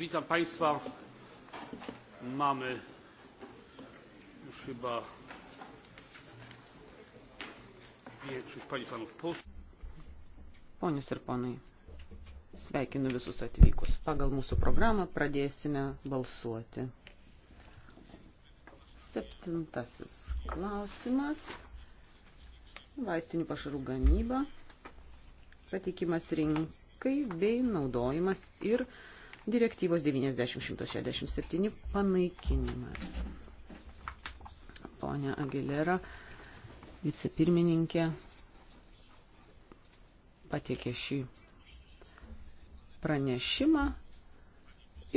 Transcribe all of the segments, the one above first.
witam państwa mamy już chyba większość pań i panów posłów ponios ir ponai sveikinu visus atvykus pagal mūsų programą pradėsime balsuoti septintasis klausimas vaistinių pašarų gamyba patikimas rinkai bei naudojimas ir direktyvos 9067 panaikinimas. Pone Aguilera, vicepirmininkė, patiekė šį pranešimą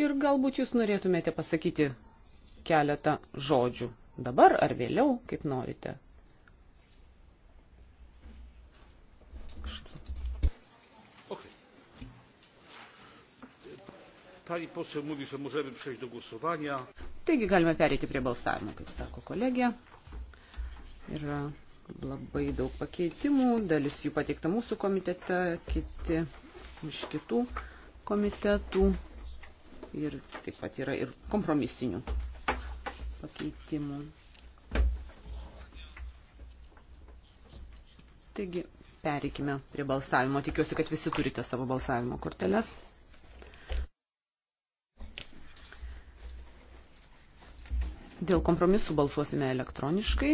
ir galbūt jūs norėtumėte pasakyti keletą žodžių dabar ar vėliau, kaip norite. Pani poseł mówi, że możemy przejść do głosowania. Taigi galime pereiti prie balsavimo, kaip sako kolegė. Yra labai daug pakeitimų, dalis jų pateikta mūsų komitete, kiti iš kitų komitetų ir taip pat yra ir kompromisinių pakeitimų. Taigi, pereikime prie balsavimo. Tikiuosi, kad visi turite savo balsavimo korteles. Dėl kompromisų balsuosime elektroniškai.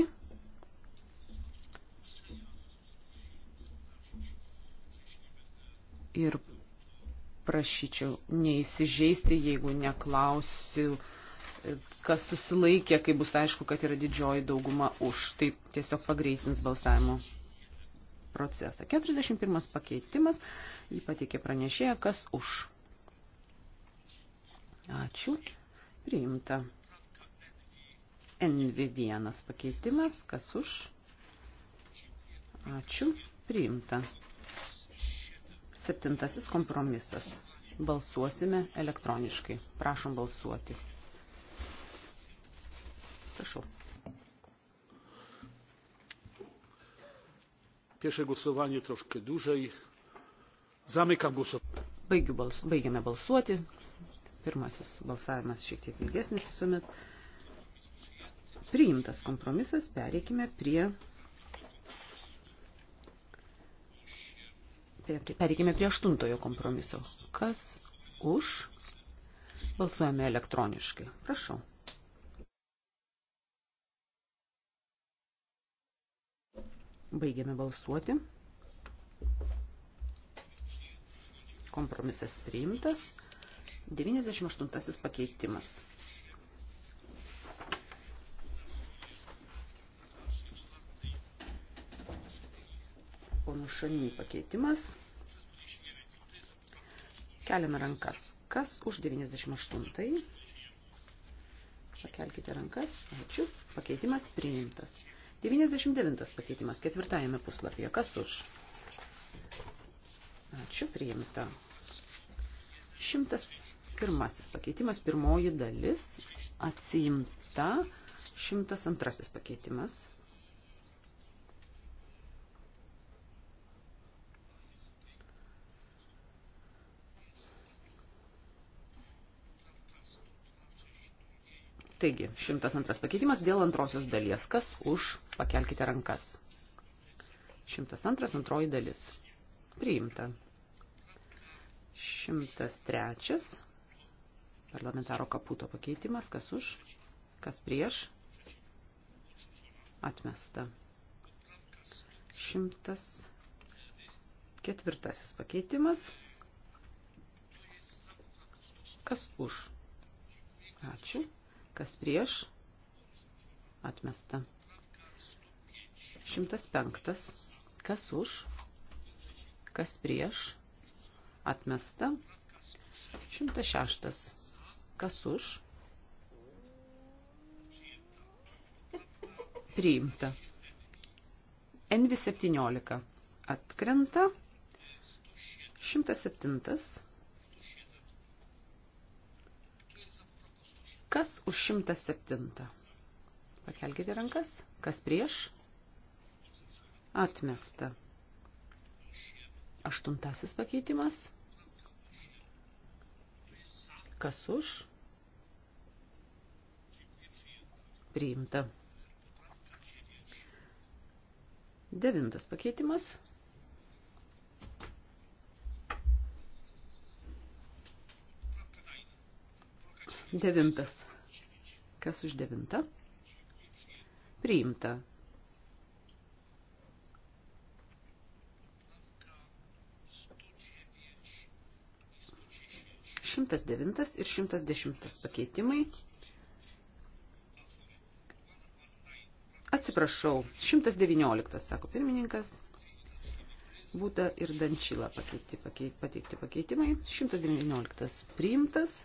Ir prašyčiau neįsižeisti, jeigu neklausiu, kas susilaikė, kai bus aišku, kad yra didžioji dauguma už. Taip tiesiog pagreitins balsavimo procesą. 41 pakeitimas, jį pateikė pranešėja, kas už. Ačiū. Priimta. NV1 pakeitimas, kas už. Ačiū, priimta. Septintasis kompromisas. Balsuosime elektroniškai. Prašom balsuoti. Prašau. Pierwsze głosowanie troszkę dłużej. Zamykam głosowanie. Baigiu bals, baigiame balsuoti. Pirmasis balsavimas šiek tiek ilgesnis visuomet priimtas kompromisas, pereikime prie, pereikime prie aštuntojo kompromiso. Kas už? Balsuojame elektroniškai. Prašau. Baigiame balsuoti. Kompromisas priimtas. 98 pakeitimas. ponų Šanį pakeitimas. Keliame rankas. Kas už 98? Pakelkite rankas. Ačiū. Pakeitimas priimtas. 99 pakeitimas ketvirtajame puslapyje. Kas už? Ačiū. Priimta. 101 pakeitimas. Pirmoji dalis atsiimta. 102 pakeitimas. Taigi, 102 pakeitimas dėl antrosios dalies. Kas už? Pakelkite rankas. 102 antroji dalis. Priimta. 103 parlamentaro kaputo pakeitimas. Kas už? Kas prieš? Atmesta. 104 pakeitimas. Kas už? Ačiū. Kas prieš? Atmesta. 105. Kas už? Kas prieš? Atmesta. 106. Kas už? Priimta. NV17 atkrenta. 107 Kas už 107? Pakelkite rankas. Kas prieš? Atmesta. Aštuntasis pakeitimas. Kas už? Priimta. Devintas pakeitimas. Devintas. Kas už devintą? Priimta. Šimtas devintas ir šimtas dešimtas pakeitimai. Atsiprašau, 119, sako pirmininkas. Būta ir Dančila pakeiti, pakeiti, pateikti pakeitimai. 119 priimtas.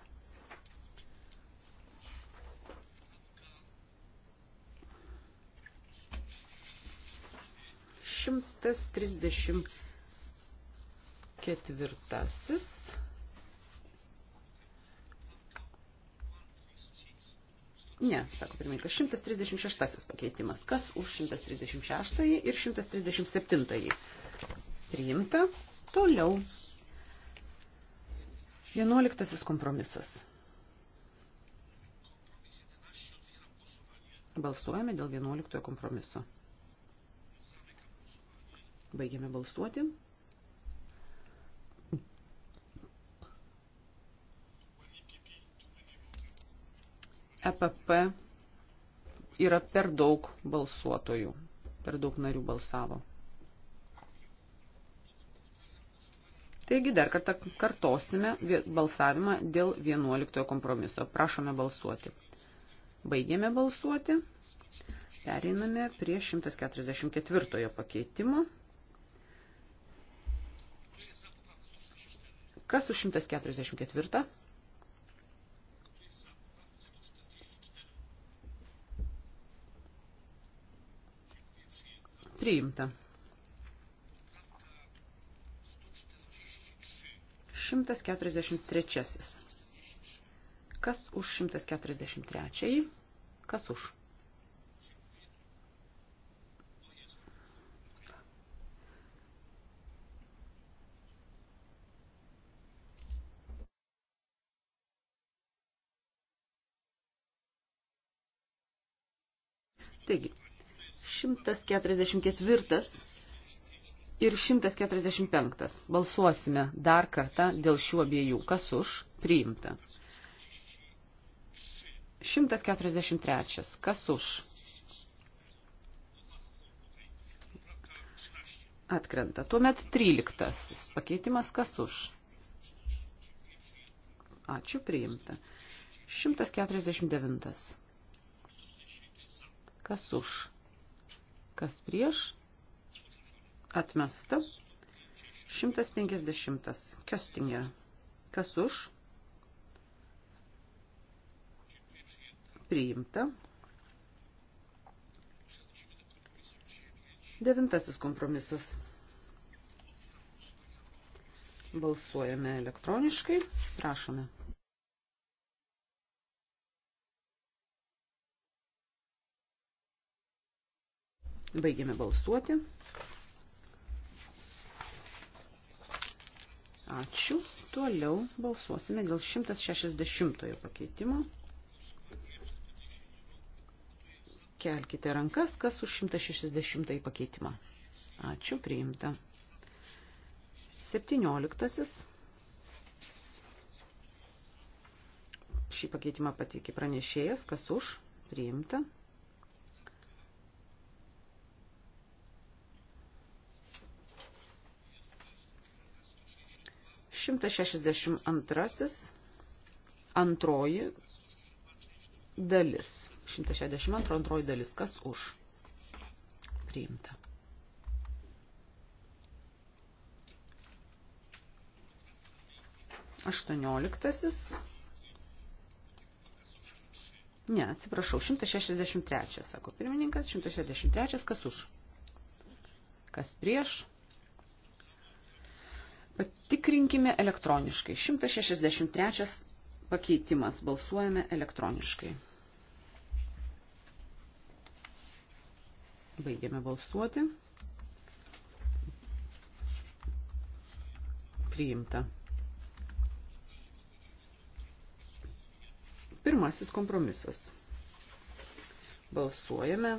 134. Ne, sako pirmininkas, 136 pakeitimas. Kas už 136 ir 137? Priimta. Toliau. 11 kompromisas. Balsuojame dėl 11 kompromiso. Baigiame balsuoti. EPP yra per daug balsuotojų, per daug narių balsavo. Taigi dar kartą kartosime balsavimą dėl 11 kompromiso. Prašome balsuoti. Baigėme balsuoti. Pereiname prie 144 pakeitimo. Kas už 144? Priimta. 143. Kas už 143? Kas už? Taigi, 144 ir 145. Balsuosime dar kartą dėl šių abiejų. Kas už? Priimta. 143. Kas už? Atkrenta. Tuomet 13. Pakeitimas kas už? Ačiū, priimta. 149. Kas už? Kas prieš? Atmesta. 150. Köstinger. Kas už? Priimta. Devintasis kompromisas. Balsuojame elektroniškai. Prašome. Baigėme balsuoti. Ačiū. Toliau balsuosime dėl 160 pakeitimo. Kelkite rankas, kas už 160 pakeitimą. Ačiū, priimta. 17. Šį pakeitimą pateikė pranešėjas, kas už, priimta. 18. 162 antroji dalis. 162 antroji dalis. Kas už? Priimta. Aštuonioliktasis. Ne, atsiprašau, 163, sako pirmininkas, 163, kas už? Kas prieš? Patikrinkime elektroniškai. 163 pakeitimas. Balsuojame elektroniškai. Baigiame balsuoti. Priimta. Pirmasis kompromisas. Balsuojame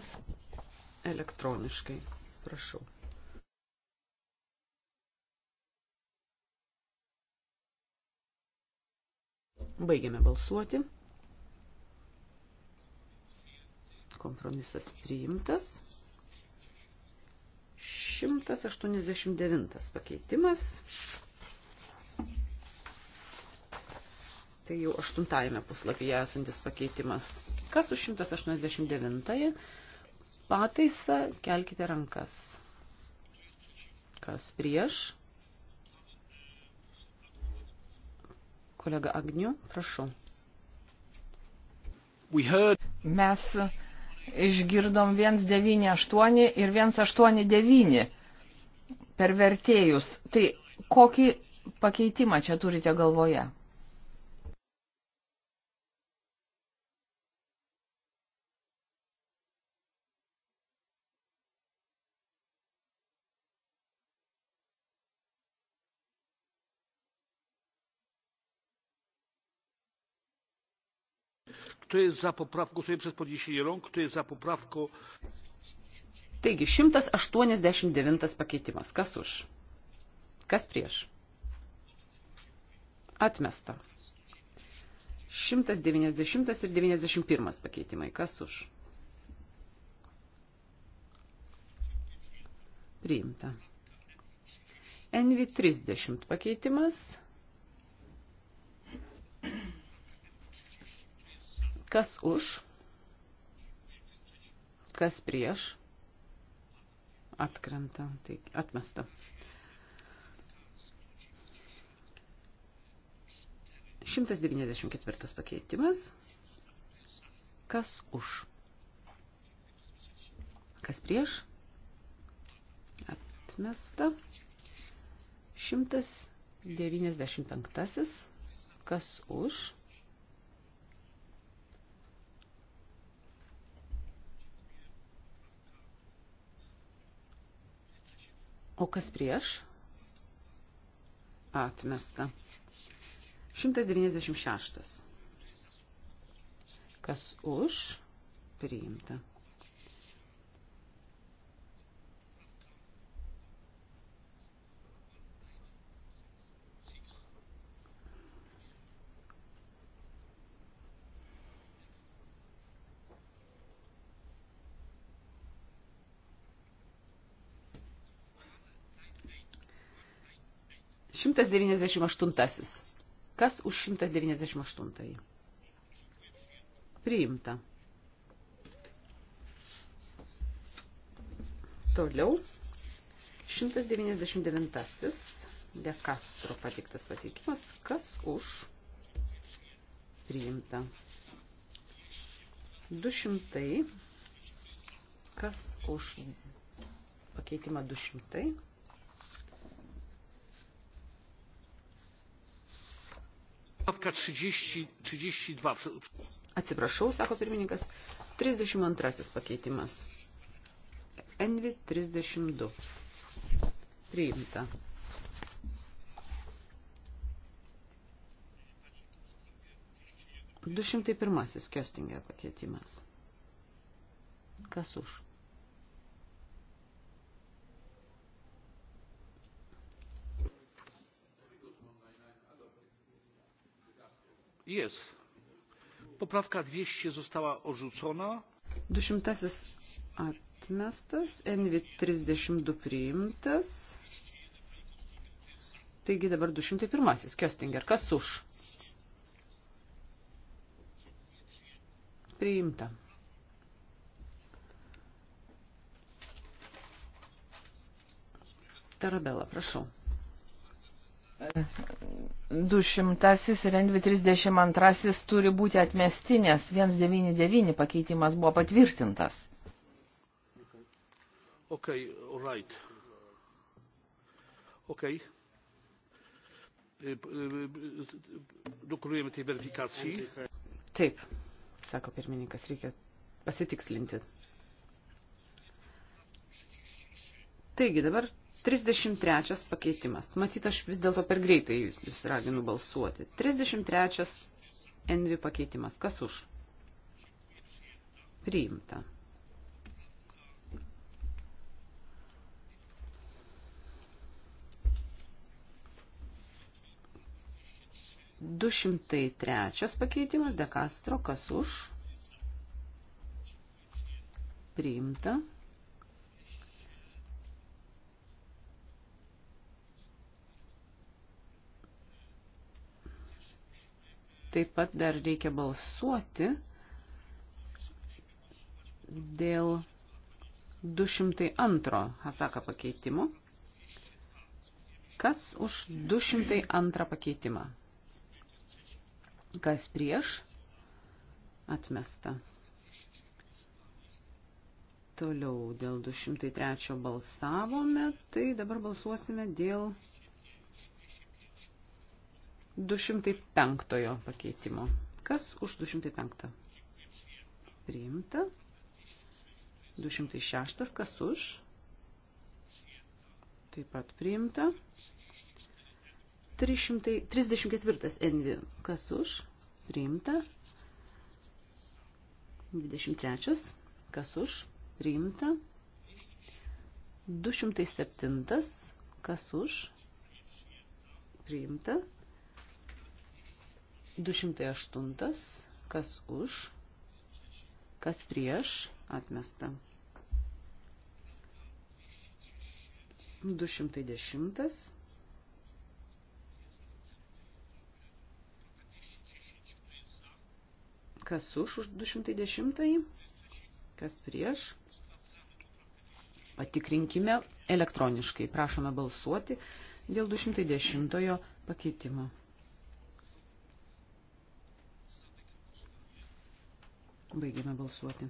elektroniškai. Prašau. Baigiame balsuoti. Kompromisas priimtas. 189 pakeitimas. Tai jau aštuntajame puslapyje esantis pakeitimas. Kas už 189 pataisą kelkite rankas. Kas prieš? Kolega Agniu, prašau. Heard... Mes išgirdom 198 ir 189 per vertėjus. Tai kokį pakeitimą čia turite galvoje? Kto jest za poprawką? Głosuję przez podniesienie rąk. Kto jest za poprawką? Taigi, 189 pakeitimas. Kas už? Kas prieš? Atmesta. 190 ir 91 pakeitimai. Kas už? Priimta. NV30 pakeitimas. Kas už? Kas prieš? Atkrenta, tai atmesta. Šimtas devyniasdešimt ketvirtas pakeitimas. Kas už? Kas prieš? Atmesta. 195. Kas už? O kas prieš? Atmesta. 196. Kas už? Priimta. 198. Kas už 198? Priimta. Toliau. 199. Dekastro patiktas patikimas. Kas už? Priimta. 200. Kas už pakeitimą 200? Atsiprašau, sako pirmininkas, 32 pakeitimas. Envi 32. Priimta. Du šimtai pirmasis kiostingė pakeitimas. Kas už? jest. Poprawka 200 została odrzucona. 200 atmestas, NV 32 priimtas. Taigi dabar 201. Kjostinger, kas už? Priimta. Tarabela, prašau. 200 ir N232 turi būti atmesti, nes 199 pakeitimas buvo patvirtintas. Okay, right. Okay. E, e, e, Dokonujame tai verifikacijai. Taip, sako pirmininkas, reikia pasitikslinti. Taigi dabar 33 pakeitimas. Matyt, aš vis dėlto per greitai jūs raginu balsuoti. 33 Envi pakeitimas. Kas už? Priimta. Du šimtai trečias pakeitimas, dekastro, kas už? Priimta. Taip pat dar reikia balsuoti dėl 202 Hasaka pakeitimo. Kas už 202 pakeitimą? Kas prieš? Atmesta. Toliau dėl 203 balsavome, tai dabar balsuosime dėl 205 pakeitimo. Kas už 205? Priimta. 206. Kas už? Taip pat priimta. 300, 34 envi. Kas už? Priimta. 23. Kas už? Priimta. 207. Kas už? Priimta. 208. Kas už, kas prieš, atmesta. 210. Kas už už 210, kas prieš. Patikrinkime elektroniškai. Prašome balsuoti dėl 210 pakeitimo. Baigėme balsuoti.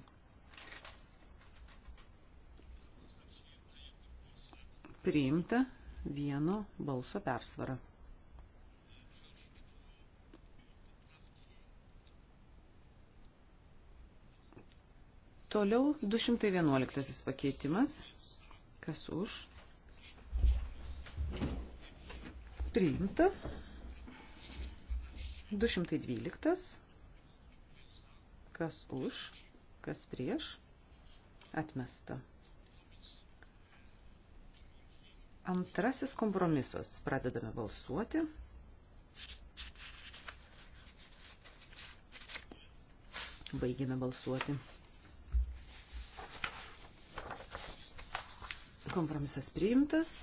Priimta vieno balso persvara. Toliau 211 pakeitimas. Kas už? Priimta. 212. Kas už, kas prieš, atmesta. Antrasis kompromisas. Pradedame balsuoti. Baigime balsuoti. Kompromisas priimtas.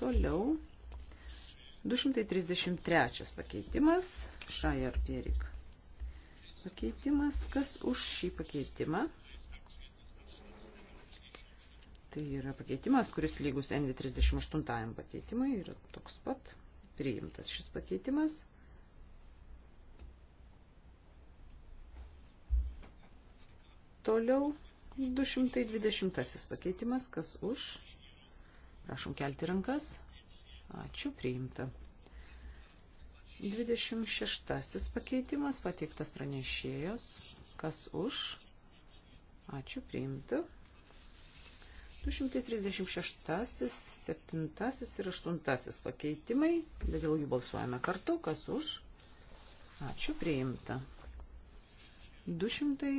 Toliau. 233 pakeitimas. Šajer Pierik pakeitimas. Kas už šį pakeitimą? Tai yra pakeitimas, kuris lygus NV38 pakeitimui yra toks pat priimtas šis pakeitimas. Toliau 220 pakeitimas, kas už. Prašom kelti rankas. Ačiū, priimta. 26 pakeitimas pateiktas pranešėjos. Kas už? Ačiū priimti. 236, 7 ir 8 pakeitimai. Dėl jų balsuojame kartu. Kas už? Ačiū priimta. 200.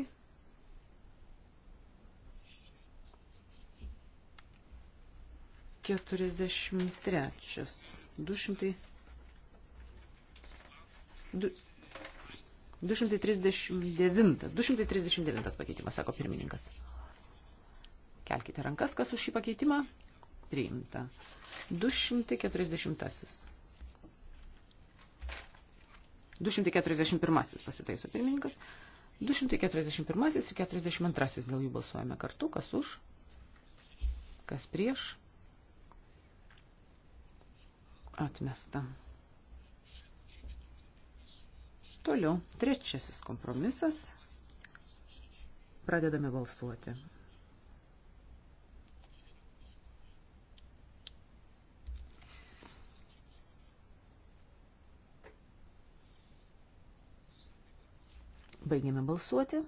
Keturiasdešimt trečias, du šimtai Du, 239. 239 pakeitimas, sako pirmininkas. Kelkite rankas, kas už šį pakeitimą priimta. 240. 241 pasitaiso pirmininkas. 241 ir 42 dėl jų balsuojame kartu, kas už, kas prieš. Atmesta. Toliau, trečiasis kompromisas. Pradedame balsuoti. Baigėme balsuoti.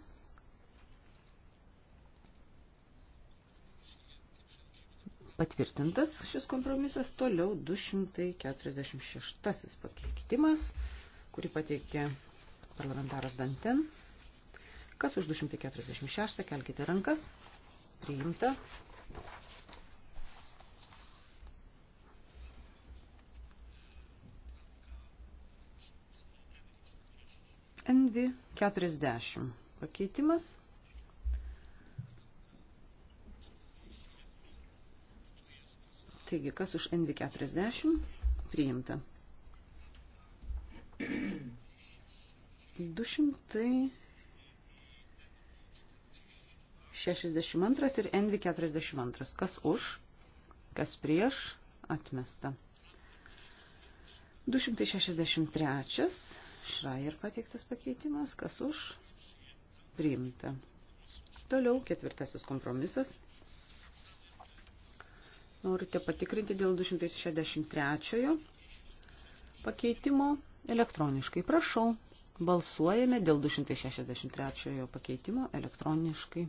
Patvirtintas šis kompromisas toliau 246 pakeitimas, kurį pateikė Parlamentaras Danten. Kas už 246, kelkite rankas. Priimta. NV 40 pakeitimas. Taigi, kas už NV40 priimta? 262 ir NV 42. Kas už, kas prieš, atmesta. 263. Šrajer pateiktas pakeitimas. Kas už, priimta. Toliau ketvirtasis kompromisas. Norite patikrinti dėl 263 pakeitimo elektroniškai. Prašau. Balsuojame dėl 263 pakeitimo elektroniškai.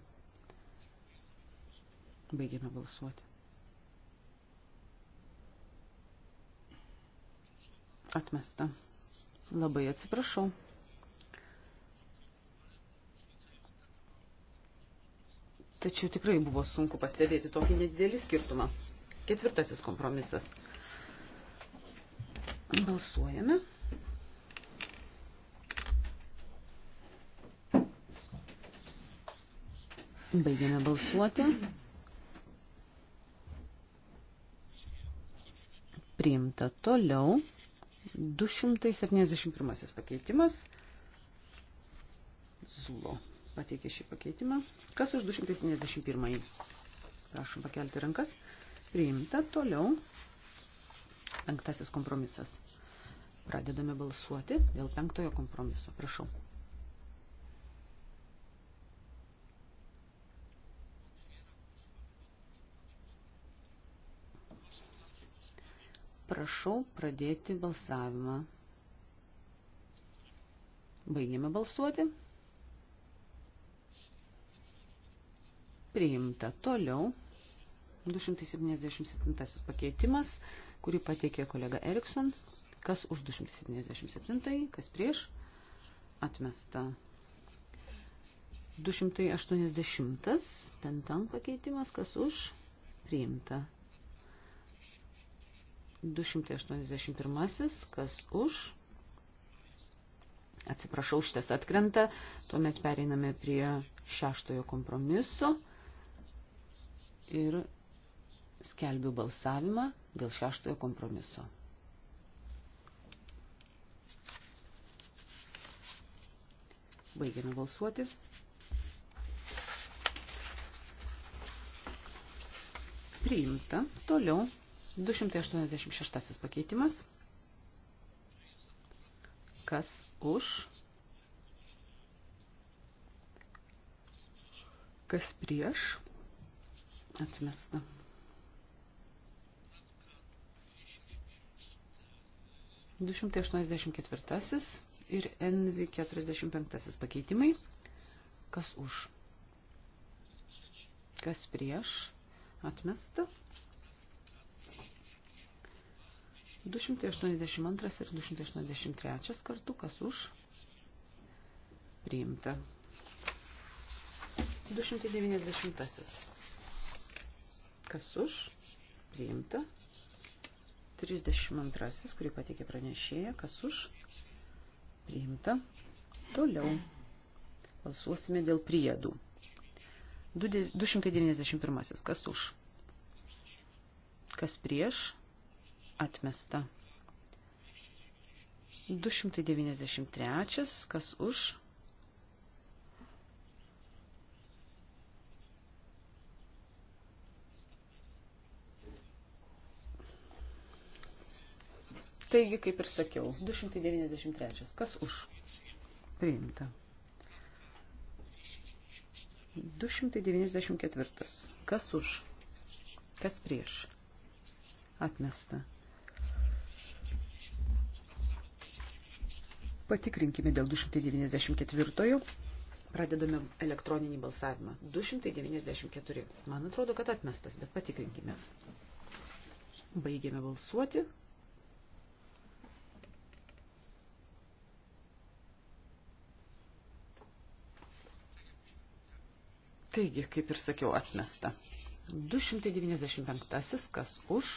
Baigėme balsuoti. Atmesta. Labai atsiprašau. Tačiau tikrai buvo sunku pastebėti tokį nedidelį skirtumą. Ketvirtasis kompromisas. Balsuojame. Balsuojame. Baigiame balsuoti. Priimta toliau 271 pakeitimas. Zulo pateikė šį pakeitimą. Kas už 271? Prašom pakelti rankas. Priimta toliau penktasis kompromisas. Pradedame balsuoti dėl penktojo kompromiso. Prašau. Prašau pradėti balsavimą. Baigėme balsuoti. Priimta toliau 277 pakeitimas, kurį pateikė kolega Erikson. Kas už 277, kas prieš? Atmesta. 280, ten tam pakeitimas, kas už? Priimta. 281, kas už. Atsiprašau, šitas atkrenta. Tuomet pereiname prie šeštojo kompromiso ir skelbiu balsavimą dėl šeštojo kompromiso. Baigiame balsuoti. Priimta. Toliau 286 pakeitimas. Kas už? Kas prieš? Atmesta. Du šimtai aštuoniasdešimt ketvirtasis ir NV 45 pakeitimai. Kas už? Kas prieš? Atmesta. 282 ir 283 kartu, kas už, priimta. 290. Kas už, priimta. 32, kurį pateikė pranešėja, kas už, priimta. Toliau balsuosime dėl priedų. 291. Kas už? Kas prieš? Atmesta. 293. Kas už? Taigi, kaip ir sakiau, 293. Kas už? Priimta. 294. Kas už? Kas prieš? Atmesta. Patikrinkime dėl 294. Pradedame elektroninį balsavimą. 294. Man atrodo, kad atmestas, bet patikrinkime. Baigėme balsuoti. Taigi, kaip ir sakiau, atmesta. 295. Kas už?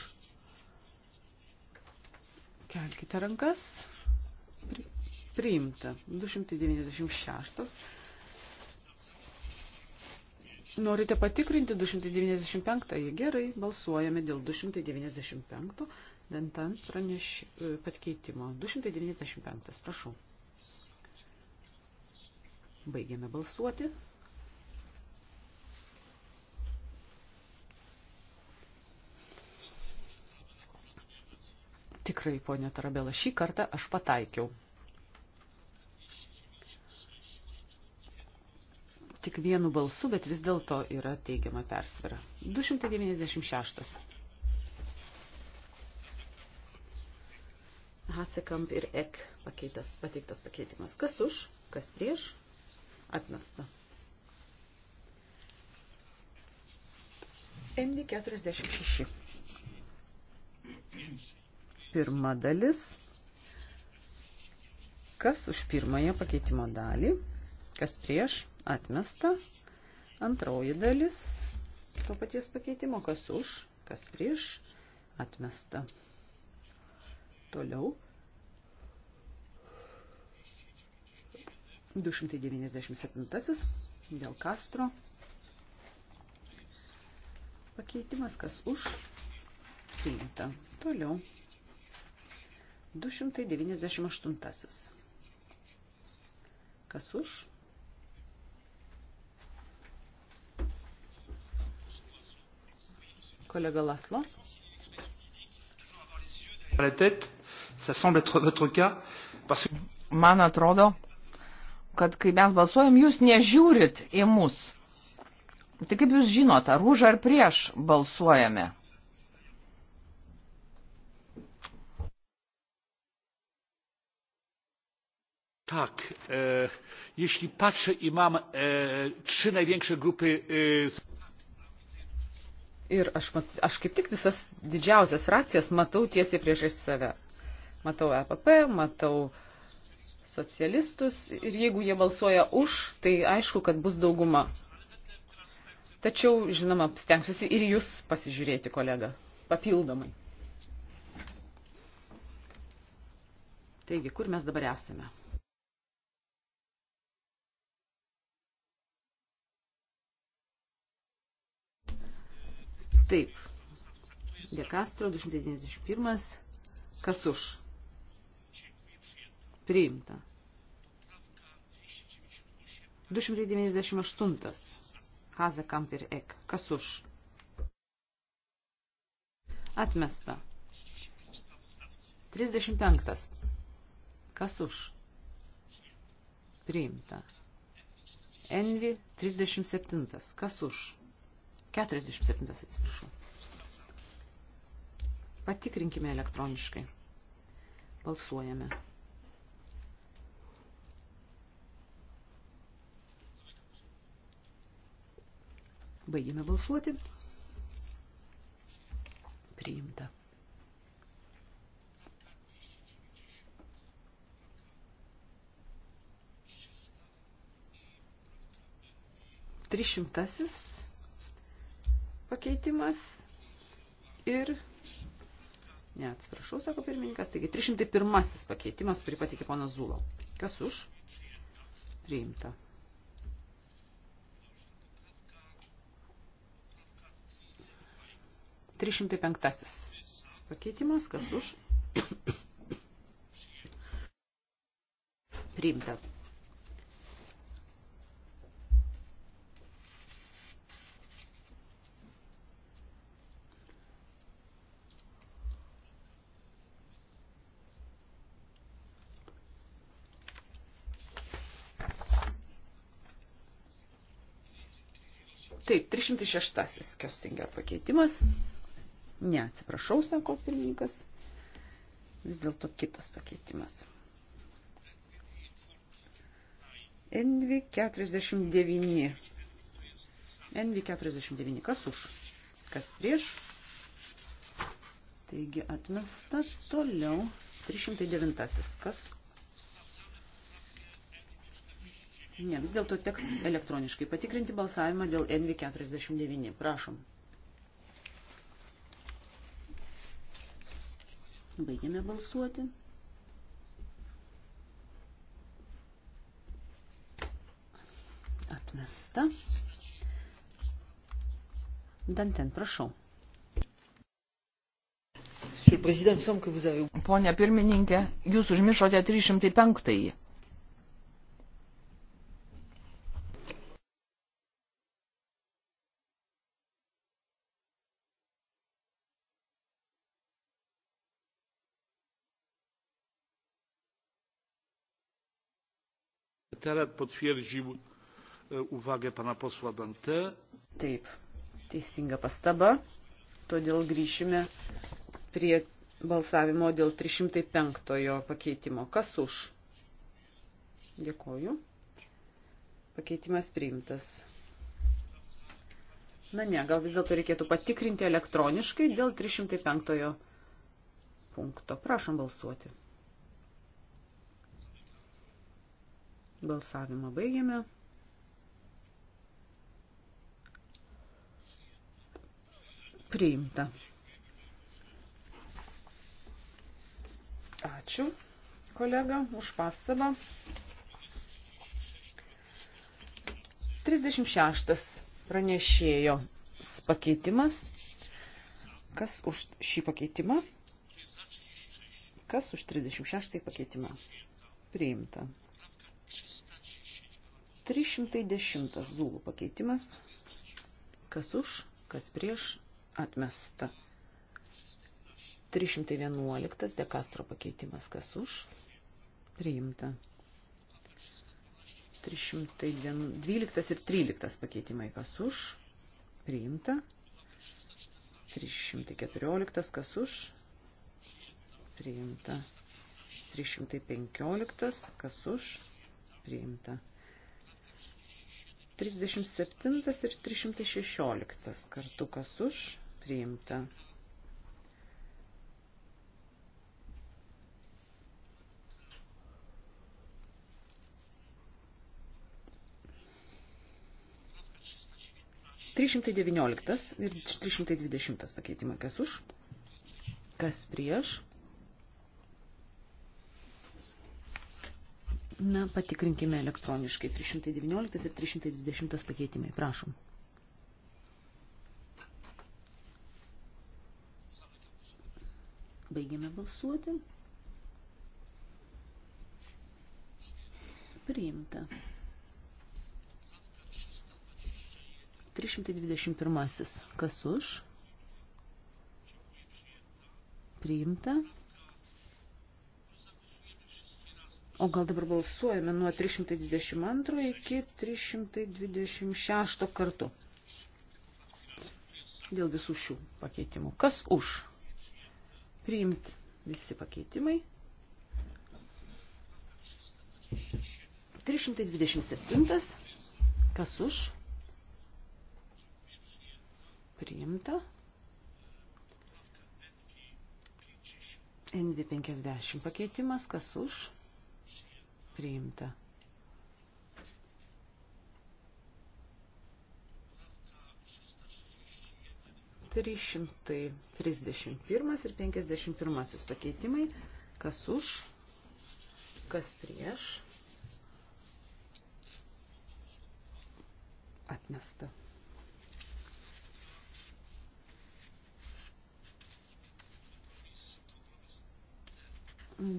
Kelkite rankas. Pri priimta. 296. Norite patikrinti 295, gerai, balsuojame dėl 295, dentant praneš patkeitimo. 295, prašau. Baigiame balsuoti. Tikrai, ponė Tarabela, šį kartą aš pataikiau. tik vienu balsu, bet vis dėlto yra teigiama persvara. 296. Hasekamp ir Ek pakeitas, pateiktas pakeitimas. Kas už, kas prieš, atmesta. MD46. Pirma dalis. Kas už pirmąją pakeitimo dalį, kas prieš, Atmesta. Antroji dalis to paties pakeitimo, kas už, kas prieš, atmesta. Toliau. 297 dėl Kastro. Pakeitimas, kas už, priimta. Toliau. 298. Kas už? Kolega Laslo. Man atrodo, kad kai mes balsuojam, jūs nežiūrit į mus. Tai kaip jūs žinot, ar už ar prieš balsuojame? tak e, jeśli patrzę i mam e, trzy największe grupy e, Ir aš, mat, aš kaip tik visas didžiausias frakcijas matau tiesiai priešais save. Matau EPP, matau socialistus ir jeigu jie balsuoja už, tai aišku, kad bus dauguma. Tačiau, žinoma, stengsiuosi ir jūs pasižiūrėti, kolega, papildomai. Taigi, kur mes dabar esame? Taip. Dekastro 291. Kas už? Priimta. 298. Haza Kamper Ek. Kas už? Atmesta. 35. Kas už? Priimta. Envi 37. Kas už? 47 atsiprašau. Patikrinkime elektroniškai. Balsuojame. Baigime balsuoti. Priimta. Trišimtasis pakeitimas ir, ne, atsiprašau, sako pirmininkas, taigi 301 pakeitimas, kurį patikė ponas Zulo. Kas už? Priimta. Trišimtai penktasis pakeitimas, kas už? Priimta. Taip, 306 Kjostinger pakeitimas. Ne, atsiprašau, sako pirmininkas. Vis dėlto kitas pakeitimas. Envi 49. Envi 49. Kas už? Kas prieš? Taigi atmesta toliau 309. Kas Ne, vis dėlto teks elektroniškai patikrinti balsavimą dėl NV49. Prašom. Baigiame balsuoti. Atmesta. Danten, prašau. Pone pirmininkė, jūs užmiršote 305. -ąjį. sekretariat potwierdził e, uwagę pana posła Dante. Taip, teisinga pastaba. Todėl grįšime prie balsavimo dėl 305 pakeitimo. Kas už? Dėkoju. Pakeitimas priimtas. Na ne, gal vis dėlto reikėtų patikrinti elektroniškai dėl 305 punkto. Prašom balsuoti. Balsavimą baigėme. Priimta. Ačiū, kolega, už pastabą. 36 pranešėjo pakeitimas. Kas už šį pakeitimą? Kas už 36 pakeitimą? Priimta. 310 zulų pakeitimas. Kas už, kas prieš, atmesta. 311 dekastro pakeitimas. Kas už, priimta. 312 ir 13 pakeitimai kas už, priimta. 314 kas už, priimta. 315 kas už, priimta. 37 ir 316 kartu kas už priimta. Trišimtai devynioliktas ir trišimtai dvidešimtas pakeitimai kas už, kas prieš Na, patikrinkime elektroniškai 319 ir 320 pakeitimai. Prašom. Baigėme balsuoti. Priimta. 321. Kas už? Priimta. O gal dabar balsuojame nuo 322 iki 326 kartu. Dėl visų šių pakeitimų. Kas už? Priimti visi pakeitimai. 327. Kas už? Priimta. NV50 pakeitimas. Kas už? priimta. Trys šimtai trisdešimt pirmas ir penkiasdešimt pirmasis pakeitimai. Kas už, kas prieš. Atmesta.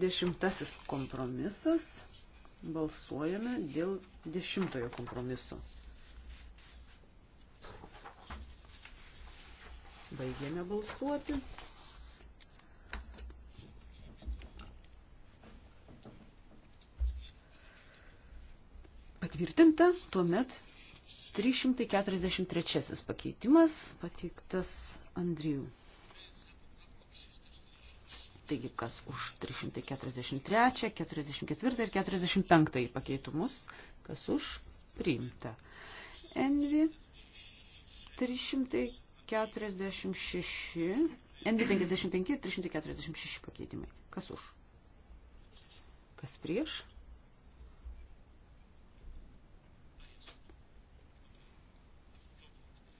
Dešimtasis kompromisas balsuojame dėl dešimtojo kompromiso. Baigėme balsuoti. Patvirtinta, tuomet 343 pakeitimas pateiktas Andrijų. Taigi, kas už 343, 44 ir 45 pakeitimus, kas už priimta. Envi 346, Envi 55 ir 346 pakeitimai. Kas už? Kas prieš?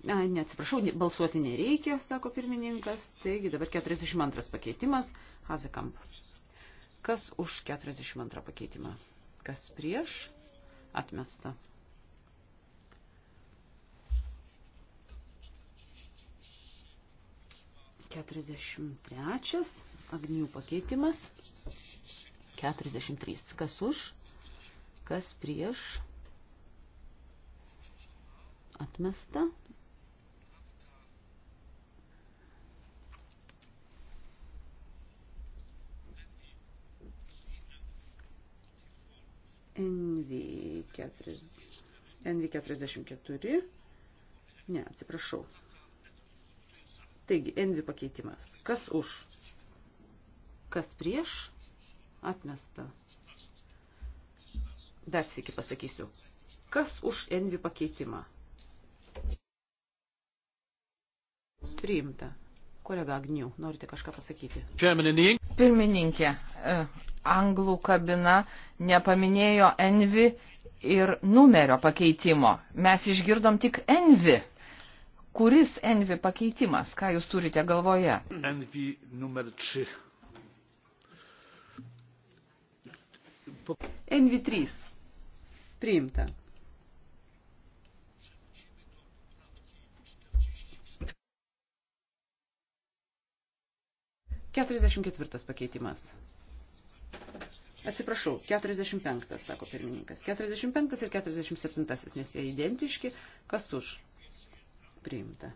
Ai, neatsiprašau, balsuoti nereikia, sako pirmininkas. Taigi dabar 42 pakeitimas. Hazekamp. Kas už 42 pakeitimą? Kas prieš? Atmesta. Keturiasdešimt trečias, agnių pakeitimas, keturiasdešimt trys, kas už, kas prieš, atmesta. NV40, NV44, ne, atsiprašau. Taigi, NV pakeitimas. Kas už? Kas prieš? Atmesta. Dar sėki pasakysiu. Kas už NV pakeitimą? Priimta. Kolega Agnių, norite kažką pasakyti? Pirmininkė, e, anglų kabina nepaminėjo Envi ir numerio pakeitimo. Mes išgirdom tik Envi. Kuris Envi pakeitimas, ką jūs turite galvoje? Envi numer 3. Envi 3. Priimta. Keturiasdešimt ketvirtas pakeitimas. Atsiprašau, 45, sako pirmininkas. 45 ir 47, nes jie identiški. Kas už? Priimta.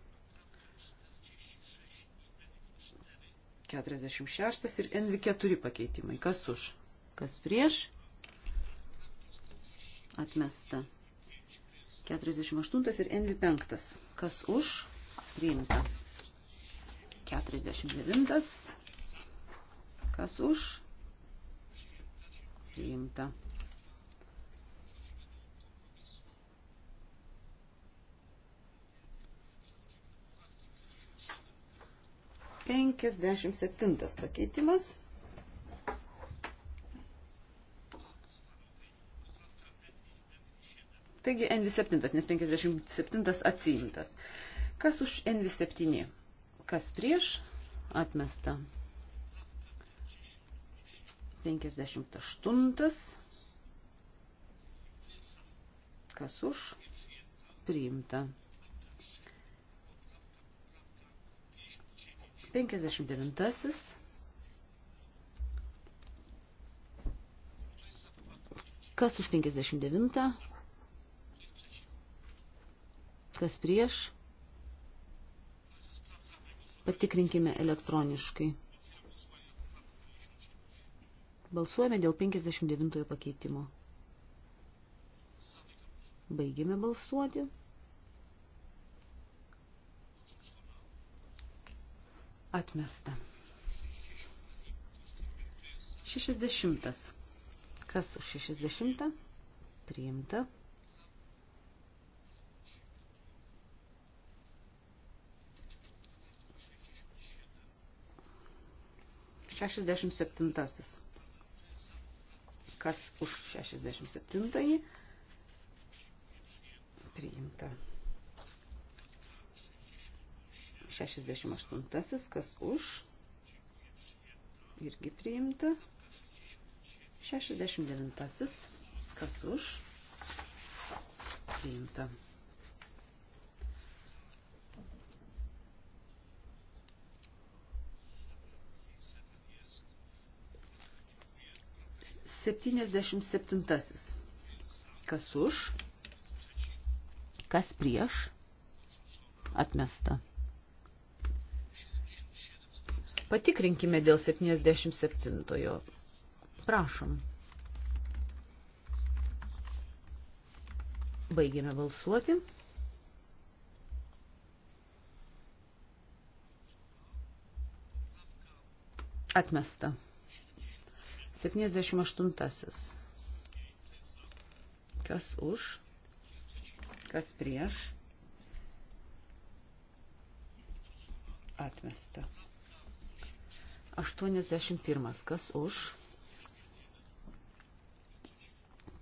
46 ir NV4 pakeitimai. Kas už? Kas prieš? Atmesta. 48 ir NV5. Kas už? Priimta. 49. Kas už? priimta. Penkiasdešimt septintas pakeitimas. Taigi NV7, nes 57 atsiimtas. Kas už NV7? Kas prieš? Atmesta. 58. Kas už? Priimta. 59. Kas už 59? Kas prieš? Patikrinkime elektroniškai. Balsuojame dėl 59 pakeitimo. Baigime balsuoti. Atmesta. 60. Kas už 60? Priimta. Šešiasdešimt septintasis. Kas už 67-ąjį? Priimta. 68-asis, kas už? Irgi priimta. 69-asis, kas už? Priimta. 77. Kas už, kas prieš, atmesta. Patikrinkime dėl 77. Prašom. Baigėme balsuoti. Atmesta. 78. Kas už, kas prieš. Atmesta. 81. Kas už,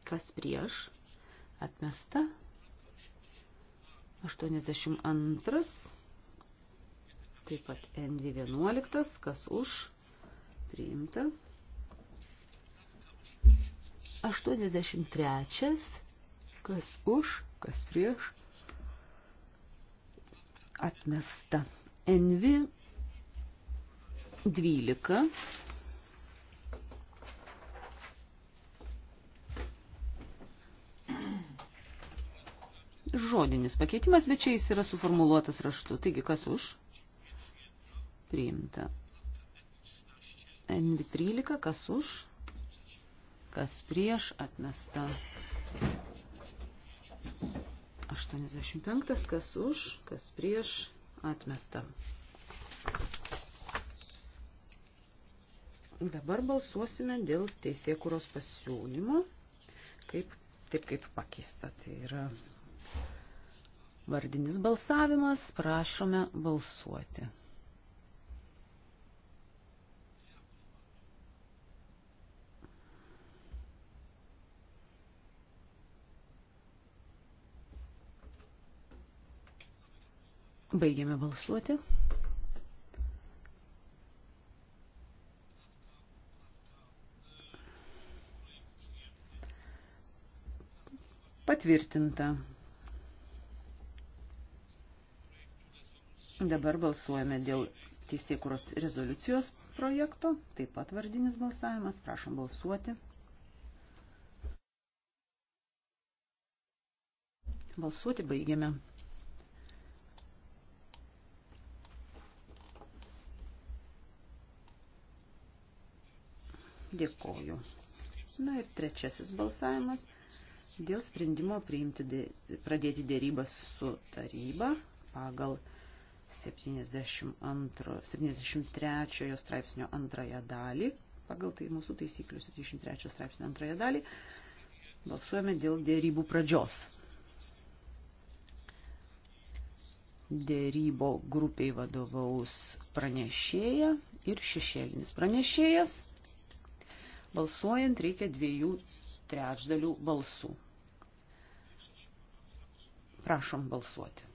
kas prieš. Atmesta. 82. Taip pat NV11. Kas už, priimta. 83. Kas už, kas prieš. Atmesta. Envi 12. Žodinis pakeitimas, bet čia jis yra suformuluotas raštu. Taigi, kas už? Priimta. N13, kas už? kas prieš atmesta. 85, kas už, kas prieš atmesta. Dabar balsuosime dėl teisėkuros pasiūlymo, kaip, taip kaip pakeista. Tai yra vardinis balsavimas, prašome balsuoti. Baigėme balsuoti. Patvirtinta. Dabar balsuojame dėl teisėkuros rezoliucijos projekto, taip pat vardinis balsavimas, prašom balsuoti. Balsuoti baigiame. Dėkoju. Na ir trečiasis balsavimas dėl sprendimo priimti, dė, pradėti dėrybas su taryba pagal 72, 73 straipsnio antrąją dalį, pagal tai mūsų taisyklių 73 straipsnio antrąją dalį, balsuojame dėl dėrybų pradžios. Dėrybo grupiai vadovaus pranešėja ir šešėlinis pranešėjas – Balsuojant reikia dviejų trečdalių balsų. Prašom balsuoti.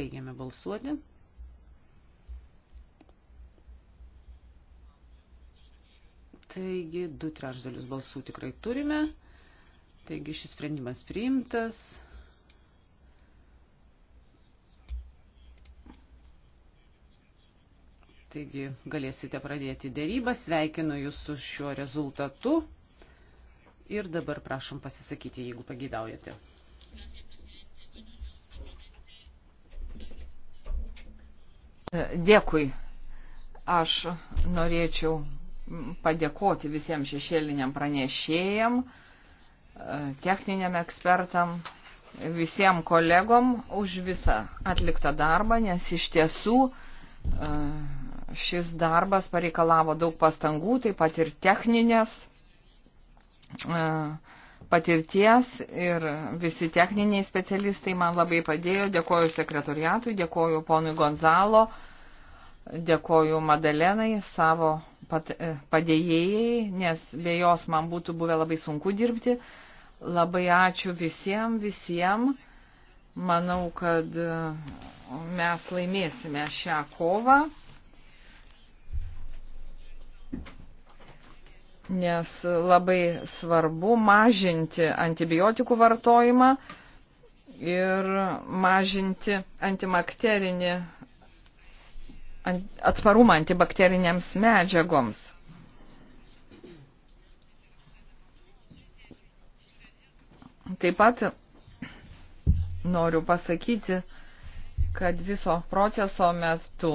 Baigiame balsuoti. Taigi, du trečdalius balsų tikrai turime. Taigi šis sprendimas priimtas. Taigi galėsite pradėti dėrybą. Sveikinu Jūs su šiuo rezultatu. Ir dabar prašom pasisakyti, jeigu pagidaujate. Dėkui. Aš norėčiau padėkoti visiems šešėliniam pranešėjam techniniam ekspertam, visiems kolegom už visą atliktą darbą, nes iš tiesų e, šis darbas pareikalavo daug pastangų, taip pat ir techninės e, patirties ir visi techniniai specialistai man labai padėjo. Dėkoju sekretoriatui, dėkoju ponui Gonzalo, dėkoju Madalenai, savo padėjėjai, nes be jos man būtų buvę labai sunku dirbti. Labai ačiū visiems, visiems. Manau, kad mes laimėsime šią kovą. Nes labai svarbu mažinti antibiotikų vartojimą ir mažinti antibakterinį atsparumą antibakteriniams medžiagoms. Taip pat noriu pasakyti, kad viso proceso metu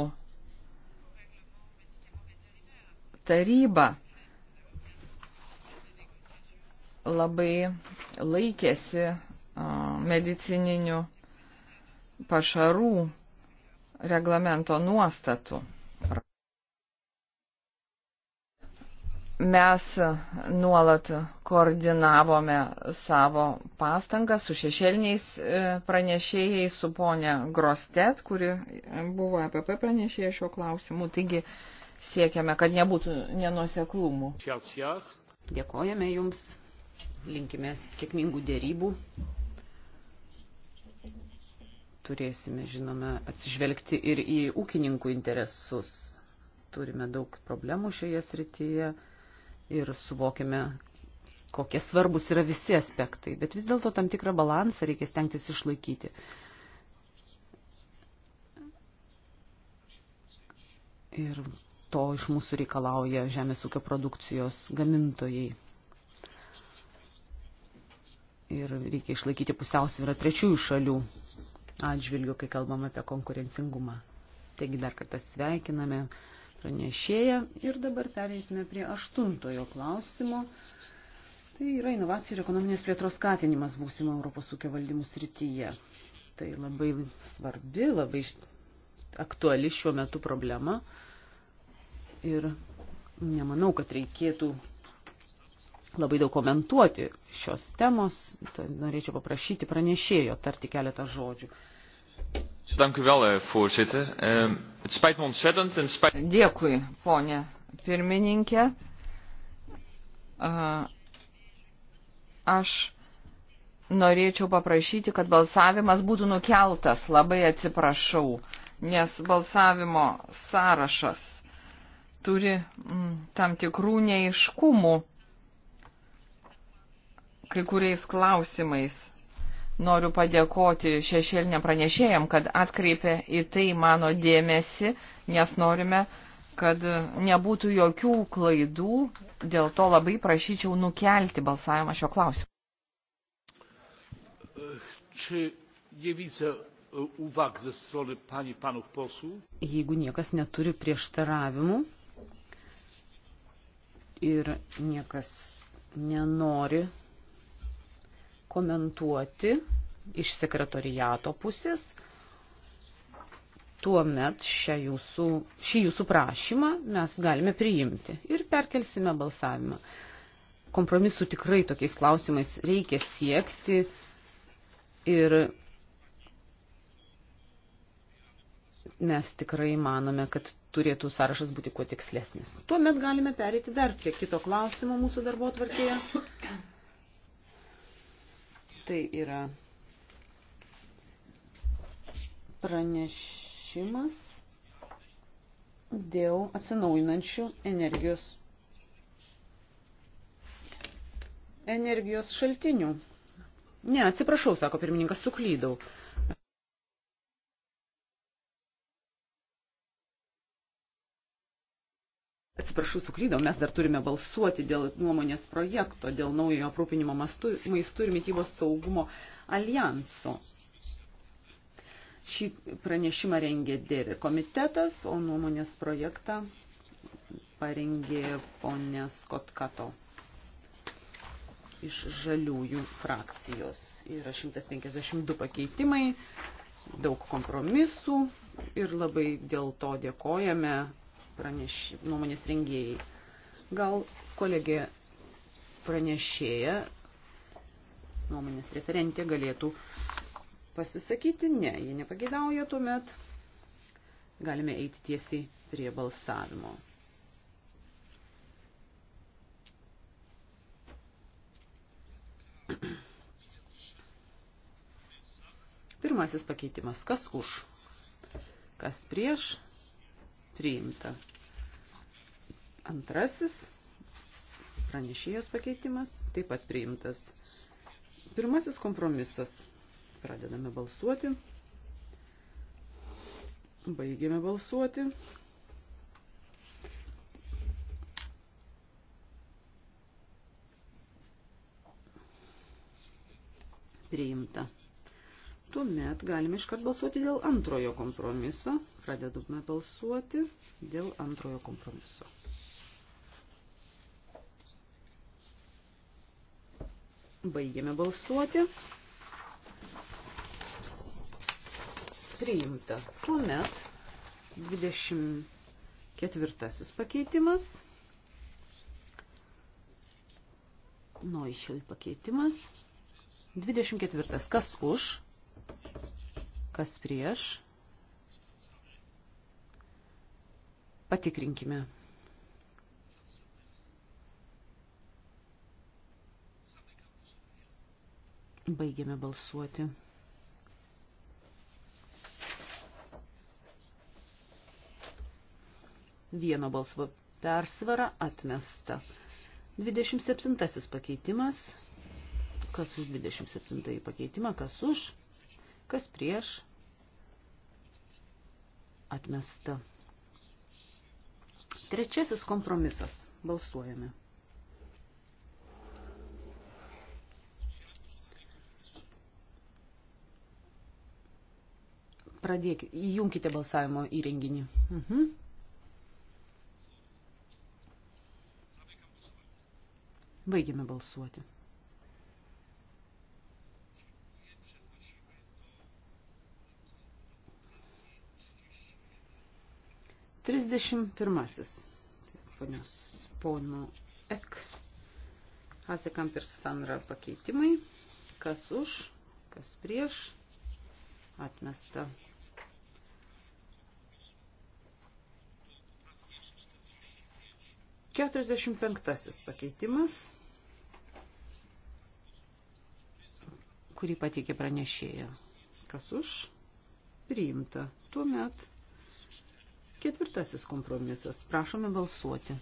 taryba labai laikėsi medicininių pašarų reglamento nuostatų. Mes nuolat koordinavome savo pastangą su šešėliniais e, pranešėjais, su ponė Grostet, kuri buvo EPP pranešėja šio klausimu. Taigi siekiame, kad nebūtų nenuoseklumų. Dėkojame Jums, linkime sėkmingų dėrybų turėsime, žinome, atsižvelgti ir į ūkininkų interesus. Turime daug problemų šioje srityje ir suvokiame, kokie svarbus yra visi aspektai, bet vis dėlto tam tikrą balansą reikia stengtis išlaikyti. Ir to iš mūsų reikalauja žemės ūkio produkcijos gamintojai. Ir reikia išlaikyti pusiausvyrą trečiųjų šalių atžvilgių, kai kalbam apie konkurencingumą. Taigi dar kartą sveikiname pranešėją. Ir dabar pereisime prie aštuntojo klausimo. Tai yra inovacijų ir ekonominės plėtros skatinimas būsimo Europos ūkio valdymų srityje. Tai labai svarbi, labai aktuali šiuo metu problema. Ir nemanau, kad reikėtų labai daug komentuoti šios temos. Tai norėčiau paprašyti pranešėjo tarti keletą žodžių. Eh, ehm, Dėkui, ponė pirmininkė. Eh, aš norėčiau paprašyti, kad balsavimas būtų nukeltas. Labai atsiprašau, nes balsavimo sąrašas turi mm, tam tikrų neiškumų kai kuriais klausimais. Noriu padėkoti šešėlinė pranešėjam, kad atkreipė į tai mano dėmesį, nes norime, kad nebūtų jokių klaidų, dėl to labai prašyčiau nukelti balsavimą šio klausimu. Czy nie widzę e, uwag ze strony pani panów posłów? Jeigu niekas neturi prieštaravimų ir niekas nenori komentuoti iš sekretoriato pusės tuomet jūsų, šį jūsų prašymą mes galime priimti ir perkelsime balsavimą. Kompromisų tikrai tokiais klausimais reikia siekti ir mes tikrai manome, kad turėtų sąrašas būti kuo tikslesnis. Tuomet galime perėti dar prie kito klausimo mūsų darbo tvarkėje. Tai yra pranešimas dėl atsinaujinančių energijos, energijos šaltinių. Ne, atsiprašau, sako pirmininkas, suklydau. atsiprašau, suklydau, mes dar turime balsuoti dėl nuomonės projekto, dėl naujojo aprūpinimo maistų ir mytybos saugumo alijanso. Šį pranešimą rengė dėvi komitetas, o nuomonės projektą parengė ponė Skotkato iš žaliųjų frakcijos. Yra 152 pakeitimai, daug kompromisų ir labai dėl to dėkojame praneš, nuomonės rengėjai. Gal kolegė pranešėja, nuomonės referentė galėtų pasisakyti? Ne, jie nepagėdauja tuomet. Galime eiti tiesiai prie balsavimo. Pirmasis pakeitimas. Kas už? Kas prieš? priimta. Antrasis pranešėjos pakeitimas taip pat priimtas. Pirmasis kompromisas. Pradedame balsuoti. Baigėme balsuoti. Priimta. Tuomet galime iškart balsuoti dėl antrojo kompromiso. Pradedame balsuoti dėl antrojo kompromiso. Baigiame balsuoti. Priimta. Tuomet 24 pakeitimas. Noišel pakeitimas. 24. Kas už? Kas prieš? Patikrinkime. Baigiame balsuoti. Vieno balsvo persvara atmesta. 27 pakeitimas. Kas už 27 pakeitimą, kas už? Kas prieš? Atmesta. Trečiasis kompromisas. Balsuojame. Pradėkite, įjunkite balsavimo įrenginį. Mhm. Baigime balsuoti. 31. Ponios, pono Ek. Hasekamp ir Sanra pakeitimai. Kas už, kas prieš. Atmesta. Keturiasdešimt penktasis pakeitimas, kurį pateikė pranešėja. Kas už? Priimta. Tuomet Ketvirtasis kompromisas. Prašome balsuoti.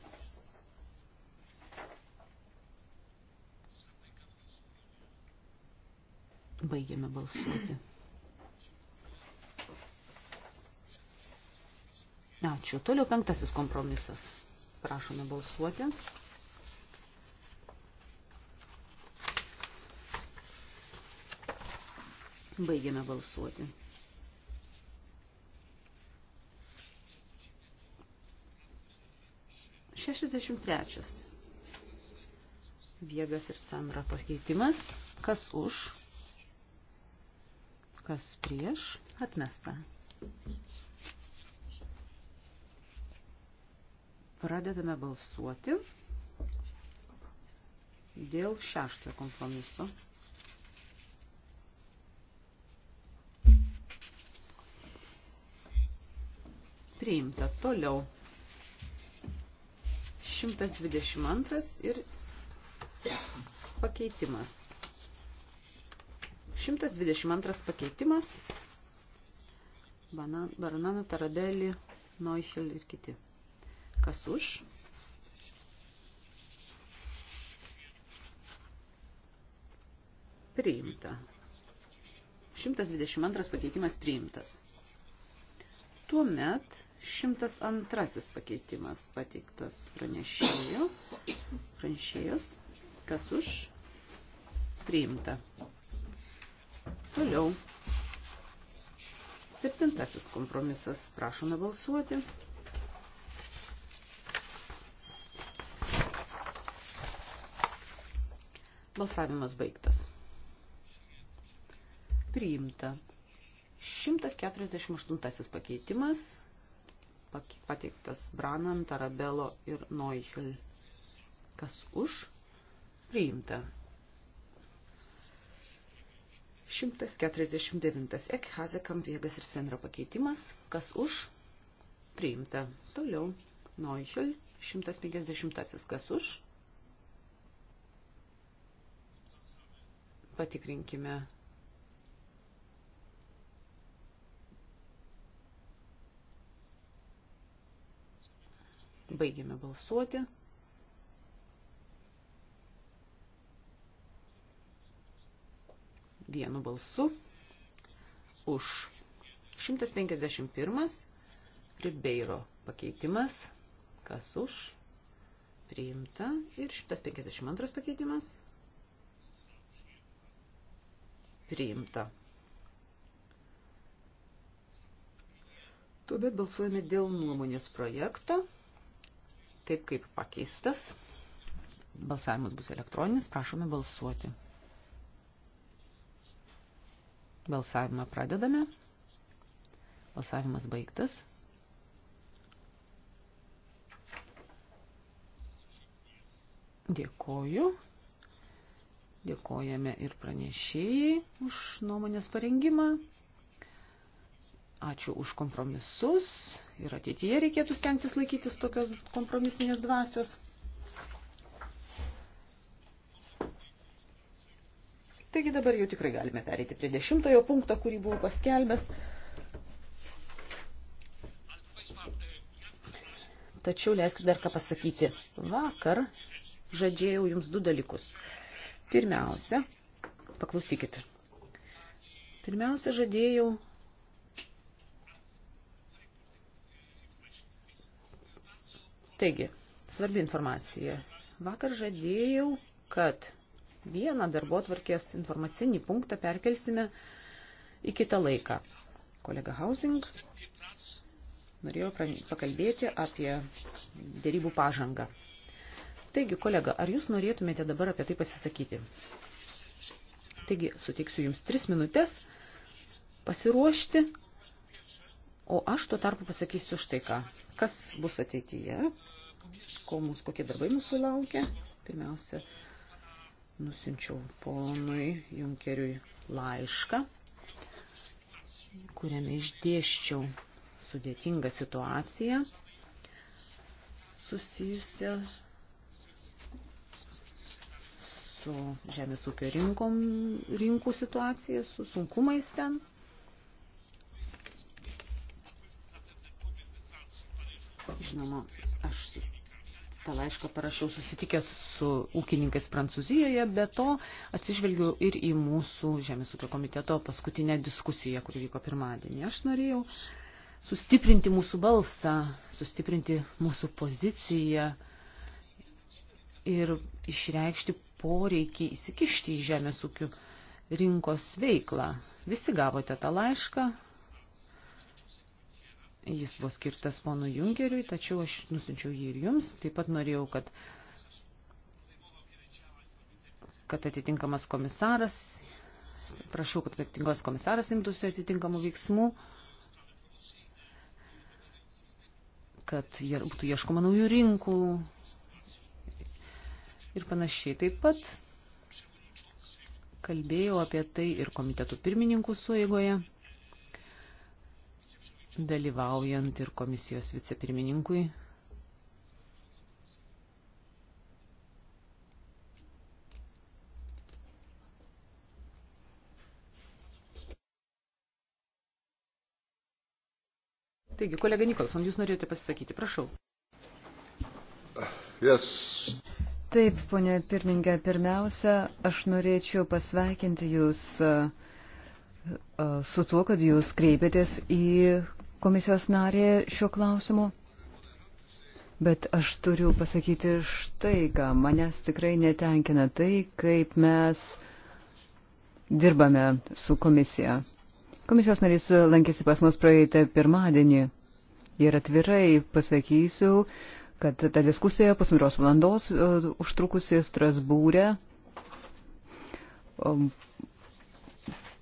Baigiame balsuoti. Ačiū. Toliau penktasis kompromisas. Prašome balsuoti. Baigiame balsuoti. 63. Viegas ir Samra pakeitimas. Kas už? Kas prieš? Atmesta. Pradedame balsuoti dėl šeštojo kompromiso. Priimta toliau. 122 ir pakeitimas. 122 pakeitimas. Baranana, Taradelį, Noichel ir kiti. Kas už? Priimta. 122 pakeitimas priimtas. Tuomet 102 pakeitimas pateiktas pranešėjo. Pranešėjos. Kas už? Priimta. Toliau. Septintasis kompromisas. Prašome balsuoti. Balsavimas baigtas. Priimta. 148 pakeitimas pateiktas Branan, Tarabelo ir Noichel. Kas už? Priimta. 149. Ekhaze Kampiegas ir Senra pakeitimas. Kas už? Priimta. Toliau. Noichel. 150. Kas už? Patikrinkime Baigiame balsuoti. Vienu balsu už 151 Ribeiro pakeitimas, kas už, priimta ir 152 pakeitimas, priimta. Tuomet balsuojame dėl nuomonės projekto taip kaip pakeistas. Balsavimas bus elektroninis, prašome balsuoti. Balsavimą pradedame. Balsavimas baigtas. Dėkoju. Dėkojame ir pranešėjai už nuomonės parengimą. Ačiū už kompromisus ir ateityje reikėtų stengtis laikytis tokios kompromisinės dvasios. Taigi dabar jau tikrai galime pereiti prie dešimtojo punkto, kurį buvau paskelbęs. Tačiau leiskite dar ką pasakyti. Vakar žadėjau jums du dalykus. Pirmiausia, paklausykite. Pirmiausia, žadėjau Taigi, svarbi informacija. Vakar žadėjau, kad vieną darbo tvarkės informacinį punktą perkelsime į kitą laiką. Kolega Hausing norėjo pakalbėti apie dėrybų pažangą. Taigi, kolega, ar jūs norėtumėte dabar apie tai pasisakyti? Taigi, suteiksiu jums tris minutės pasiruošti, o aš tuo tarpu pasakysiu štai ką kas bus ateityje, ko mūsų, kokie darbai mūsų laukia. Pirmiausia, nusinčiau ponui Junkeriui laišką, kuriame išdėščiau sudėtingą situaciją susijusią su žemės ūkio rinkom, rinkų situacija, su sunkumais ten. Žinoma, aš tą laišką parašiau susitikęs su ūkininkais Prancūzijoje, bet to atsižvelgiau ir į mūsų Žemės ūkio komiteto paskutinę diskusiją, kuri vyko pirmadienį. Aš norėjau sustiprinti mūsų balsą, sustiprinti mūsų poziciją ir išreikšti poreikį įsikišti į Žemės ūkio rinkos veiklą. Visi gavote tą laišką, Jis buvo skirtas pono Junkeriui, tačiau aš nusinčiau jį ir jums. Taip pat norėjau, kad, kad atitinkamas komisaras, prašau, kad atitinkamas komisaras imtųsi atitinkamų veiksmų, kad būtų ieškoma naujų rinkų ir panašiai. Taip pat kalbėjau apie tai ir komitetų pirmininkų suėgoje dalyvaujant ir komisijos vicepirmininkui. Taigi, kolega Nikolson, jūs norėjote pasisakyti, prašau. Yes. Taip, ponė pirmingė, pirmiausia, aš norėčiau pasveikinti jūs uh, su tuo, kad jūs kreipėtės į komisijos narė šiuo klausimu. Bet aš turiu pasakyti štai, ką manęs tikrai netenkina tai, kaip mes dirbame su komisija. Komisijos narys lankėsi pas mus praeitą pirmadienį ir atvirai pasakysiu, kad ta diskusija pusantros valandos e, užtrukusi Strasbūrė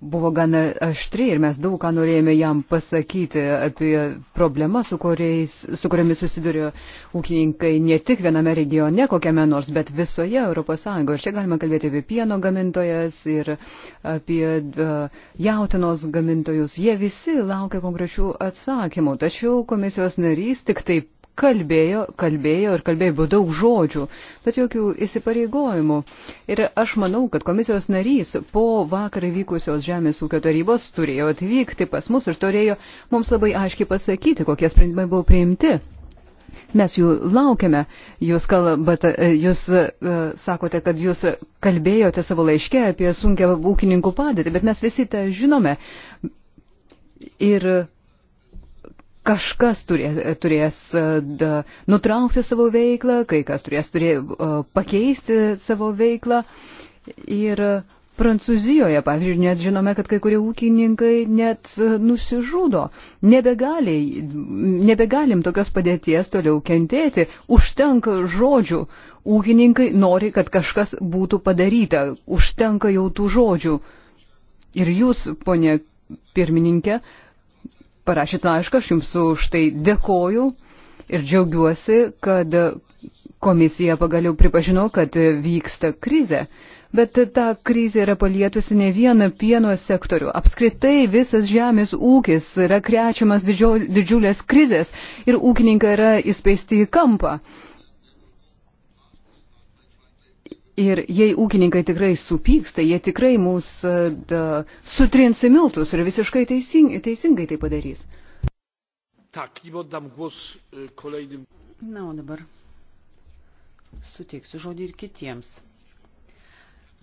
buvo gana aštri ir mes daug ką norėjome jam pasakyti apie problemas, su, kuriais, su kuriamis susiduria ūkininkai ne tik viename regione kokiame nors, bet visoje ES. Ir čia galima kalbėti apie pieno gamintojas ir apie e, jautinos gamintojus. Jie visi laukia konkrečių atsakymų, tačiau komisijos narys tik taip kalbėjo, kalbėjo ir kalbėjo buvo daug žodžių, bet jokių įsipareigojimų. Ir aš manau, kad komisijos narys po vakar vykusios Žemės ūkio tarybos turėjo atvykti pas mus ir turėjo mums labai aiškiai pasakyti, kokie sprendimai buvo priimti. Mes jų laukiame. Jūs, kalbat, jūs e, sakote, kad jūs kalbėjote savo laiške apie sunkę ūkininkų padėtį, bet mes visi tą žinome. Ir kažkas turės, turės e, nutraukti savo veiklą, kai kas turės turė, e, pakeisti savo veiklą. Ir Prancūzijoje, pavyzdžiui, net žinome, kad kai kurie ūkininkai net e, nusižudo. Nebegali, nebegalim tokios padėties toliau kentėti. Užtenka žodžių. Ūkininkai nori, kad kažkas būtų padaryta. Užtenka jau tų žodžių. Ir jūs, ponė pirmininkė, uh, parašėt laišką, aš jums už tai dėkoju ir džiaugiuosi, kad komisija pagaliau pripažino, kad vyksta krizė. Bet ta krizė yra palietusi ne vieną pieno sektorių. Apskritai visas žemės ūkis yra krečiamas didžio, didžiulės krizės ir ūkininkai yra įspeisti į kampą. Ir jei ūkininkai tikrai supyksta, jie tikrai mus e, da, sutrins į miltus ir visiškai teising, teisingai tai padarys. Tak, głos, e, kolejnym... Na, o dabar suteiksiu žodį ir kitiems.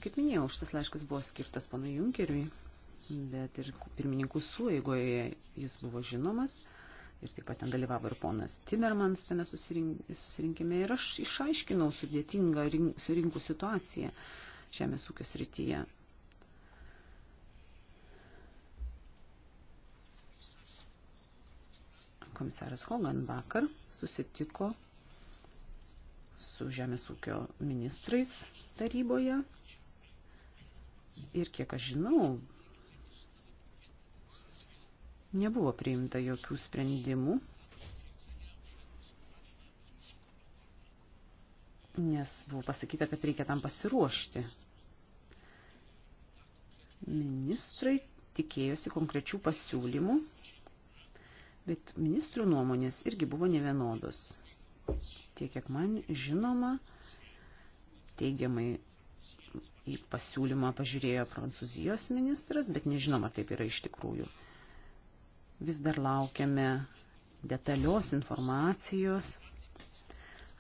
Kaip minėjau, šitas laiškas buvo skirtas panui Junkeriui, bet ir pirmininkų suėgoje jis buvo žinomas ir taip pat ten dalyvavo ir ponas Timmermans tame susirinkime ir aš išaiškinau sudėtingą rink, rinkų situaciją žemės ūkio srityje. Komisaras Hogan vakar susitiko su žemės ūkio ministrais taryboje ir kiek aš žinau, Nebuvo priimta jokių sprendimų, nes buvo pasakyta, kad reikia tam pasiruošti. Ministrai tikėjosi konkrečių pasiūlymų, bet ministrų nuomonės irgi buvo nevienodos. Tiek, kiek man žinoma, teigiamai į pasiūlymą pažiūrėjo prancūzijos ministras, bet nežinoma, taip yra iš tikrųjų. Vis dar laukiame detalios informacijos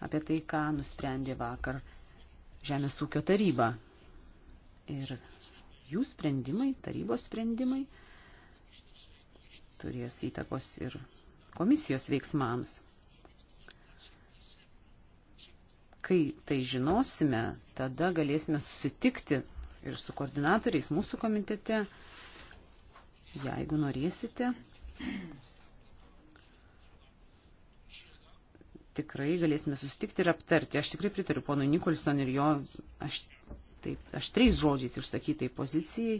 apie tai, ką nusprendė vakar Žemės ūkio taryba. Ir jų sprendimai, tarybos sprendimai turės įtakos ir komisijos veiksmams. Kai tai žinosime, tada galėsime susitikti ir su koordinatoriais mūsų komitete, jeigu norėsite tikrai galėsime sustikti ir aptarti. Aš tikrai pritariu ponui Nikolson ir jo aš, taip, aš trys žodžiais išsakytai pozicijai.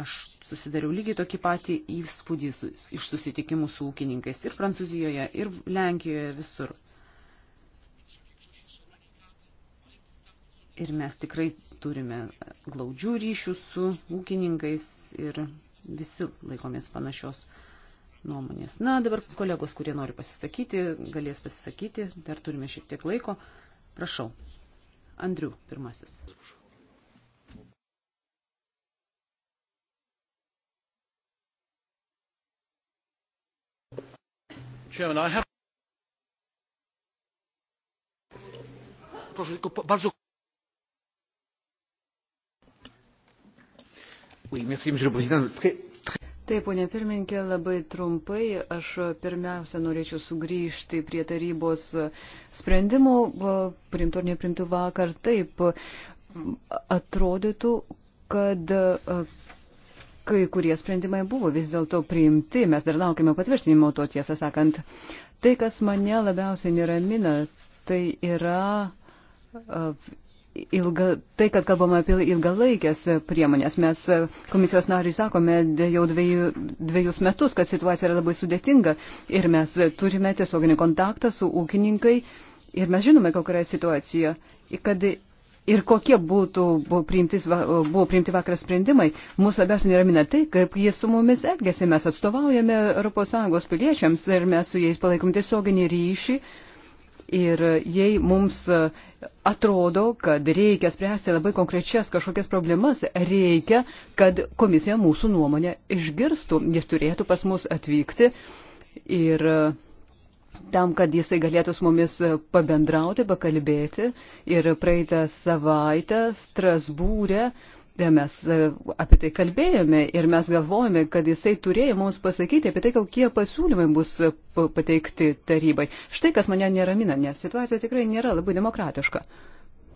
Aš susidariau lygiai tokį patį įspūdį iš susitikimų su ūkininkais ir Prancūzijoje, ir Lenkijoje, visur. Ir mes tikrai turime glaudžių ryšių su ūkininkais ir visi laikomės panašios nuomonės. Na, dabar kolegos, kurie nori pasisakyti, galės pasisakyti, dar turime šiek tiek laiko. Prašau. Andriu, pirmasis. Chairman, I have... Proszę tylko bardzo Taip, ponė pirmininkė, labai trumpai. Aš pirmiausia norėčiau sugrįžti prie tarybos sprendimų, primtų ar neprimtų vakar. Taip, atrodytų, kad kai kurie sprendimai buvo vis dėlto priimti. Mes dar laukime patvirtinimo to, tiesą sakant. Tai, kas mane labiausiai neramina, tai yra ilga, tai, kad kalbame apie ilgalaikės priemonės. Mes e, komisijos nariai sakome jau dviejų, dviejus metus, kad situacija yra labai sudėtinga ir mes turime tiesioginį kontaktą su ūkininkai ir mes žinome, kokia yra situacija. Kad ir kokie būtų, buvo, priimtis, buvo priimti vakar sprendimai, mūsų labiausiai neramina tai, kaip jie su mumis elgėsi. Mes atstovaujame ES piliečiams ir mes su jais palaikom tiesioginį ryšį. Ir jei mums atrodo, kad reikia spręsti labai konkrečias kažkokias problemas, reikia, kad komisija mūsų nuomonę išgirstų, jis turėtų pas mus atvykti. Ir tam, kad jisai galėtų su mumis pabendrauti, pakalbėti. Ir praeitą savaitę Strasbūrė. E, mes e, apie tai kalbėjome ir mes galvojame, kad jisai turėjo mums pasakyti apie tai, kokie pasiūlymai bus e, pateikti tarybai. Štai kas mane neramina, nes situacija tikrai nėra labai demokratiška.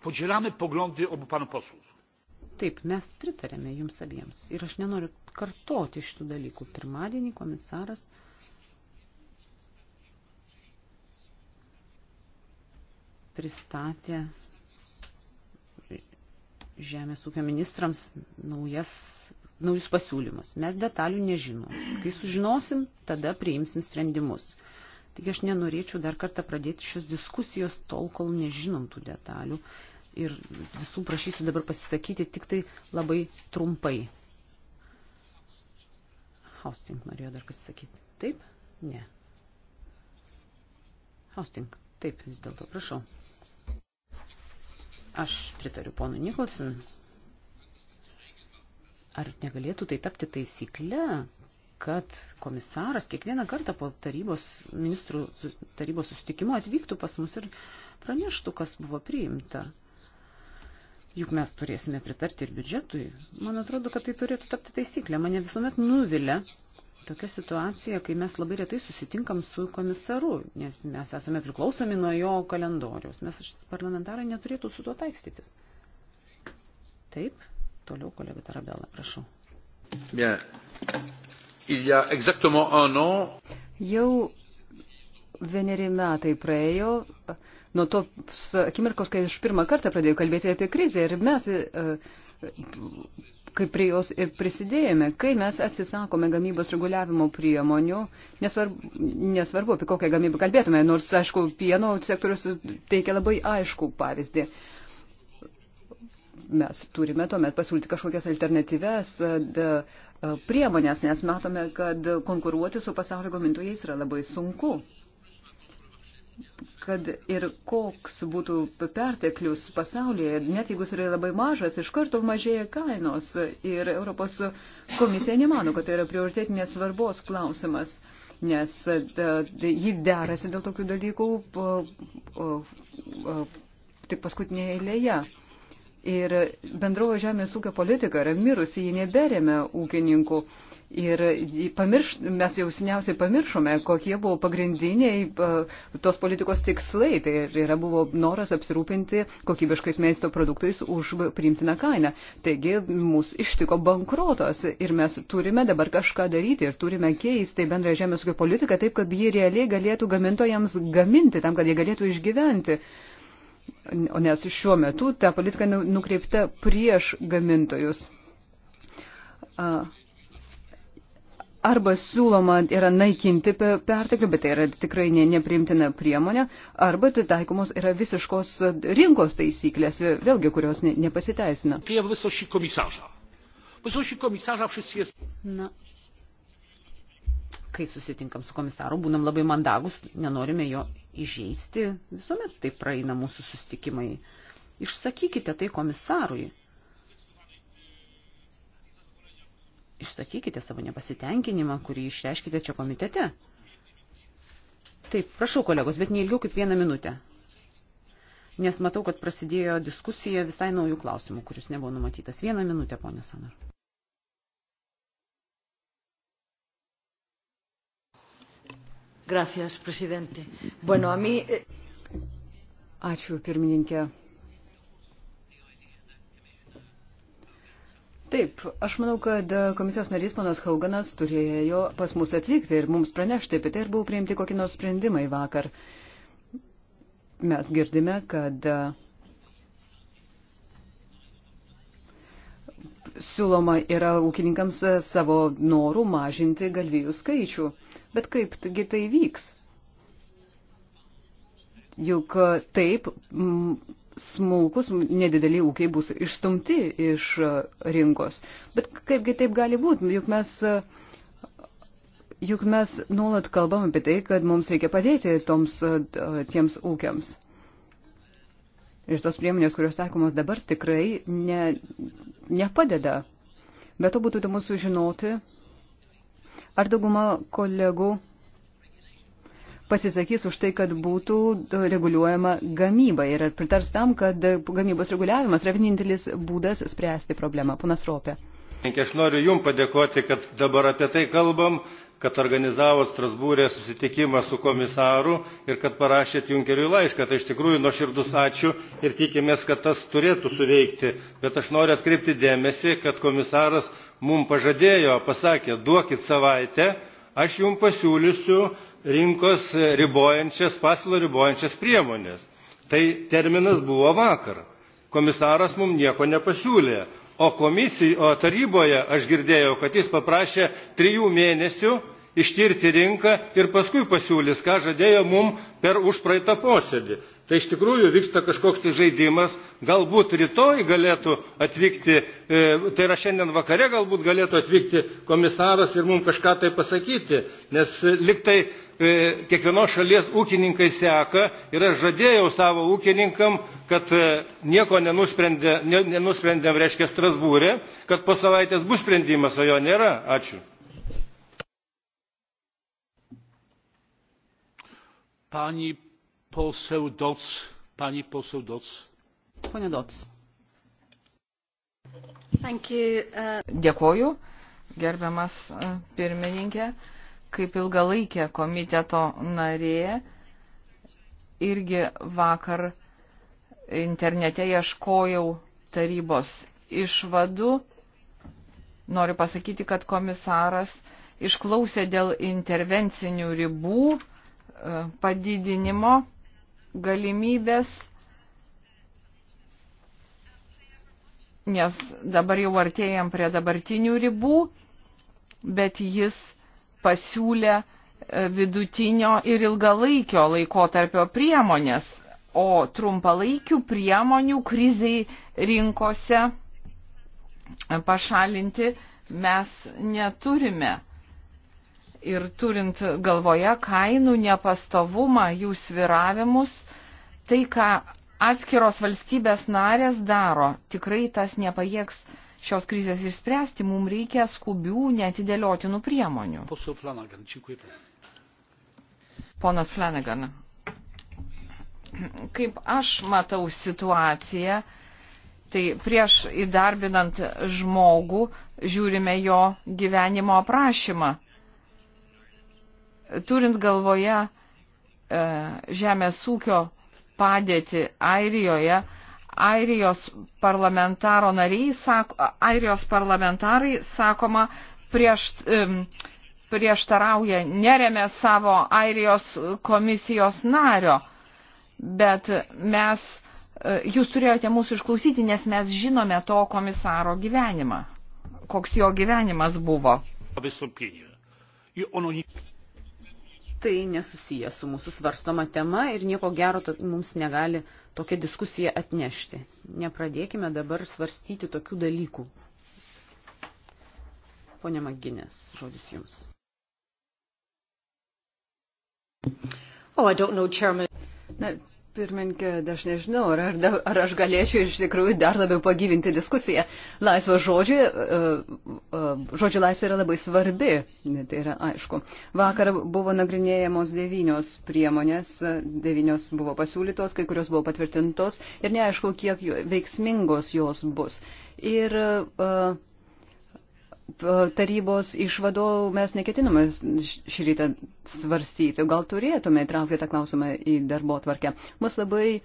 Podzielamy poglądy obu panų posłów. Taip, mes pritarėme jums abiems. Ir aš nenoriu kartoti šitų dalykų. Pirmadienį komisaras pristatė žemės ūkio ministrams naujas, naujus pasiūlymus. Mes detalių nežinom. Kai sužinosim, tada priimsim sprendimus. Tik aš nenorėčiau dar kartą pradėti šios diskusijos tol, kol nežinom tų detalių. Ir visų prašysiu dabar pasisakyti tik tai labai trumpai. Hausting norėjo dar pasisakyti. Taip? Ne. Hausting. Taip, vis dėlto, prašau. Aš pritariu ponui Nikolson. Ar negalėtų tai tapti taisykle, kad komisaras kiekvieną kartą po tarybos, ministrų tarybos susitikimo atvyktų pas mus ir praneštų, kas buvo priimta? Juk mes turėsime pritarti ir biudžetui. Man atrodo, kad tai turėtų tapti taisyklę. Mane visuomet nuvilia, tokia situacija, kai mes labai retai susitinkam su komisaru, nes mes esame priklausomi nuo jo kalendoriaus. Mes parlamentarai neturėtų su tuo taikstytis. Taip, toliau kolega Tarabela, prašau. Bien. Il y a exactement un an. Jau vieneri metai praėjo nuo tos akimirkos, kai aš pirmą kartą pradėjau kalbėti apie krizę ir mes e, kaip prie jos ir prisidėjome. Kai mes atsisakome gamybos reguliavimo priemonių, nesvarbu, nesvarbu apie kokią gamybą kalbėtume, nors, aišku, pieno sektorius teikia labai aišku pavyzdį. Mes turime tuomet pasiūlyti kažkokias alternatyves priemonės, nes matome, kad konkuruoti su pasaulio gamintojais yra labai sunku kad ir koks būtų perteklius pasaulyje, net jeigu jis yra labai mažas, iš karto mažėja kainos ir Europos komisija nemano, kad tai yra prioritetinės svarbos klausimas, nes jį derasi dėl tokių dalykų o, o, o, tik paskutinėje eilėje. Ir bendrovo žemės ūkio politika yra mirusi, ji neberėmė ūkininkų. Uh, Ir pamirš, mes jau seniausiai pamiršome, kokie buvo pagrindiniai e, tos politikos tikslai. Tai yra buvo noras apsirūpinti kokybiškais maisto produktais už priimtiną kainą. Taigi mūsų ištiko bankrotas ir mes turime dabar kažką daryti ir turime keisti bendrą žemės ūkio politiką taip, kad jie realiai galėtų gamintojams gaminti, tam, kad jie galėtų išgyventi. O nes šiuo metu ta politika nu, nukreipta prieš gamintojus. Uh arba siūloma yra naikinti perteklių, bet tai yra tikrai ne, neprimtina priemonė, arba tai taikomos yra visiškos rinkos taisyklės, vėlgi, kurios ne, nepasiteisina. Na, kai susitinkam su komisaru, būnam labai mandagus, nenorime jo įžeisti, visuomet taip praeina mūsų susitikimai. Išsakykite tai komisarui, išsakykite savo nepasitenkinimą, kurį išreiškite čia komitete. Taip, prašau kolegos, bet neilgiau kaip vieną minutę. Nes matau, kad prasidėjo diskusija visai naujų klausimų, kuris nebuvo numatytas. Vieną minutę, ponė Sanar. Gracias, presidente. Bueno, a mí... Eh, Ačiū, pirmininkė. Taip, aš manau, kad komisijos narys panas Hauganas turėjo pas mus atvykti ir mums pranešti apie tai ir buvo priimti kokį nors sprendimai vakar. Mes girdime, kad e, siūloma yra ūkininkams e, savo norų mažinti galvijų skaičių. Bet kaip tai vyks? Juk e, taip. M, smulkus, nedideli ūkiai bus išstumti iš e, rinkos. Bet kaipgi taip gali būti, juk mes, e, juk mes nuolat kalbam apie tai, kad mums reikia padėti toms, e, tiems ūkiams. Ir tos priemonės, kurios taikomos dabar, tikrai ne, nepadeda. Bet to būtų įdomu sužinoti, ar dauguma kolegų pasisakys už tai, kad būtų e, reguliuojama gamyba ir pritars tam, kad e, gamybos reguliavimas yra vienintelis būdas spręsti problemą. Ponas Ropė. Aš noriu Jums padėkoti, kad dabar apie tai kalbam, kad organizavot Strasbūrė susitikimą su komisaru ir kad parašėt Junkeriui laišką. Tai iš tikrųjų nuoširdus ačiū ir tikimės, kad tas turėtų suveikti. Bet aš noriu atkreipti dėmesį, kad komisaras mums pažadėjo, pasakė, duokit savaitę, aš jums pasiūlysiu rinkos ribojančias, pasiūlą ribojančias priemonės. Tai terminas buvo vakar. Komisaras mums nieko nepasiūlė. O, komisijai, o taryboje aš girdėjau, kad jis paprašė trijų mėnesių ištirti rinką ir paskui pasiūlys, ką žadėjo mum per užpraeitą posėdį. Tai iš tikrųjų vyksta kažkoks tai žaidimas, galbūt rytoj galėtų atvykti, e, tai yra šiandien vakare galbūt galėtų atvykti komisaras ir mums kažką tai pasakyti, nes liktai e, kiekvienos šalies ūkininkai seka ir aš žadėjau savo ūkininkam, kad e, nieko nenusprendėm, nenusprendėm reiškia Strasbūrė, kad po savaitės bus sprendimas, o jo nėra. Ačiū. Pani poseł Doc. Pani poseł Doc. Pone Doc. Uh, Dėkoju, gerbiamas e, pirmininkė, kaip ilgalaikė komiteto narė, irgi vakar internete ieškojau tarybos išvadų. Noriu pasakyti, kad komisaras išklausė dėl intervencinių ribų E, padidinimo galimybės, nes dabar jau artėjam prie dabartinių ribų, bet jis pasiūlė e, vidutinio ir ilgalaikio laikotarpio priemonės, o trumpalaikių priemonių kriziai rinkose pašalinti mes neturime. Ir turint galvoje kainų nepastovumą, jų sviravimus, tai, ką atskiros valstybės narės daro, tikrai tas nepajėgs šios krizės išspręsti, mums reikia skubių, netidėliotinų priemonių. Ponas Flanagan, kaip aš matau situaciją, tai prieš įdarbinant žmogų žiūrime jo gyvenimo aprašymą turint galvoje e, žemės ūkio padėti Airijoje, Airijos, parlamentaro nariai, sako, Airijos parlamentarai, sakoma, prieš, e, prieštarauja, neremė savo Airijos komisijos nario. Bet mes, e, jūs turėjote mūsų išklausyti, nes mes žinome to komisaro gyvenimą, koks jo gyvenimas buvo tai nesusiję su mūsų svarstoma tema ir nieko gero to, mums negali tokia diskusija atnešti. Nepradėkime dabar svarstyti tokių dalykų. Pone Maginės, žodis jums. Oh, I don't know, Chairman. Na, Pirminkė, aš nežinau, ar, ar, ar aš galėčiau iš tikrųjų dar labiau pagyvinti diskusiją. Laisvo žodžio, e, e, žodžio laisvė yra labai svarbi, tai yra aišku. Vakar buvo nagrinėjamos devynios priemonės, e, devynios buvo pasiūlytos, kai kurios buvo patvirtintos ir neaišku, kiek veiksmingos jos bus. Ir uh, tarybos išvadų mes neketiname šį rytą svarstyti. Gal turėtume įtraukti tą klausimą į darbo tvarkę. Mus labai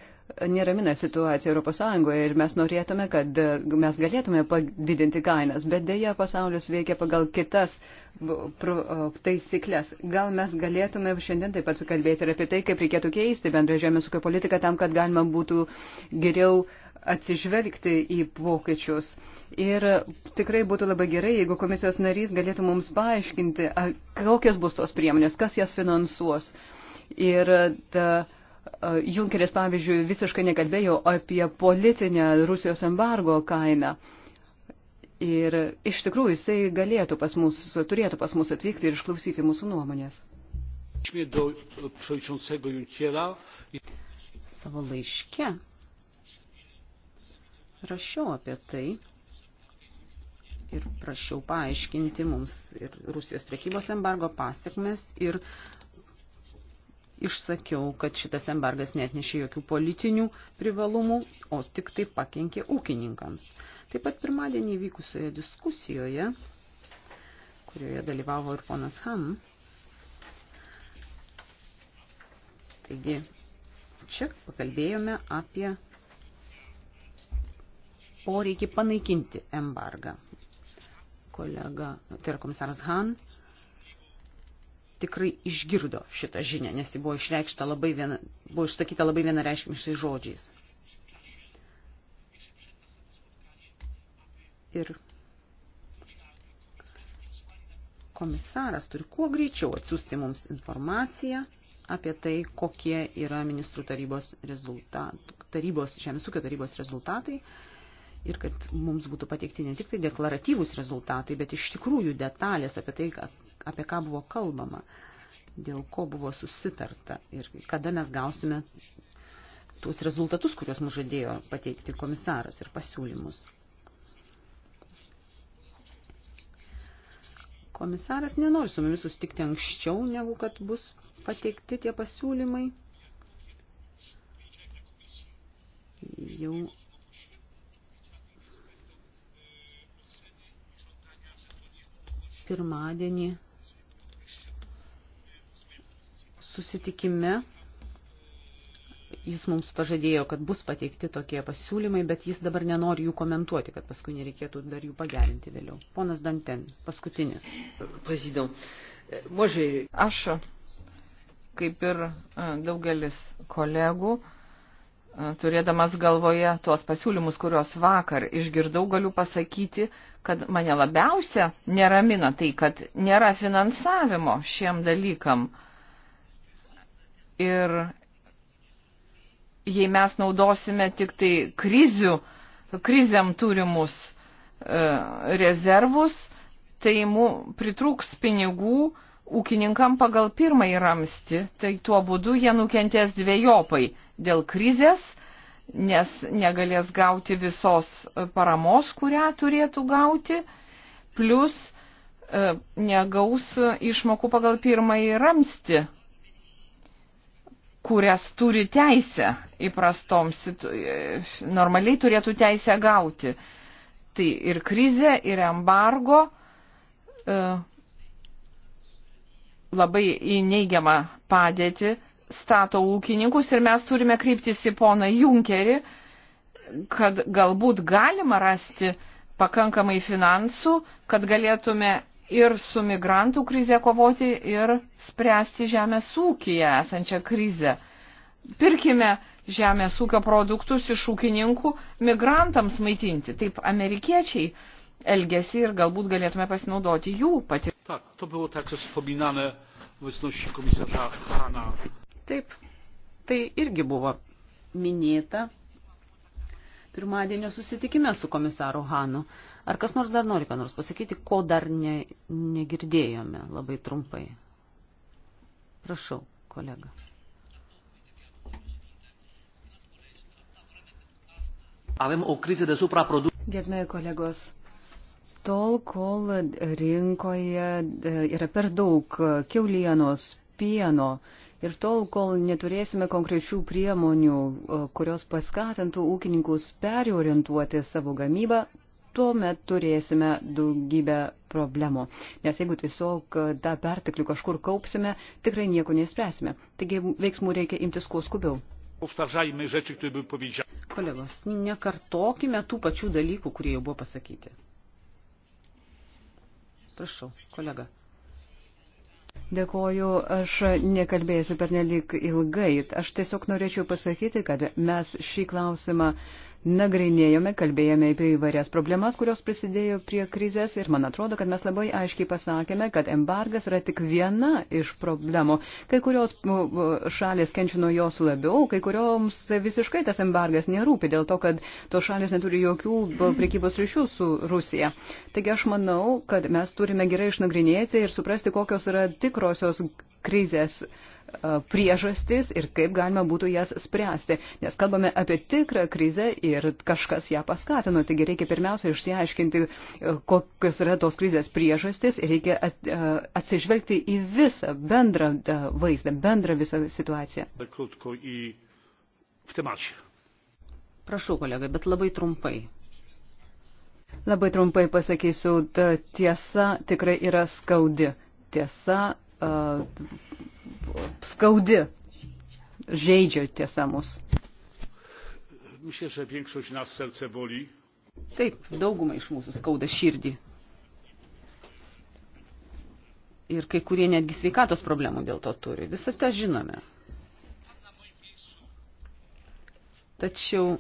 neramina situacija ES ir mes norėtume, kad mes galėtume padidinti kainas, bet dėja pasaulis veikia pagal kitas taisyklės. Gal mes galėtume šiandien taip pat kalbėti ir apie tai, kaip reikėtų keisti bendrą žemės ūkio politiką tam, kad galima būtų geriau atsižvelgti į pokyčius. Uh, Ir tikrai būtų labai gerai, jeigu komisijos narys galėtų mums paaiškinti, kokios bus tos priemonės, kas jas finansuos. Ir ta, Junkeris, pavyzdžiui, visiškai nekalbėjo apie politinę Rusijos embargo kainą. Ir iš tikrųjų jisai galėtų pas mus, turėtų pas mus atvykti ir išklausyti mūsų nuomonės. Savo laiške rašiau apie tai, ir prašiau paaiškinti mums ir Rusijos priekybos embargo pasiekmes ir išsakiau, kad šitas embargas netnešė jokių politinių privalumų, o tik tai pakenkė ūkininkams. Taip pat pirmadienį vykusioje diskusijoje, kurioje dalyvavo ir ponas Ham, taigi čia pakalbėjome apie poreikį panaikinti embargą kolega, tai yra komisaras Han, tikrai išgirdo šitą žinią, nes ji buvo išreikšta labai viena, buvo išsakyta labai vienareiškimiškai žodžiais. Ir komisaras turi kuo greičiau atsiųsti mums informaciją apie tai, kokie yra ministrų tarybos, rezultat, tarybos žemės ūkio tarybos rezultatai ir kad mums būtų pateikti ne tik tai deklaratyvūs rezultatai, bet iš tikrųjų detalės apie tai, apie ką buvo kalbama, dėl ko buvo susitarta ir kada mes gausime tuos rezultatus, kuriuos mums žadėjo pateikti komisaras ir pasiūlymus. Komisaras nenori su mumis susitikti anksčiau, negu kad bus pateikti tie pasiūlymai. Jau pirmadienį susitikime jis mums pažadėjo, kad bus pateikti tokie pasiūlymai, bet jis dabar nenori jų komentuoti, kad paskui nereikėtų dar jų pagerinti vėliau. Ponas Danten, paskutinis. Aš, kaip ir e, daugelis kolegų, Turėdamas galvoje tuos pasiūlymus, kuriuos vakar išgirdau, galiu pasakyti, kad mane labiausia neramina tai, kad nėra finansavimo šiem dalykam. Ir jei mes naudosime tik tai krizių, krizėm turimus e, rezervus, tai mu pritrūks pinigų e, ūkininkam pagal pirmąjį ramsti, tai tuo būdu jie nukentės dviejopai dėl krizės, nes negalės gauti visos e, paramos, kurią turėtų gauti, plus e, negaus e, išmokų pagal pirmąjį ramsti, kurias turi teisę įprastoms, e, normaliai turėtų teisę gauti. Tai ir krizė, ir embargo. E, labai į neigiamą padėtį stato ūkininkus ir mes turime kryptis į poną Junkerį, kad galbūt galima rasti pakankamai finansų, kad galėtume ir su migrantų krize kovoti ir spręsti žemės ūkiją esančią krizę. Pirkime žemės ūkio produktus iš ūkininkų migrantams maitinti. Taip amerikiečiai uh, elgesį ir galbūt galėtume pasinaudoti jų patirtimi. Taip, tai irgi buvo minėta pirmadienio susitikime su komisaru Hanu. Ar kas nors dar nori ką nors pasakyti, ko dar ne, negirdėjome labai trumpai? Prašau, kolega. Avem o criză de supraproducție. Gerbėjai kolegos, tol, kol rinkoje e, yra per daug keulienos, pieno ir tol, kol neturėsime konkrečių priemonių, e, kurios paskatintų ūkininkus periorientuoti savo gamybą, tuomet turėsime daugybę problemų. Nes jeigu tiesiog e, tą perteklių kažkur kaupsime, tikrai nieko nespręsime. Taigi veiksmų reikia imtis kuo skubiau. Kolegos, nekartokime tų pačių dalykų, kurie jau buvo pasakyti. Prašau, kolega. Dėkoju, aš nekalbėsiu per nelik ilgai. Aš tiesiog norėčiau pasakyti, kad mes šį klausimą uh, nagrinėjome, kalbėjome apie įvairias problemas, kurios prisidėjo prie krizės ir man atrodo, kad mes labai aiškiai pasakėme, kad embargas yra tik viena iš problemų. Kai kurios šalės kenčia nuo jos labiau, kai kurioms visiškai tas embargas nerūpi dėl to, kad tos šalės neturi jokių prekybos ryšių su Rusija. Taigi aš manau, kad mes turime gerai išnagrinėti ir suprasti, kokios yra tikrosios krizės E, priežastis ir kaip galima būtų jas spręsti. Nes kalbame apie tikrą krizę ir kažkas ją paskatino. Taigi reikia pirmiausia išsiaiškinti, e, kokios yra tos krizės priežastis ir reikia e, atsižvelgti į visą bendrą vaizdą, bendrą visą situaciją. Prašau, kolega, bet labai trumpai. Labai trumpai pasakysiu, tiesa tikrai yra skaudi. Tiesa uh, skaudi, žaidžia tiesa mus. Myślę, że większość nas serce boli. Taip, daugumą iš mūsų skauda širdį. Ir kai kurie netgi sveikatos problemų dėl to turi. Visą tą žinome. Tačiau,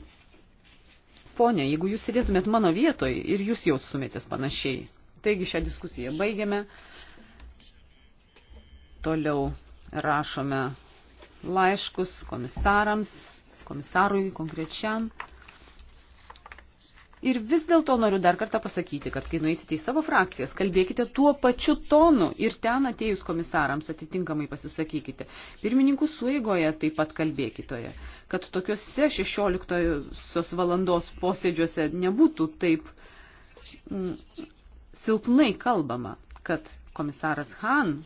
ponė, jeigu jūs sėdėtumėt mano vietoje ir jūs jaustumėtės panašiai. Taigi šią diskusiją baigiame. Toliau rašome laiškus komisarams, komisarui konkrečiam. Ir vis dėlto noriu dar kartą pasakyti, kad kai nueisite į savo frakcijas, kalbėkite tuo pačiu tonu ir ten atėjus komisarams atitinkamai pasisakykite. Pirmininkų suėgoje taip pat kalbėkitoje, kad tokiuose 16 valandos posėdžiuose nebūtų taip mm, silpnai kalbama, kad komisaras Han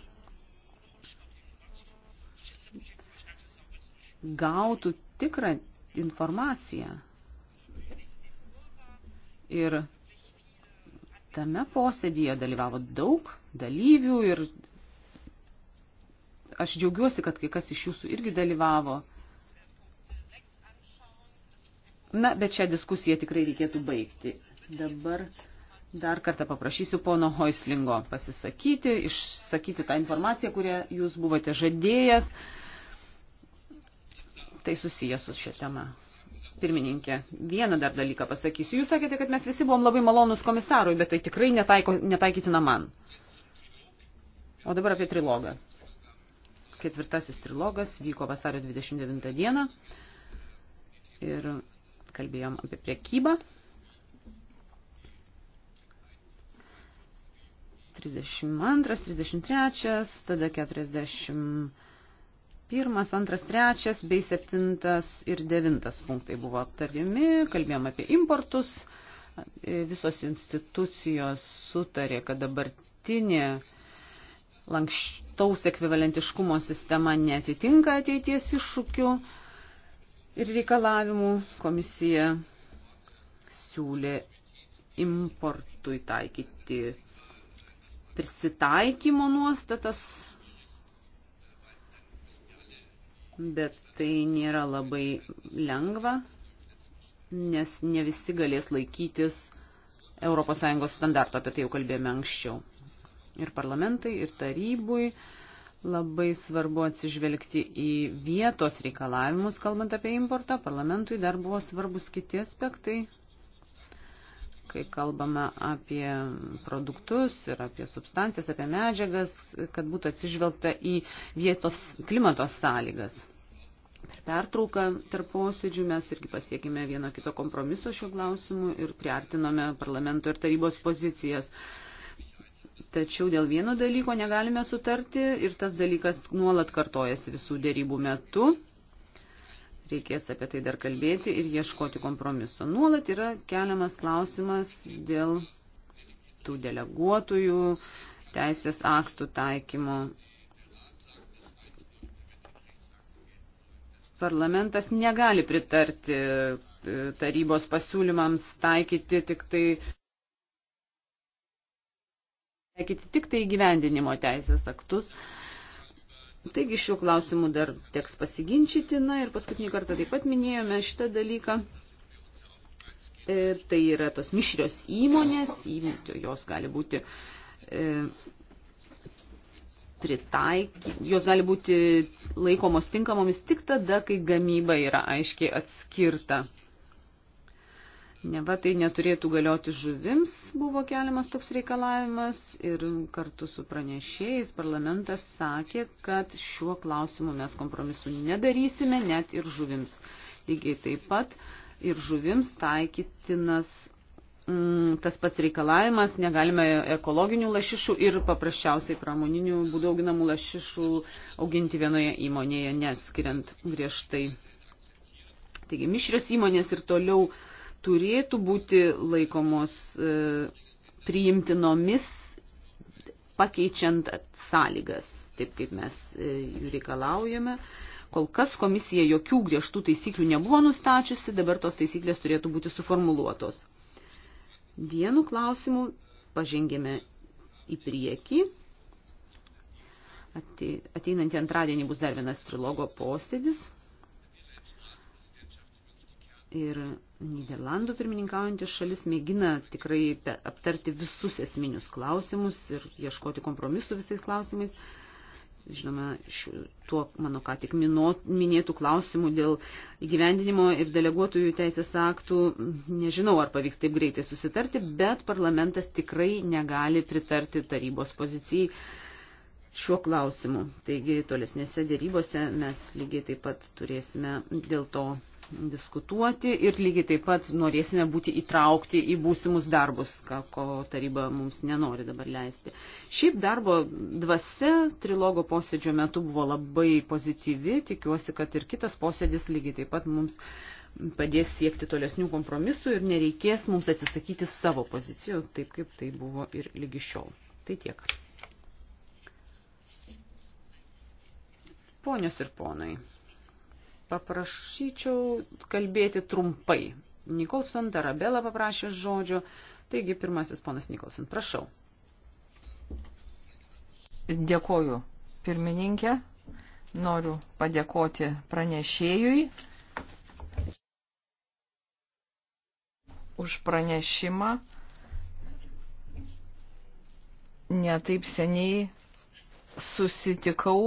gautų tikrą informaciją. Ir tame posėdėje dalyvavo daug dalyvių ir aš džiaugiuosi, kad kai kas iš jūsų irgi dalyvavo. Na, bet šią diskusiją tikrai reikėtų baigti. Dabar dar kartą paprašysiu pono Hoislingo pasisakyti, išsakyti tą informaciją, kurią jūs buvote žadėjęs tai susijęs su šia tema. Pirmininkė, vieną dar dalyką pasakysiu. Jūs sakėte, kad mes visi buvom labai malonus komisarui, bet tai tikrai netaiko, netaikytina man. O dabar apie trilogą. Ketvirtasis trilogas vyko vasario 29 dieną ir kalbėjom apie priekybą. 32, 33, tada 40. Pirmas, antras, trečias bei septintas ir devintas punktai buvo aptarimi, kalbėjom apie importus, visos institucijos sutarė, kad dabartinė lankštaus ekvivalentiškumo sistema netitinka ateities iššūkių ir reikalavimų. Komisija siūlė importui taikyti prisitaikymo nuostatas bet tai nėra labai lengva, nes ne visi galės laikytis ES standarto, apie tai jau kalbėjome anksčiau. Ir parlamentai, ir tarybui labai svarbu atsižvelgti į vietos reikalavimus, kalbant apie importą. Parlamentui dar buvo svarbus kiti aspektai, kai kalbame apie produktus ir apie substancijas, apie medžiagas, kad būtų atsižvelgta į vietos klimato sąlygas. Per pertrauką tarp posėdžių mes irgi pasiekime vieno kito kompromiso šiuo klausimu ir priartinome parlamento ir tarybos pozicijas. Tačiau dėl vieno dalyko negalime sutarti ir tas dalykas nuolat kartojasi visų dėrybų metu reikės apie tai dar kalbėti ir ieškoti kompromiso. Nuolat yra keliamas klausimas dėl tų deleguotojų teisės aktų taikymo. Parlamentas negali pritarti e, tarybos pasiūlymams taikyti tik tai taikyti tik tai įgyvendinimo teisės aktus. Uh, Taigi šiuo klausimu dar teks pasiginčyti, na ir paskutinį kartą taip pat minėjome šitą dalyką. E, tai yra tos mišrios įmonės, jos gali būti e, pritaikyti, jos gali būti laikomos tinkamomis tik tada, kai gamyba yra aiškiai atskirta Neva tai neturėtų galioti žuvims, buvo keliamas toks reikalavimas ir kartu su pranešėjais parlamentas sakė, kad šiuo klausimu mes kompromisu nedarysime net ir žuvims. Lygiai taip pat ir žuvims taikytinas mm, tas pats reikalavimas, negalime ekologinių lašišų ir paprasčiausiai pramoninių būdų auginamų lašišų auginti vienoje įmonėje, neatskiriant griežtai. Taigi mišrios įmonės ir toliau turėtų būti laikomos e, priimtinomis, pakeičiant sąlygas, taip kaip mes e, jų reikalaujame. Kol kas komisija jokių griežtų taisyklių nebuvo nustačiusi, dabar tos taisyklės turėtų būti suformuluotos. Vienu klausimu pažengėme į priekį. Ateinantį antradienį bus dar vienas trilogo posėdis. Ir Niderlandų pirmininkaujantis šalis mėgina tikrai aptarti visus esminius klausimus ir ieškoti kompromisų visais klausimais. Žinoma, šiuo, tuo mano ką tik minėtų klausimų dėl įgyvendinimo ir deleguotojų teisės aktų nežinau, ar pavyks taip greitai susitarti, bet parlamentas tikrai negali pritarti tarybos pozicijai šiuo klausimu. Taigi tolesnėse dėrybose mes lygiai taip pat turėsime dėl to diskutuoti ir lygiai taip pat norėsime būti įtraukti į būsimus darbus, ko taryba mums nenori dabar leisti. Šiaip darbo dvasia trilogo posėdžio metu buvo labai pozityvi, tikiuosi, kad ir kitas posėdis lygiai taip pat mums padės siekti tolesnių kompromisų ir nereikės mums atsisakyti savo pozicijų, taip kaip tai buvo ir lygi šiol. Tai tiek. Ponios ir ponai. Paprašyčiau kalbėti trumpai. Nikolson Tarabela paprašė žodžio. Taigi, pirmasis ponas Nikolson, prašau. Dėkoju, pirmininkė. Noriu padėkoti pranešėjui už pranešimą. Netaip seniai susitikau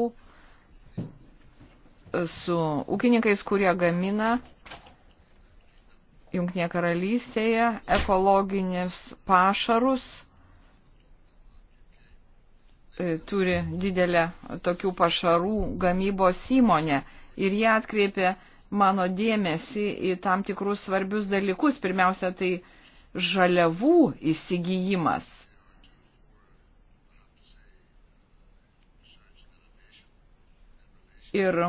su ūkininkais, kurie gamina Junktinėje karalystėje ekologinius pašarus, e, turi didelę tokių pašarų gamybos įmonę ir jie atkreipė mano dėmesį į tam tikrus svarbius dalykus. Pirmiausia, tai žaliavų įsigijimas. Ir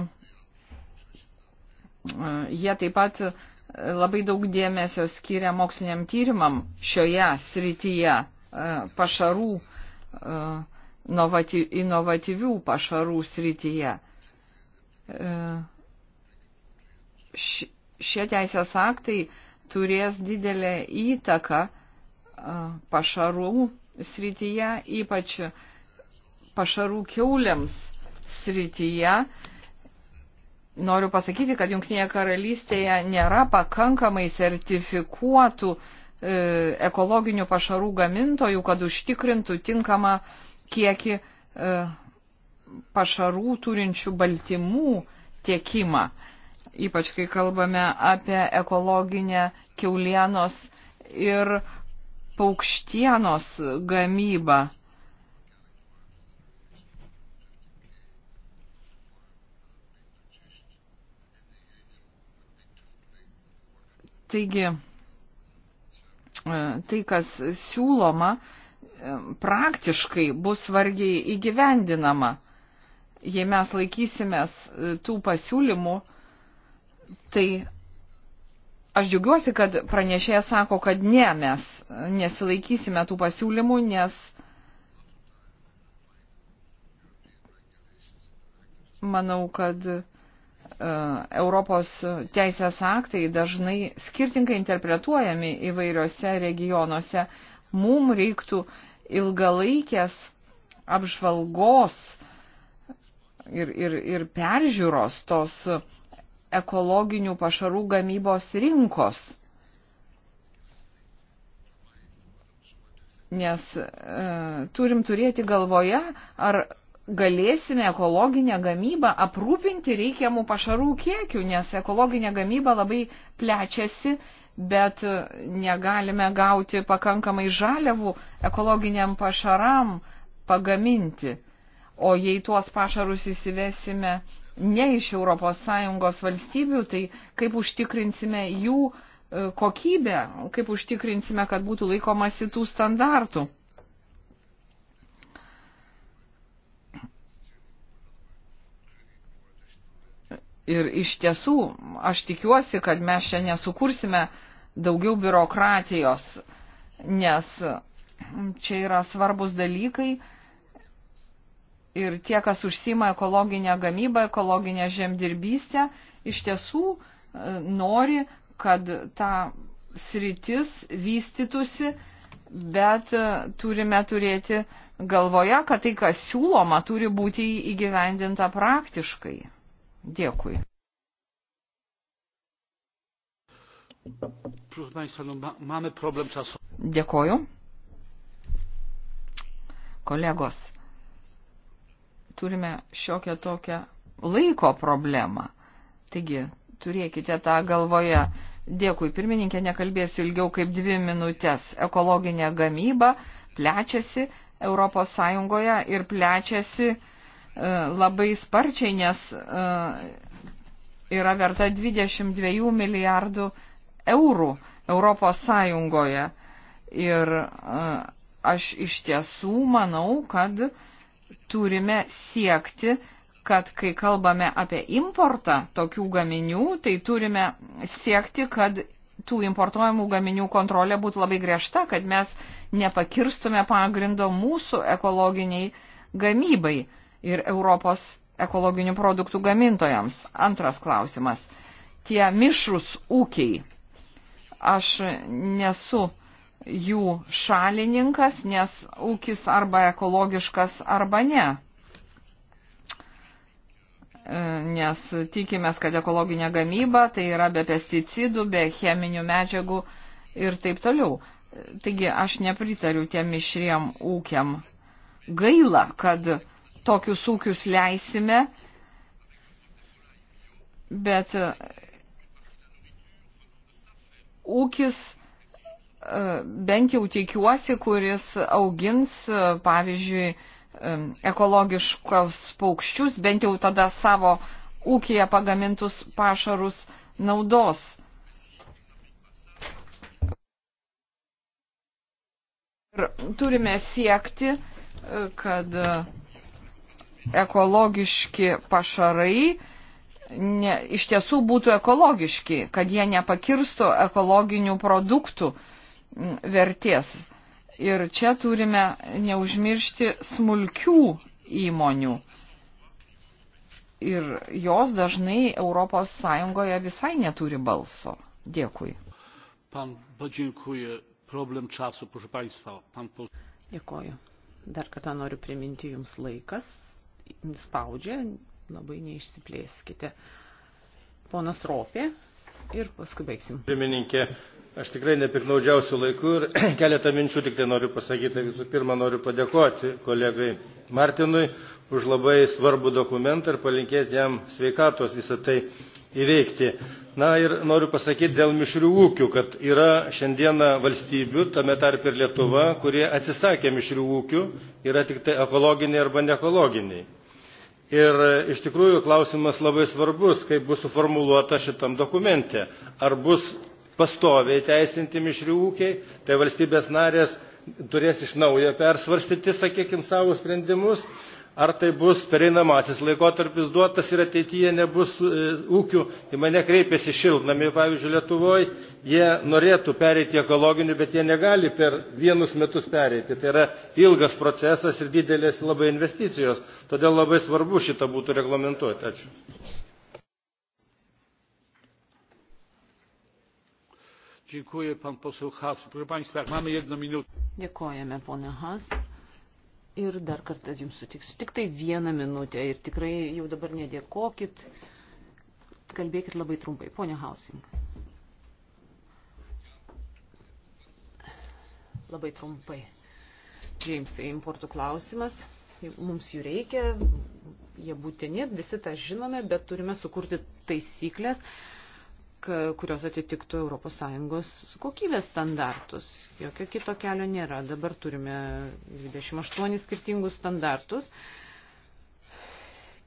jie taip pat labai daug dėmesio skiria moksliniam tyrimam šioje srityje e, pašarų, e, inovatyvių pašarų srityje. E, šie teisės aktai turės didelę įtaką pašarų srityje, ypač pašarų keuliams srityje noriu pasakyti, kad Junktinėje karalystėje nėra pakankamai sertifikuotų e, ekologinių pašarų gamintojų, kad užtikrintų tinkamą kiekį e, pašarų turinčių baltymų tiekimą. Ypač kai kalbame apie ekologinę keulienos ir paukštienos gamybą. Taigi, e, tai, kas siūloma, e, praktiškai bus vargiai įgyvendinama. Jei mes laikysimės e, tų pasiūlymų, tai aš džiaugiuosi, kad pranešėjas sako, kad ne, mes nesilaikysime tų pasiūlymų, nes manau, kad E, Europos teisės aktai dažnai skirtingai interpretuojami įvairiose regionuose. Mums reiktų ilgalaikės apžvalgos ir, ir, ir peržiūros tos ekologinių pašarų gamybos rinkos. Nes e, turim turėti galvoje, ar galėsime ekologinę gamybą aprūpinti reikiamų pašarų kiekių, nes ekologinė gamyba labai plečiasi, bet negalime gauti pakankamai žaliavų ekologiniam pašaram pagaminti. O jei tuos pašarus įsivesime ne iš ES valstybių, tai kaip užtikrinsime jų e, kokybę, kaip užtikrinsime, kad būtų laikomasi tų standartų. Ir iš tiesų, aš tikiuosi, kad mes čia nesukursime daugiau biurokratijos, nes čia yra svarbus dalykai. Ir tie, kas užsima ekologinę gamybą, ekologinę žemdirbystę, iš tiesų e, nori, kad ta sritis vystytųsi, bet e, turime turėti galvoje, kad tai, kas siūloma, turi būti įgyvendinta praktiškai. Dėkui. Dėkoju. Kolegos, turime šiokią tokią laiko problemą. Taigi, turėkite tą galvoje. Dėkui, pirmininkė, nekalbėsiu ilgiau kaip dvi minutės. Ekologinė gamyba plečiasi ES ir plečiasi E, labai sparčiai, nes e, yra verta 22 milijardų eurų Europos Sąjungoje. Ir e, aš iš tiesų manau, kad turime siekti, kad kai kalbame apie importą tokių gaminių, tai turime siekti, kad tų importuojamų gaminių kontrolė būtų labai griežta, kad mes nepakirstume pagrindo mūsų ekologiniai gamybai ir Europos ekologinių produktų gamintojams. Antras klausimas. Tie mišrus ūkiai. Aš nesu jų šalininkas, nes ūkis arba ekologiškas arba ne. E, nes tikimės, kad ekologinė gamyba tai yra be pesticidų, be cheminių medžiagų ir taip toliau. Taigi aš nepritariu tiem mišriem ūkiam. Gaila, kad uh, tokius ūkius leisime, bet e, ūkis e, bent jau tikiuosi, kuris augins, e, pavyzdžiui, ekologiškus paukščius, bent jau tada savo ūkija pagamintus pašarus naudos. Ir turime siekti, kad ekologiški pašarai ne, iš tiesų būtų ekologiški, kad jie nepakirstų ekologinių produktų vertės. Ir čia turime neužmiršti smulkių įmonių. Ir jos dažnai ES visai neturi balso. Dėkui. Pan, dziękuję. Problem czasu, proszę Państwa. Pan... Dėkoju. Dar kartą noriu priminti Jums laikas spaudžia, labai neišsiplėskite. Ponas Ropė ir paskui baigsim. Pirmininkė, aš tikrai nepiknaudžiausiu laiku ir keletą minčių tik tai noriu pasakyti. Visų pirma, noriu padėkoti kolegai Martinui už labai svarbų dokumentą ir palinkėti jam sveikatos visą tai įveikti. Na ir noriu pasakyti dėl mišrių ūkių, kad yra šiandieną valstybių, tame tarp ir Lietuva, kurie atsisakė mišrių ūkių, yra tik tai ekologiniai arba neekologiniai Ir e, iš tikrųjų klausimas labai svarbus, kaip bus suformuluota šitam dokumente. Ar bus pastoviai teisinti mišrių ūkiai, tai valstybės narės turės iš naujo persvarstyti, sakykime, savo sprendimus, ar tai bus pereinamasis laikotarpis duotas ir ateityje nebus e, ūkių, į mane kreipiasi šiltnami, pavyzdžiui, Lietuvoje, jie norėtų pereiti ekologiniu, bet jie negali per vienus metus pereiti. Tai yra ilgas procesas ir didelės labai investicijos. Todėl labai svarbu šitą būtų reglamentuoti. Ačiū. Dziękuję pan poseł Haas. Proszę państwa, mamy jedną minutę. Dziękujemy panie Haas. Ir dar kartą jums sutiksiu. Tik tai vieną minutę ir tikrai jau dabar nedėkokit. Kalbėkit labai trumpai. Pone Hausing. Labai trumpai. Džeimsai, importų klausimas. Mums jų reikia, jie būtini, visi tą žinome, bet turime sukurti taisyklės, kurios atitiktų ES kokybės standartus. Jokio kito kelio nėra. Dabar turime 28 skirtingus standartus.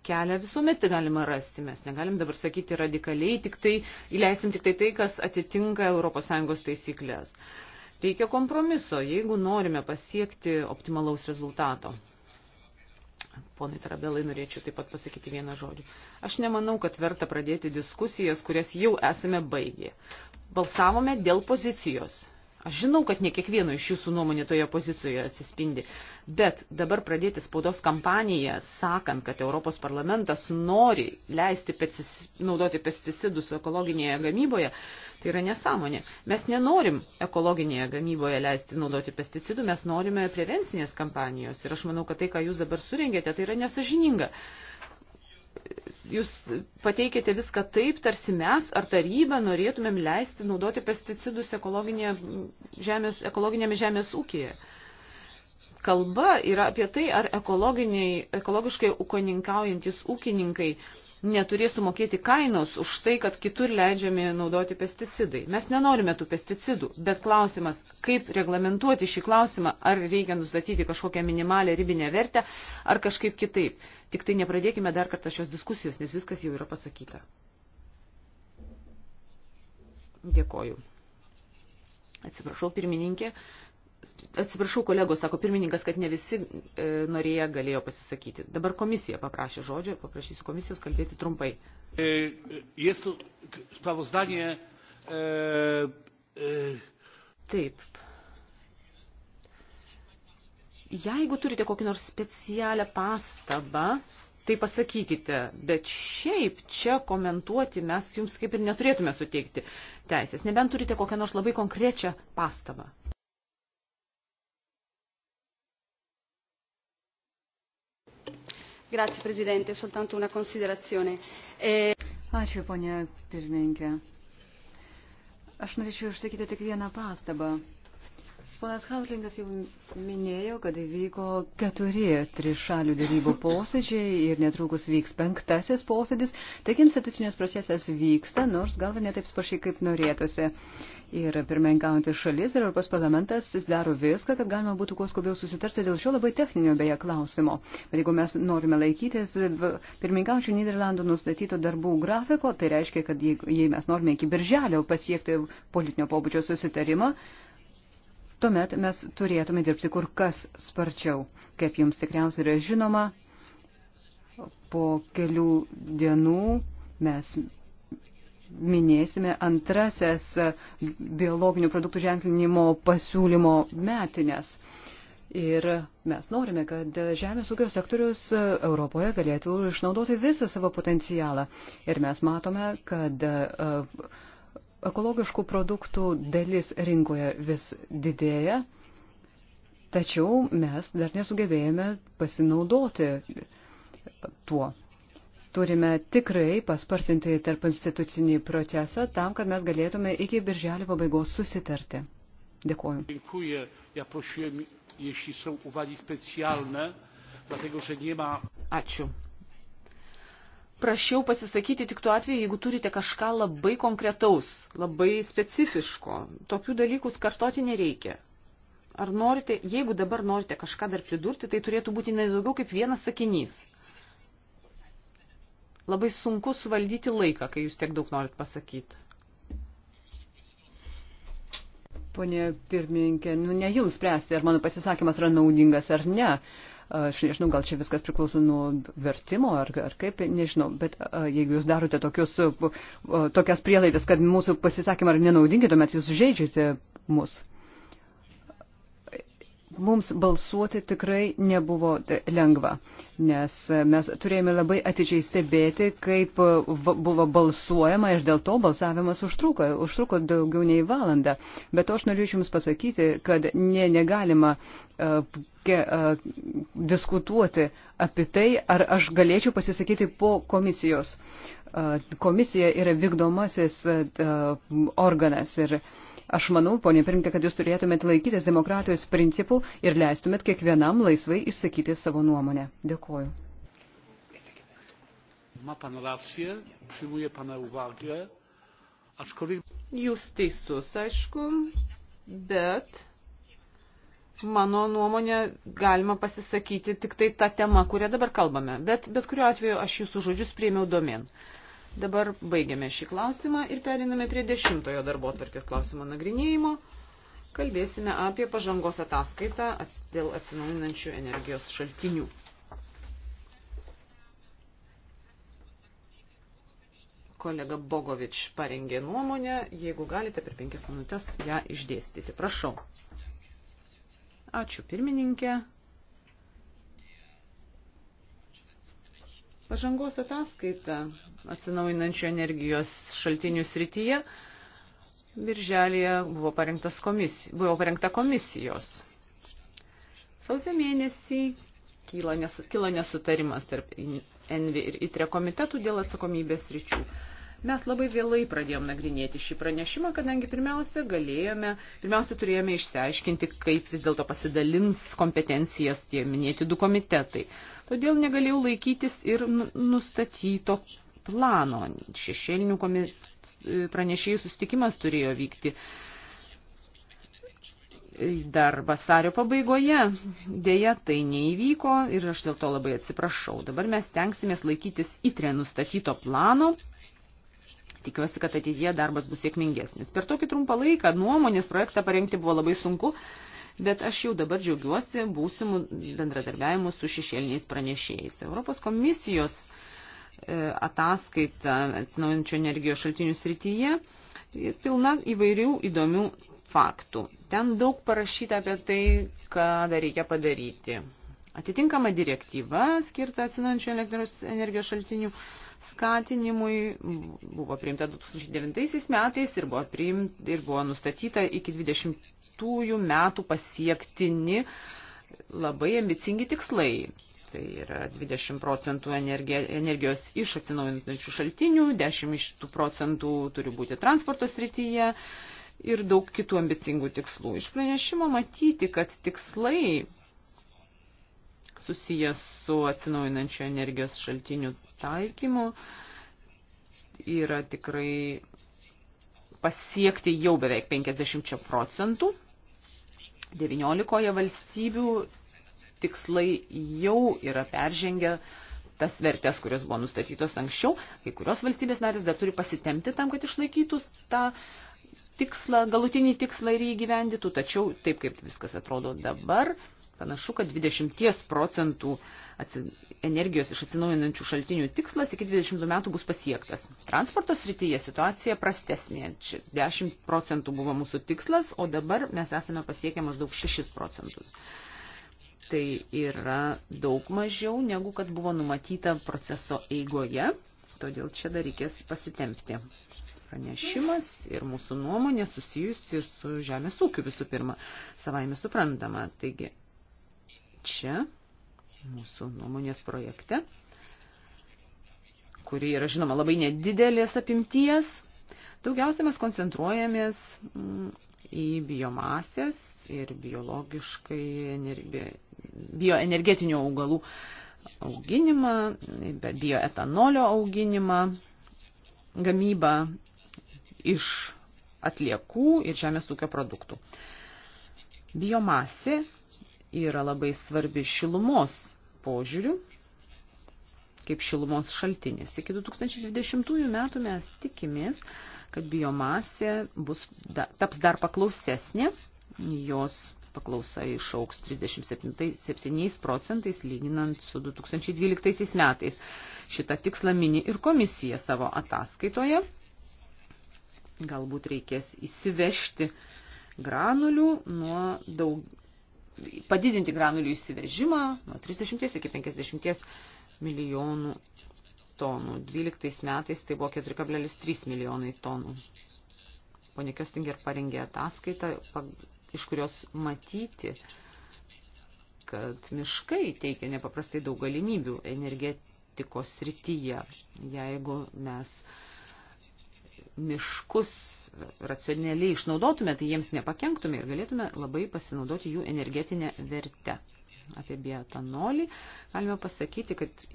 Kelią visuomet galima rasti. Mes negalim dabar sakyti radikaliai, tik tai įleisim tik tai tai, kas atitinka ES taisyklės. Reikia kompromiso, jeigu norime pasiekti optimalaus rezultato. Ponai Tarabelai, norėčiau taip pat pasakyti vieną žodį. Aš nemanau, kad verta pradėti diskusijas, kurias jau esame baigę. Balsavome dėl pozicijos. Aš žinau, kad ne kiekvieno iš jūsų nuomonė toje pozicijoje atsispindi, bet dabar pradėti spaudos kampaniją, sakant, kad Europos parlamentas nori leisti pestis, naudoti pesticidus ekologinėje gamyboje, tai yra nesąmonė. Mes nenorim ekologinėje gamyboje leisti naudoti pesticidų, mes norime prevencinės kampanijos. Ir aš manau, kad tai, ką jūs dabar surengėte, tai yra nesažininga jūs pateikėte viską taip, tarsi mes ar taryba norėtumėm leisti naudoti pesticidus ekologinė žemės, ekologinėme žemės ūkėje. Kalba yra apie tai, ar ekologiškai ūkininkaujantys ūkininkai neturės sumokėti kainos už tai, kad kitur leidžiami naudoti pesticidai. Mes nenorime tų pesticidų, bet klausimas, kaip reglamentuoti šį klausimą, ar reikia nustatyti kažkokią minimalę ribinę vertę, ar kažkaip kitaip. Tik tai nepradėkime dar kartą šios diskusijos, nes viskas jau yra pasakyta. Dėkoju. Atsiprašau, pirmininkė, Atsiprašau, kolegos, sako pirmininkas, kad ne visi e, norėję galėjo pasisakyti. Dabar komisija paprašė žodžio, paprašysiu komisijos kalbėti trumpai. E, jest to sprawozdanie. E, e... Taip. Jeigu turite kokį nors specialią pastabą, tai pasakykite, bet šiaip čia komentuoti mes jums kaip ir neturėtume suteikti teisės, nebent turite kokią nors labai konkrečią pastabą. Grazie Presidente, soltanto una considerazione. E... Ačiū, ponia pirmininkė. Aš norėčiau išsakyti tik vieną pastabą. Ponas Hauslingas jau minėjo, kad įvyko keturi trišalių dėrybų posėdžiai ir netrukus vyks penktasis posėdis. Taigi institucinės procesas vyksta, nors gal netaip spašiai kaip norėtųsi. Ir pirmininkaujantis šalis ir Europos parlamentas jis daro viską, kad galima būtų kuo skubiau susitarti dėl šio labai techninio beje klausimo. Bet jeigu mes norime laikytis pirmininkaujančių Niderlandų nustatyto darbų grafiko, tai reiškia, kad jei mes norime iki birželio pasiekti politinio pobūdžio susitarimą, tuomet mes turėtume dirbti kur kas sparčiau. Kaip jums tikriausiai yra žinoma, po kelių dienų mes minėsime antrasias biologinių produktų ženklinimo pasiūlymo metinės. Ir mes norime, kad žemės ūkio sektorius Europoje galėtų išnaudoti visą savo potencialą. Ir mes matome, kad uh, ekologiškų produktų dalis rinkoje vis didėja, tačiau mes dar nesugebėjome pasinaudoti tuo. Turime tikrai paspartinti tarp institucinį procesą tam, kad mes galėtume iki birželio pabaigos susitarti. Dėkuoju. Dėkuoju. Ja prosiłem, jeśli są uwagi specjalne, dlatego, że nie ma... Ačiū prašiau pasisakyti tik tuo atveju, jeigu turite kažką labai konkretaus, labai specifiško. Tokių dalykų kartoti nereikia. Ar norite, jeigu dabar norite kažką dar pridurti, tai turėtų būti ne daugiau kaip vienas sakinys. Labai sunku suvaldyti laiką, kai jūs tiek daug norit pasakyti. Pone pirmininkė, nu ne jums spręsti, ar mano pasisakymas yra naudingas ar ne. Uh, Aš nežinau, gal čia viskas priklauso nuo vertimo ar, ar kaip, nežinau, bet jeigu jūs darote tokius, tokias prielaidas, kad mūsų pasisakymą ar nenaudingi, tuomet jūs žaidžiate mus. Mums balsuoti tikrai nebuvo lengva, nes e, mes turėjome labai atidžiai stebėti, kaip e, buvo balsuojama ir dėl to balsavimas užtruko, užtruko daugiau nei valandą. Bet aš norėčiau Jums pasakyti, kad ne, negalima uh, ke, uh, diskutuoti apie tai, ar aš galėčiau pasisakyti po komisijos. Uh, komisija yra vykdomasis uh, organas ir uh, Aš manau, ponė pirmininkė, kad jūs turėtumėt laikytis demokratijos principų ir leistumėt kiekvienam laisvai išsakyti savo nuomonę. Dėkuoju. Jūs teisus, aišku, bet mano nuomonė, galima pasisakyti tik tai tą temą, kurią dabar kalbame. Bet, bet kuriuo atveju aš jūsų žodžius priėmiau domen. Dabar baigiame šį klausimą ir periname prie dešimtojo darbo atvarkės klausimo nagrinėjimo. Kalbėsime apie pažangos ataskaitą dėl atsinaujinančių energijos šaltinių. kolega Bogovič parengė nuomonę. Jeigu galite per penkias minutės ją išdėstyti. Prašau. Ačiū pirmininkė. Pažangos ataskaita atsinaujinančio energijos šaltinių srityje birželėje buvo, komisijos, buvo parengta komisijos. Sausio mėnesį kilo nesutarimas tarp Envi ir ITRE komitetų dėl atsakomybės ryčių. Mes labai vėlai pradėjom nagrinėti šį pranešimą, kadangi pirmiausia, galėjome, pirmiausia turėjome išsiaiškinti, kaip vis dėlto pasidalins kompetencijas tie minėti du komitetai. Todėl negalėjau laikytis ir nu, nustatyto plano. Šešėlinių e, pranešėjų sustikimas turėjo vykti dar vasario pabaigoje. Deja, tai neįvyko ir aš dėl to labai atsiprašau. Dabar mes tenksimės laikytis įtrė nustatyto plano Tikiuosi, kad ateityje darbas bus sėkmingesnis. Per tokį trumpą laiką nuomonės projektą parengti buvo labai sunku, bet aš jau dabar džiaugiuosi būsimų bendradarbiavimų su šešėliniais pranešėjais. Europos komisijos e, ataskaita atsinaujančio energijos šaltinių srityje pilna įvairių įdomių faktų. Ten daug parašyta apie tai, ką dar reikia padaryti. Atitinkama direktyva skirta atsinaujančio energijos šaltinių skatinimui buvo priimta 2009 metais ir buvo, priimt, ir buvo nustatyta iki 20 metų pasiektini labai ambicingi tikslai. Tai yra 20 procentų energijos iš atsinaujinančių šaltinių, 10 procentų turi būti transporto srityje ir daug kitų ambicingų tikslų. Iš pranešimo matyti, kad tikslai susijęs su atsinaujinančio energijos šaltinių taikymu. Yra tikrai pasiekti jau beveik 50 procentų. 19 valstybių tikslai jau yra peržengę tas vertės, kurios buvo nustatytos anksčiau. Kai kurios valstybės narės dar turi pasitemti tam, kad išlaikytų tą tikslą, galutinį tikslą ir jį gyvendytų, tačiau taip kaip viskas atrodo dabar, Panašu, kad 20 procentų energijos iš atsinaujinančių šaltinių tikslas iki 20 metų bus pasiektas. Transporto srityje situacija prastesnė. 10 procentų buvo mūsų tikslas, o dabar mes esame pasiekę maždaug 6 procentus. Tai yra daug mažiau, negu kad buvo numatyta proceso eigoje, todėl čia dar reikės pasitempti pranešimas ir mūsų nuomonė susijusi su žemės ūkiu visų pirma, savaime suprantama. Taigi čia, mūsų nuomonės projekte, kuri yra, žinoma, labai nedidelės apimties. Daugiausia mes koncentruojamės mm, į biomasės ir biologiškai bioenergetinių augalų auginimą, bioetanolio auginimą, gamybą iš atliekų ir žemės ūkio produktų. Biomasė yra labai svarbi šilumos požiūrių, kaip šilumos šaltinis. Iki 2020 metų mes tikimės, kad biomasė bus, da, taps dar paklausesnė, jos paklausa išauks 37 procentais lyginant su 2012 metais. Šitą tikslą mini ir komisija savo ataskaitoje. Galbūt reikės įsivežti granulių nuo daug, padidinti granulių įsivežimą nuo 30 iki 50 milijonų tonų. 12 metais tai buvo 4,3 milijonai tonų. Pone Kjostinger parengė ataskaitą, iš kurios matyti, kad miškai teikia nepaprastai daug galimybių energetikos srityje. Jeigu mes uh, miškus racionaliai išnaudotume, tai jiems nepakenktume ir galėtume labai pasinaudoti jų energetinę vertę. Apie bioetanolį galime pasakyti, kad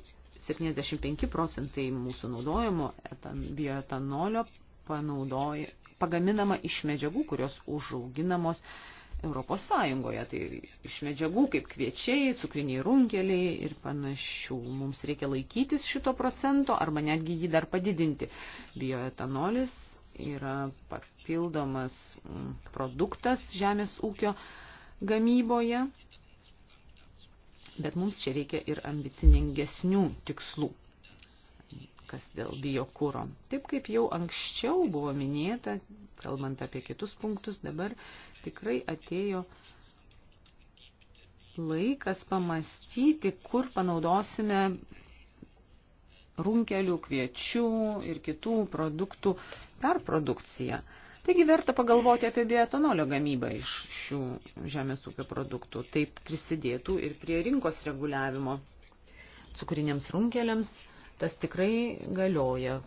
75 procentai mūsų naudojimo bioetanolio panaudoja, pagaminama iš medžiagų, kurios užauginamos Europos Sąjungoje, tai iš medžiagų kaip kviečiai, cukriniai runkeliai ir panašių. Mums reikia laikytis šito procento arba netgi jį dar padidinti. Bioetanolis yra papildomas mm, produktas žemės ūkio gamyboje, bet mums čia reikia ir ambicingesnių tikslų kas dėl biokūro. Taip kaip jau anksčiau buvo minėta, kalbant apie kitus punktus, dabar tikrai atėjo laikas pamastyti, kur panaudosime runkelių, kviečių ir kitų produktų perprodukciją. Taigi verta pagalvoti apie bioetanolio gamybą iš šių žemės ūkio produktų. Taip prisidėtų ir prie rinkos reguliavimo cukriniams runkeliams tas tikrai galioja.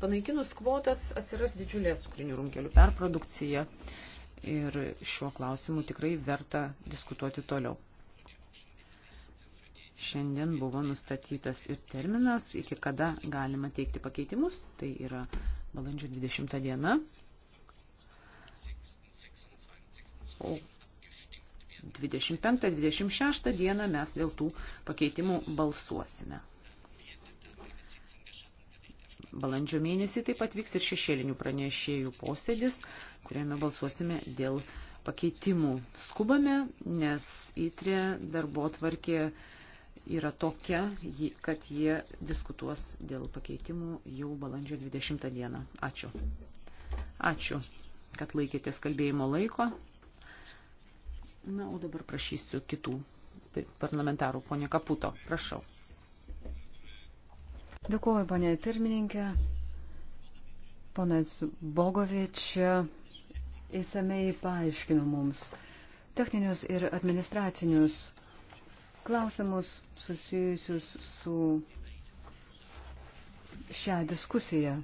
Panaikinus kvotas atsiras didžiulė cukrinių runkelių perprodukcija ir šiuo klausimu tikrai verta diskutuoti toliau. Šiandien buvo nustatytas ir terminas, iki kada galima teikti pakeitimus, tai yra balandžio 20 diena. O 25-26 dieną mes dėl tų pakeitimų balsuosime. Balandžio mėnesį taip pat vyks ir šešėlinių pranešėjų posėdis, kuriame balsuosime dėl pakeitimų. Skubame, nes įtrė darbo tvarkė yra tokia, kad jie diskutuos dėl pakeitimų jau balandžio 20 dieną. Ačiū. Ačiū, kad laikėtės kalbėjimo laiko. Na, o dabar prašysiu kitų parlamentarų, ponė Kaputo, prašau. Dėkuoju, ponė pirmininkė. Ponas Bogovič įsamei paaiškino mums techninius ir administracinius klausimus susijusius su šią diskusiją.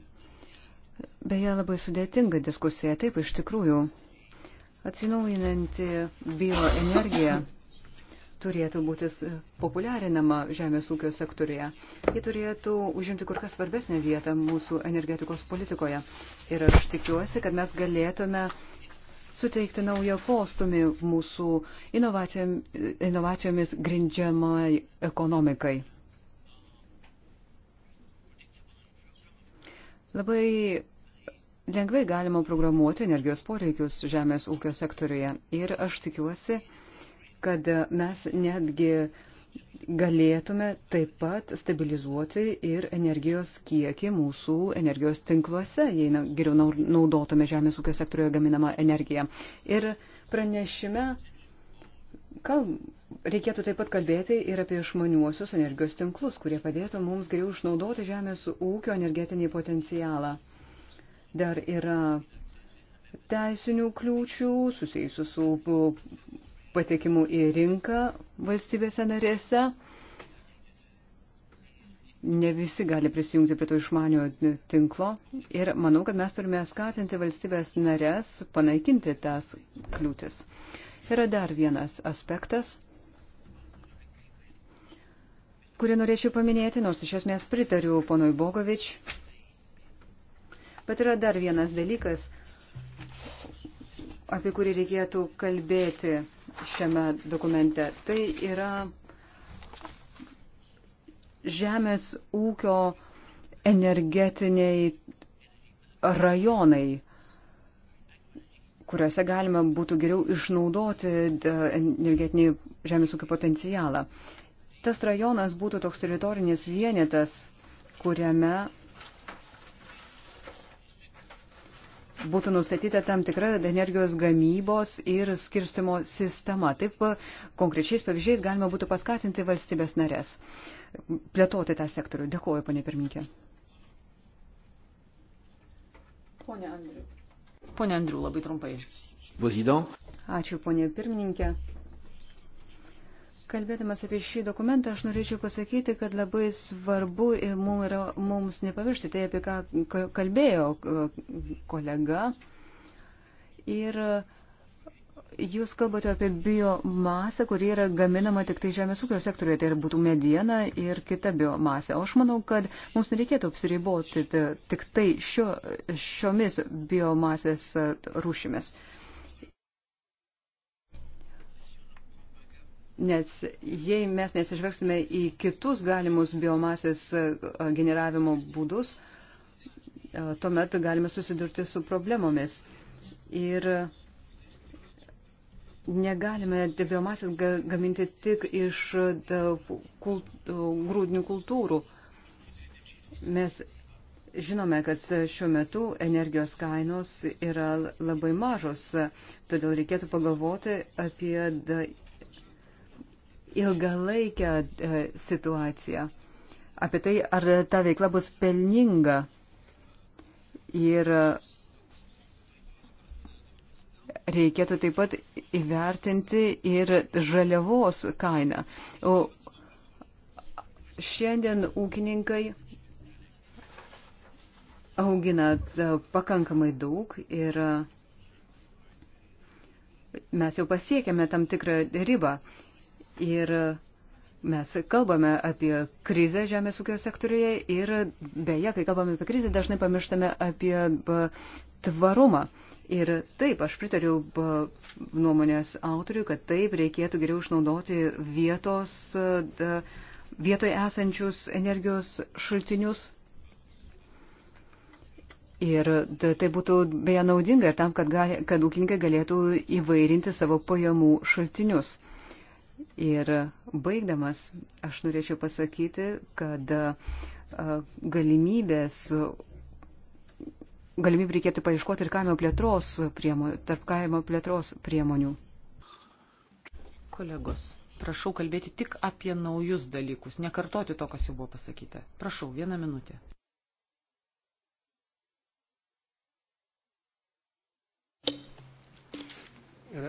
Beje, labai sudėtinga diskusija, taip iš tikrųjų. Atsinaujinanti bioenergija turėtų būti populiarinama žemės ūkio sektorija. Ji turėtų užimti kur kas svarbesnę vietą mūsų energetikos politikoje. Ir aš tikiuosi, kad mes galėtume suteikti naują postumį mūsų inovacijomis grindžiamai ekonomikai. Labai lengvai galima programuoti energijos poreikius žemės ūkio sektoriuje. Ir aš tikiuosi, kad mes netgi galėtume taip pat stabilizuoti ir energijos kiekį mūsų energijos tinkluose, jei geriau naudotume žemės ūkio sektoriuje gaminamą energiją. Ir pranešime Kal, reikėtų taip pat kalbėti ir apie išmaniuosius energijos tinklus, kurie padėtų mums geriau išnaudoti žemės ūkio energetinį potencialą. Dar yra teisinių kliūčių susijusių su patekimų į rinką valstybėse narėse. Ne visi gali prisijungti prie to išmanio tinklo ir manau, kad mes turime skatinti valstybės narės panaikinti tas kliūtis. Yra dar vienas aspektas, kurį norėčiau paminėti, nors iš esmės pritariu ponui Bogovič. Bet yra dar vienas dalykas, apie kurį reikėtų kalbėti šiame dokumente. Tai yra žemės ūkio energetiniai rajonai, kuriuose galima būtų geriau išnaudoti e, energetinį žemės ūkio potencialą. Tas rajonas būtų toks teritorinis vienetas, kuriame būtų nustatyta tam tikra energijos gamybos ir skirstimo sistema. Taip konkrečiais pavyzdžiais galima būtų paskatinti valstybės narės plėtoti tą sektorių. Dėkuoju, ponė pirminkė. Pone Andriu. Pone Andriu, labai trumpai. Vazidon. Ačiū, ponė pirmininkė. Kalbėdamas apie šį dokumentą, aš norėčiau pasakyti, kad labai svarbu mums, yra, mums nepaviršti tai, apie ką kalbėjo e, kolega. Ir e, jūs kalbate apie biomasę, kuri yra gaminama tik tai žemės ūkio sektoriuje, tai ir būtų mediena ir kita biomasė. O aš manau, kad mums nereikėtų apsiriboti tik tai šio, šiomis biomasės e, rūšimis. Uh, Nes jei mes nesižvelgsime į kitus galimus biomasės e, generavimo būdus, e, tuomet galime susidurti su problemomis. Ir negalime biomasės gaminti tik iš e, kult, grūdinių kultūrų. Mes žinome, kad šiuo metu energijos kainos yra labai mažos, todėl reikėtų pagalvoti apie ilgalaikę e, situaciją, apie tai, ar ta veikla bus pelninga ir reikėtų taip pat įvertinti ir žaliavos kainą. O šiandien ūkininkai augina e, pakankamai daug ir mes jau pasiekėme tam tikrą ribą. Ir mes kalbame apie krizę žemės ūkio sektoriuje ir beje, kai kalbame apie krizę, dažnai pamirštame apie tvarumą. Ir taip, aš pritariu nuomonės autoriui, kad taip reikėtų geriau išnaudoti vietos, vietoje esančius energijos šaltinius. Ir tai būtų beje naudinga ir tam, kad, gali, kad ūkininkai galėtų įvairinti savo pajamų šaltinius. Ir baigdamas, aš norėčiau pasakyti, kad galimybės, galimybę reikėtų paieškoti ir kaimo plėtros priemonių, tarp kaimo plėtros priemonių. Kolegos, prašau kalbėti tik apie naujus dalykus, nekartoti to, kas jau buvo pasakyta. Prašau, vieną minutę.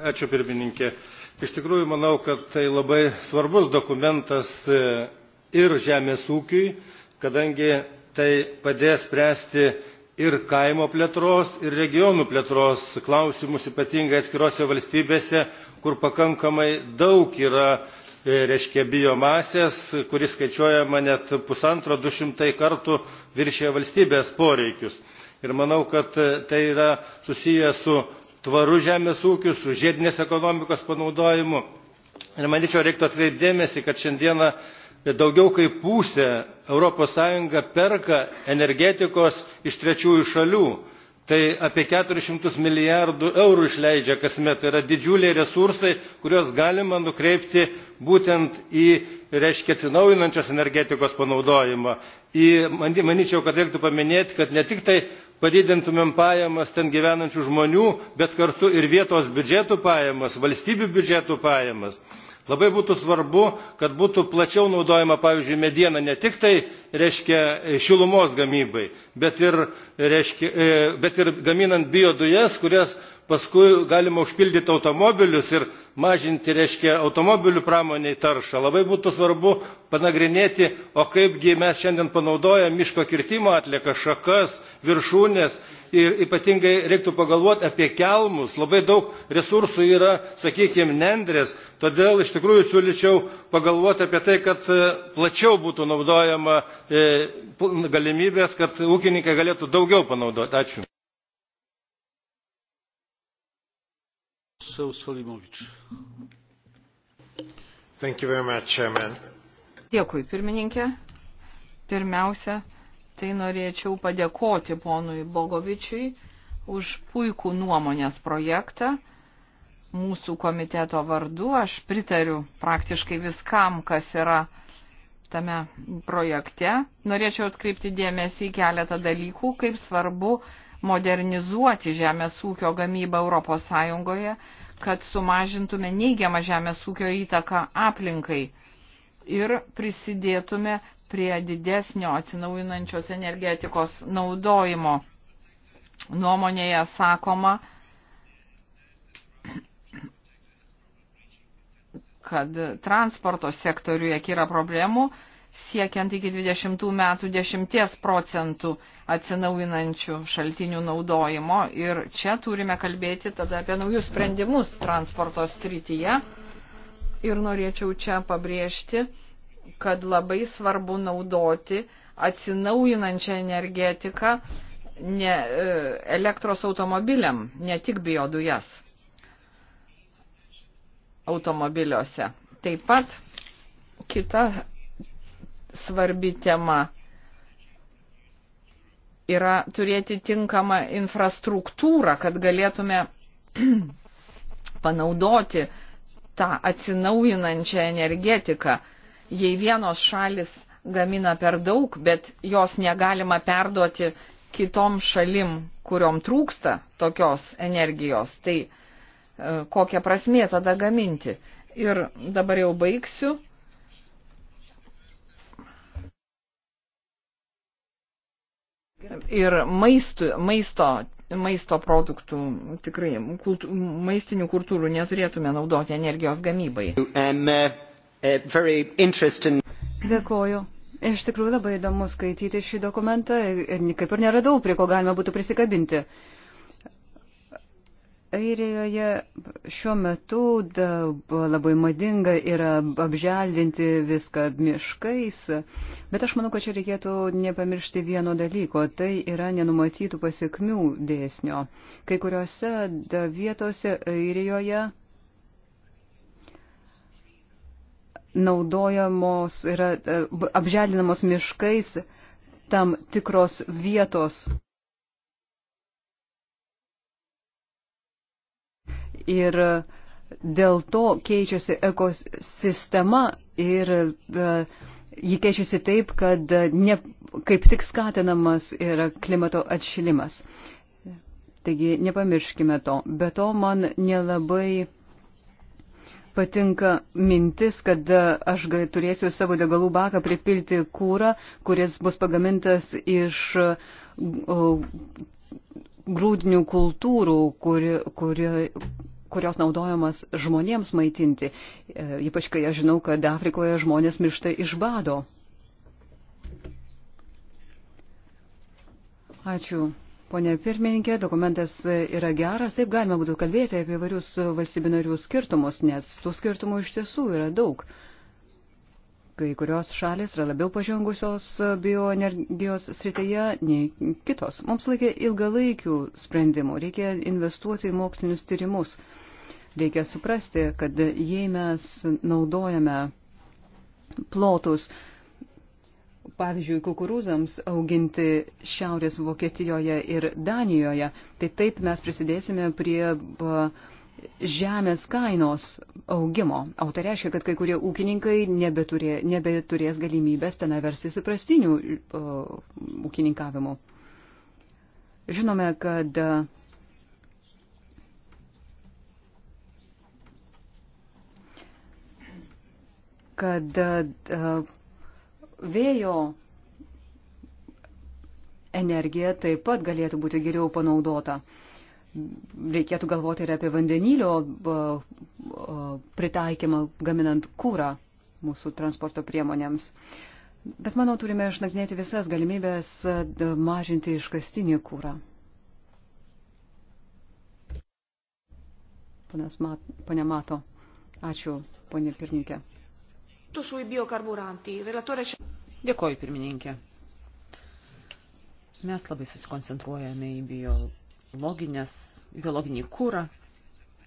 Ačiū pirmininkė. Iš tikrųjų, manau, kad tai labai svarbus dokumentas e, ir žemės ūkiui, kadangi tai padės spręsti ir kaimo plėtros, ir regionų plėtros klausimus, ypatingai atskirose valstybėse, kur pakankamai daug yra e, reiškia biomasės, kuris skaičiuojama net pusantro du šimtai kartų viršė valstybės poreikius. Ir manau, kad e, tai yra susiję su tvaru žemės ūkiu, su žiedinės ekonomikos panaudojimu. Ir manyčiau, reiktų atkreipti dėmesį, kad šiandieną daugiau kaip pusė ES perka energetikos iš trečiųjų šalių. Tai apie 400 milijardų eurų išleidžia kasmet. Tai yra didžiuliai resursai, kuriuos galima nukreipti būtent į, reiškia, atsinaujinančios energetikos panaudojimą. Į, manyčiau, kad reiktų paminėti, kad ne tik tai padidintumėm pajamas ten gyvenančių žmonių bet kartu ir vietos biudžetų pajamas valstybių biudžetų pajamas Labai būtų svarbu, kad būtų plačiau naudojama, pavyzdžiui, mediena ne tik tai, reiškia, šilumos gamybai, bet ir, reiškia, e, bet ir gaminant biodujas, kurias paskui galima užpildyti automobilius ir mažinti, reiškia, automobilių pramoniai taršą. Labai būtų svarbu panagrinėti, o kaipgi mes šiandien panaudojame miško kirtimo atliekas, šakas, viršūnės ir ypatingai reiktų pagalvoti apie kelmus labai daug resursų yra sakykime nendrės todėl iš tikrųjų siūlyčiau pagalvoti apie tai kad e, plačiau būtų naudojama e, galimybės kad ūkininkai galėtų daugiau panaudoti. ačiū. Much, Dėkui, pirmininkė. Pirmiausia, tai norėčiau padėkoti ponui Bogovičiui už puikų nuomonės projektą. Mūsų komiteto vardu aš pritariu praktiškai viskam, kas yra tame projekte. Norėčiau atkreipti dėmesį į keletą dalykų, kaip svarbu modernizuoti žemės ūkio gamybą ES, kad sumažintume neigiamą žemės ūkio įtaką aplinkai ir prisidėtume prie didesnio atsinaujinančios energetikos naudojimo. Nuomonėje sakoma, kad transporto sektoriuje yra problemų, siekiant iki 20 metų 10 procentų atsinaujinančių šaltinių naudojimo. Ir čia turime kalbėti tada apie naujus sprendimus transporto srityje. Ir norėčiau čia pabrėžti, kad labai svarbu naudoti atsinaujinančią energetiką ne, e, elektros automobiliam, ne tik biodujas automobiliuose. Taip pat kita svarbi tema yra turėti tinkamą infrastruktūrą, kad galėtume panaudoti tą atsinaujinančią energetiką jei vienos šalis gamina per daug, bet jos negalima perduoti kitom šalim, kuriom trūksta tokios energijos, tai e, kokią prasmė tada gaminti. Ir dabar jau baigsiu. Ir maistų, maisto, maisto produktų, tikrai, kultų, maistinių kultūrų neturėtume naudoti energijos gamybai. And, uh... Interesting... Dėkoju. Iš tikrųjų labai įdomu skaityti šį dokumentą ir kaip ir neradau, prie ko galima būtų prisikabinti. Airijoje šiuo metu da, labai madinga yra apželdinti viską miškais, bet aš manau, kad čia reikėtų nepamiršti vieno dalyko, tai yra nenumatytų pasiekmių dėsnio. Kai kuriuose da, vietose Airijoje naudojamos, yra e, apželdinamos miškais tam tikros vietos. Ir dėl to keičiasi ekosistema ir e, ji keičiasi taip, kad ne, kaip tik skatinamas yra klimato atšilimas. Taigi nepamirškime to. Be to man nelabai patinka mintis, kad e, aš turėsiu savo degalų baką pripilti kūrą, kuris bus pagamintas iš e, grūdinių kultūrų, kuri, kuri, kurios naudojamas žmonėms maitinti. E, ypač kai aš žinau, kad Afrikoje žmonės miršta iš bado. Ačiū. Pone pirmininkė, dokumentas yra geras, taip galima būtų kalbėti apie varius valstybių narių skirtumus, nes tų skirtumų iš tiesų yra daug. Kai kurios šalis yra labiau pažengusios bioenergijos srityje nei kitos. Mums reikia ilgalaikių sprendimų, reikia investuoti į mokslinius tyrimus. Reikia suprasti, kad jei mes naudojame plotus, pavyzdžiui, kukurūzams auginti Šiaurės Vokietijoje ir Danijoje, tai taip mes prisidėsime prie žemės kainos augimo. O tai reiškia, kad kai kurie ūkininkai nebeturė, nebeturės galimybės ten verstis įprastinių ūkininkavimu. Žinome, kad kad uh, Vėjo energija taip pat galėtų būti geriau panaudota. Reikėtų galvoti ir apie vandenylio pritaikymą gaminant kūrą mūsų transporto priemonėms. Bet manau, turime išnagrinėti visas galimybės mažinti iškastinį kūrą. Ponas Mat, ponia Mato, ačiū, ponė Pirnikė soprattutto sui biocarburanti. Relatore... Dėkoju, pirmininkė. Mes labai susikoncentruojame į biologinį kūrą,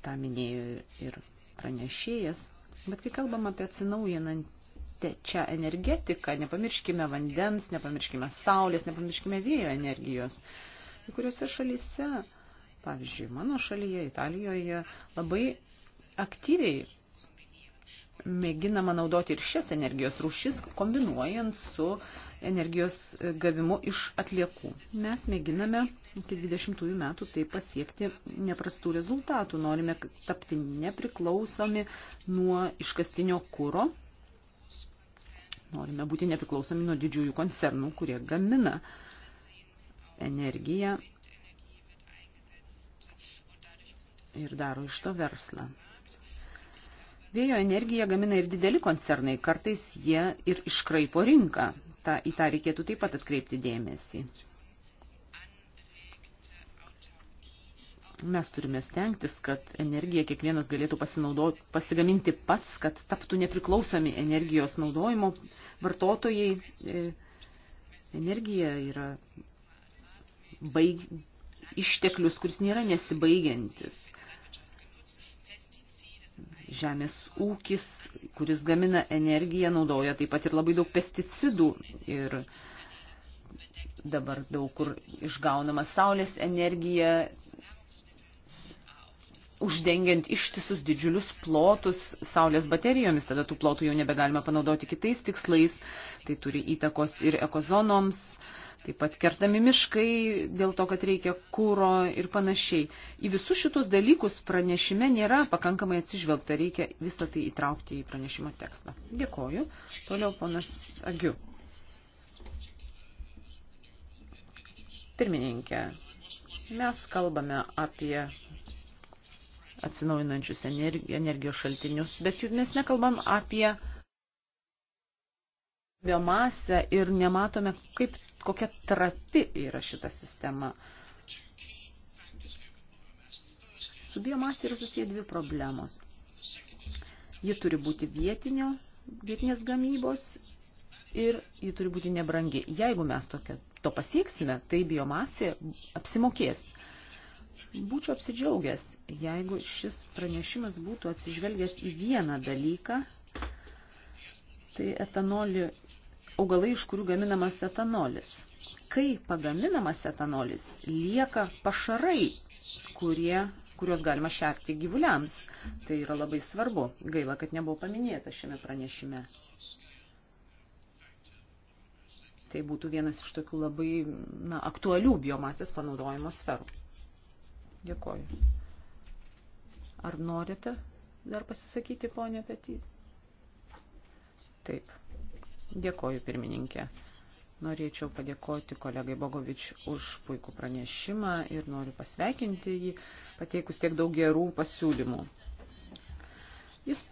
tą minėjo ir pranešėjas. Bet kai kalbam apie atsinaujinantį čia energetiką, nepamirškime vandens, nepamirškime saulės, nepamirškime vėjo energijos. Kai kuriuose šalyse, pavyzdžiui, mano šalyje, Italijoje, labai aktyviai mėginama naudoti ir šias energijos rūšis, kombinuojant su energijos gavimu iš atliekų. Mes mėginame iki 20 metų tai pasiekti neprastų rezultatų. Norime tapti nepriklausomi nuo iškastinio kūro. Norime būti nepriklausomi nuo didžiųjų koncernų, kurie gamina energiją ir daro iš to verslą. Vėjo energiją gamina ir dideli koncernai, kartais jie ir iškraipo rinką. Ta, į tą reikėtų taip pat atkreipti dėmesį. Mes turime stengtis, kad energiją kiekvienas galėtų pasigaminti pats, kad taptų nepriklausomi energijos naudojimo vartotojai. E, energija yra baig... išteklius, kuris nėra nesibaigiantis Žemės ūkis, kuris gamina energiją, naudoja taip pat ir labai daug pesticidų ir dabar daug kur išgaunama saulės energija, uždengiant ištisus didžiulius plotus saulės baterijomis, tada tų plotų jau nebegalima panaudoti kitais tikslais, tai turi įtakos ir ekozonoms, uh, taip pat kertami miškai dėl to, kad reikia kūro ir panašiai. Į visus šitos dalykus pranešime nėra pakankamai atsižvelgta, reikia visą tai įtraukti į pranešimo tekstą. Dėkoju. Toliau ponas Agiu. Pirmininkė, mes kalbame apie atsinaujinančius energijos šaltinius, bet juk mes nekalbam apie biomasę ir nematome, kaip kokia trapi yra šita sistema. Su biomasė yra susiję dvi problemos. Ji turi būti vietinio, vietinės gamybos ir ji turi būti nebrangi. Jeigu mes tokio, to pasieksime, tai biomasė apsimokės. Būčiau apsidžiaugęs, jeigu šis pranešimas būtų atsižvelgęs į vieną dalyką, tai etanolio augalai, iš kurių gaminamas etanolis. Kai pagaminamas etanolis, lieka pašarai, kurie, kuriuos galima šerti gyvuliams. Tai yra labai svarbu. Gaila, kad nebuvo paminėta šiame pranešime. Tai būtų vienas iš tokių labai na, aktualių biomasės panaudojimo sferų. Dėkoju. Ar norite dar pasisakyti, ponė Petit? Taip. Dėkoju, pirmininkė. Norėčiau padėkoti kolegai Bogovič už puikų pranešimą ir noriu pasveikinti jį, pateikus tiek daug gerų pasiūlymų. Jis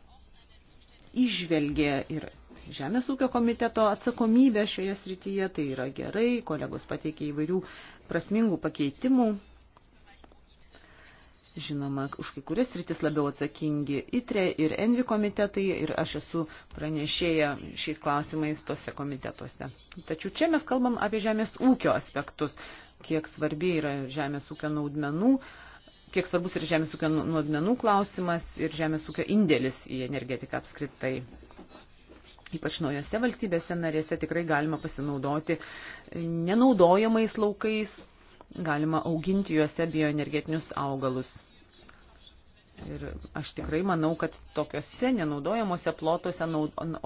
išvelgė ir Žemės ūkio komiteto atsakomybę šioje srityje, tai yra gerai, kolegos pateikė įvairių prasmingų pakeitimų, žinoma, už kai kurias rytis labiau atsakingi ITRE ir ENVI komitetai ir aš esu pranešėja šiais klausimais tose komitetuose. Tačiau čia mes kalbam apie žemės ūkio aspektus, kiek svarbi yra žemės ūkio naudmenų, kiek svarbus yra žemės ūkio nuodmenų klausimas ir žemės ūkio indėlis į energetiką apskritai. Ypač naujose valstybėse narėse tikrai galima pasinaudoti nenaudojamais laukais, galima auginti juose bioenergetinius augalus. Ir aš tikrai manau, kad tokiuose nenaudojamuose plotuose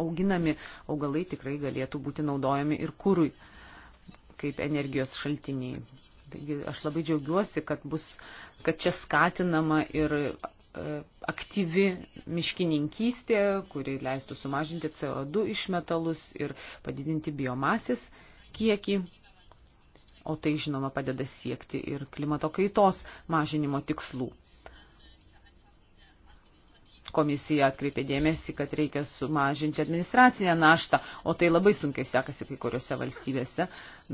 auginami augalai tikrai galėtų būti naudojami ir kūrui kaip energijos šaltiniai. Taigi aš labai džiaugiuosi, kad, bus, kad čia skatinama ir e, aktyvi miškininkystė, kuri leistų sumažinti CO2 išmetalus ir padidinti biomasės kiekį. O tai, žinoma, padeda siekti ir klimato kaitos mažinimo tikslų komisija atkreipė dėmesį, kad reikia sumažinti administracinę naštą, o tai labai sunkiai sekasi kai kuriuose valstybėse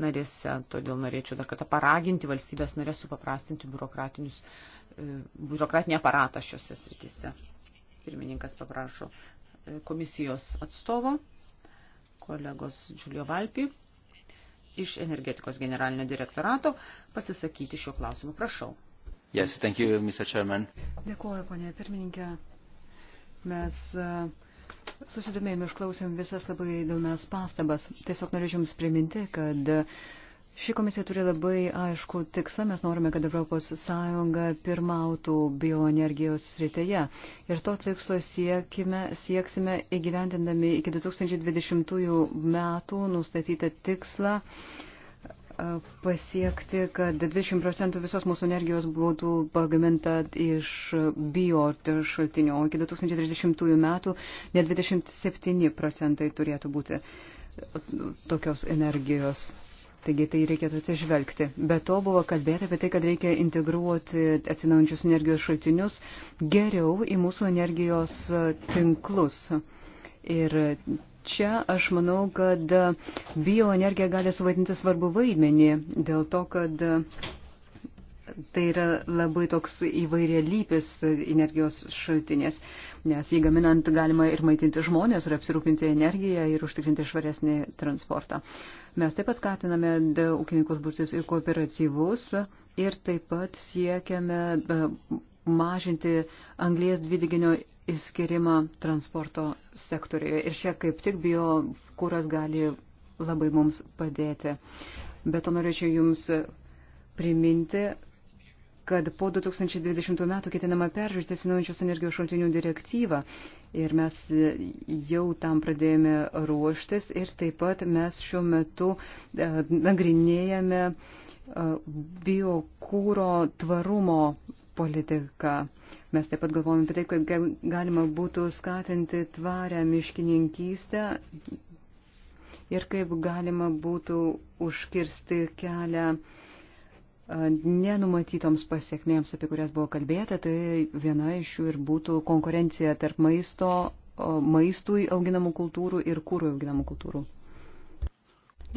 narėse. Todėl norėčiau dar kartą paraginti valstybės narės supaprastinti e, biurokratinį aparatą šiuose srityse. Pirmininkas paprašo e, komisijos atstovo, kolegos Džiulio Valpį iš energetikos generalinio direktorato pasisakyti šiuo klausimu. Prašau. Yes, thank you, Mr. Chairman. Dėkuoju, ponė pirmininkė. Mes e, susidomėjom išklausėm visas labai įdomias pastabas. Tiesiog norėčiau Jums priminti, kad ši komisija turi labai aišku tikslą. Mes norime, kad ES pirmautų bioenergijos srityje. Ir to tikslo siekime, sieksime įgyvendindami iki 2020 metų nustatytą tikslą pasiekti, kad 20 procentų visos mūsų energijos būtų pagaminta iš bio šaltinių, o iki 2030 metų net 27 procentai turėtų būti tokios energijos. Taigi tai reikėtų atsižvelgti. Be to buvo kalbėta apie tai, kad reikia integruoti atsinaujančius energijos šaltinius geriau į mūsų energijos tinklus. Ir čia aš manau, kad bioenergija gali suvaidinti svarbu vaidmenį dėl to, kad tai yra labai toks įvairialypis energijos šaltinis, nes jį gaminant galima ir maitinti žmonės, ir apsirūpinti energiją, ir užtikrinti švaresnį transportą. Mes taip pat skatiname ūkininkus būtis ir kooperatyvus, ir taip pat siekiame e, mažinti anglės dvideginio įskirimą transporto sektorijoje. Ir čia kaip tik biokūras gali labai mums padėti. Bet to norėčiau Jums priminti, kad po 2020 metų ketinama peržiūrėti atsinaujančios energijos šaltinių direktyvą. Ir mes jau tam pradėjome ruoštis ir taip pat mes šiuo metu e, nagrinėjame uh, E, biokūro tvarumo politiką. Mes taip pat galvojame apie tai, kaip galima būtų skatinti tvarę miškininkystę ir kaip galima būtų užkirsti kelią e, nenumatytoms pasiekmėms, apie kurias buvo kalbėta. Tai viena iš jų ir būtų konkurencija tarp maisto, maistui auginamų kultūrų ir kūrų auginamų kultūrų.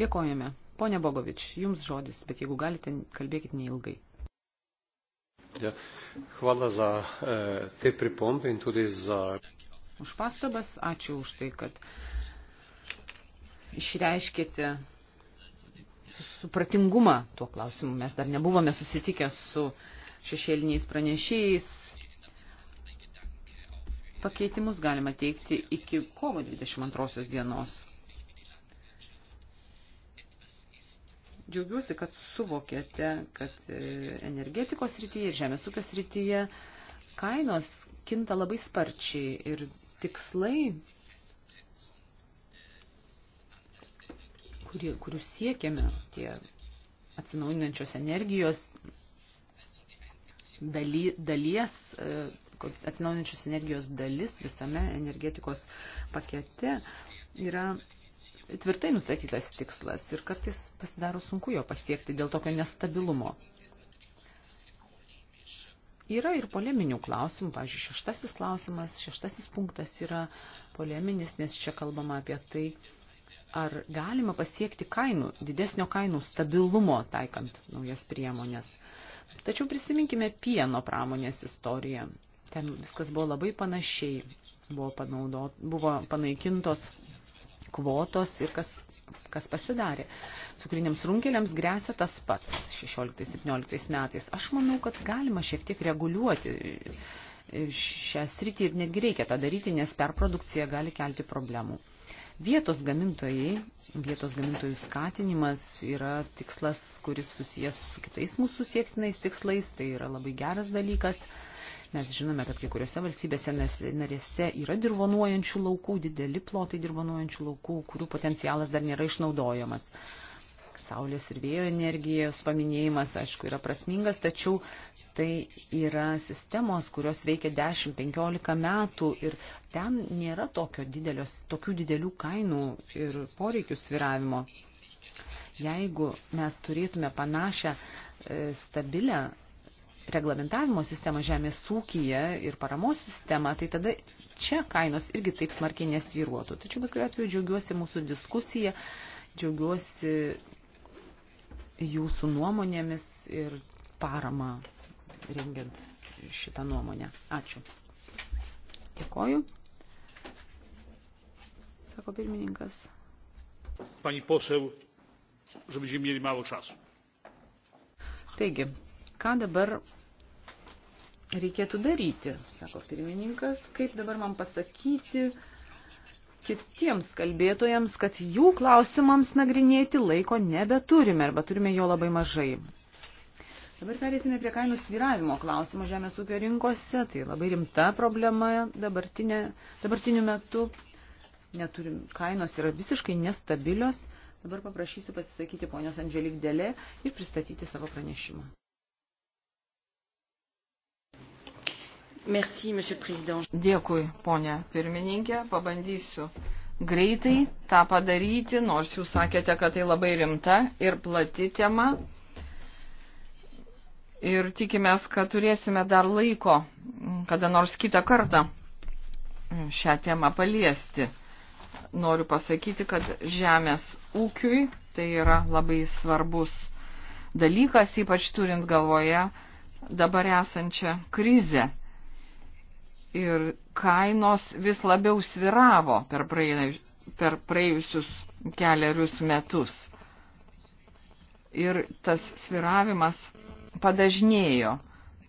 Dėkojame. Pone Bogovič, jums žodis, bet jeigu galite, kalbėkit neilgai. Ja, hvala za e, te pripombe in tudi za. Už pastabas, ačiū už tai, kad išreiškėte supratingumą tuo klausimu. Mes dar nebuvome susitikę su šešėliniais pranešėjais. Pakeitimus galima teikti iki kovo 22 dienos. džiaugiuosi, kad suvokėte, kad e, energetikos srityje ir žemės ūkio srityje kainos kinta labai sparčiai ir tikslai, kurie, kurių siekiame, tie atsinaujinančios energijos daly, dalies, e, atsinaujinančios energijos dalis visame energetikos pakete yra tvirtai nustatytas tikslas ir kartais pasidaro sunku jo pasiekti dėl tokio nestabilumo. Yra ir poleminių klausimų, pavyzdžiui, šeštasis klausimas, šeštasis punktas yra poleminis, nes čia kalbama apie tai, ar galima pasiekti kainų, didesnio kainų stabilumo taikant naujas priemonės. Tačiau prisiminkime pieno pramonės istoriją. Ten viskas buvo labai panašiai. Buvo, panaudot, buvo panaikintos kvotos ir kas, kas pasidarė. Cukriniams runkeliams grėsia tas pats 16-17 metais. Aš manau, kad galima šiek tiek reguliuoti e, šią sritį ir netgi reikia tą daryti, nes perprodukcija gali kelti problemų. Vietos gamintojai, vietos gamintojų skatinimas yra tikslas, kuris susijęs su kitais mūsų siektinais tikslais, tai yra labai geras dalykas. Mes žinome, kad kai kuriuose valstybėse narėse yra dirbonuojančių laukų, dideli plotai dirbonuojančių laukų, kurių potencialas dar nėra išnaudojamas. Saulės ir vėjo energijos paminėjimas, aišku, yra prasmingas, tačiau tai yra sistemos, kurios veikia 10-15 metų ir ten nėra didelios, tokių didelių kainų ir poreikių sviravimo. Jeigu mes turėtume panašią e, stabilę reglamentavimo sistemą žemės ūkyje ir paramos sistemą, tai tada čia kainos irgi taip smarkiai nesviruotų. Tačiau bet kuriuo atveju džiaugiuosi mūsų diskusiją, džiaugiuosi jūsų nuomonėmis ir parama rengiant šitą nuomonę. Ačiū. Dėkoju. Sako pirmininkas. Pani poseł, że będziemy mieli mało czasu. Taigi, ką dabar reikėtų daryti, sako pirmininkas, kaip dabar man pasakyti kitiems kalbėtojams, kad jų klausimams nagrinėti laiko nebeturime arba turime jo labai mažai. Dabar perėsime prie kainų sviravimo klausimo žemės ūkio rinkose. Tai labai rimta problema dabartiniu metu. Neturim, kainos yra visiškai nestabilios. Dabar paprašysiu pasisakyti ponios Andželik Dėlė ir pristatyti savo pranešimą. Merci, Dėkui, ponė pirmininkė, pabandysiu greitai tą padaryti, nors jūs sakėte, kad tai labai rimta ir plati tema. Ir tikimės, kad turėsime dar laiko, kada nors kitą kartą šią temą paliesti. Noriu pasakyti, kad žemės ūkiui tai yra labai svarbus dalykas, ypač turint galvoje dabar esančią krizę ir kainos vis labiau sviravo per, praeina, per praėjusius keliarius metus. Ir tas sviravimas padažnėjo.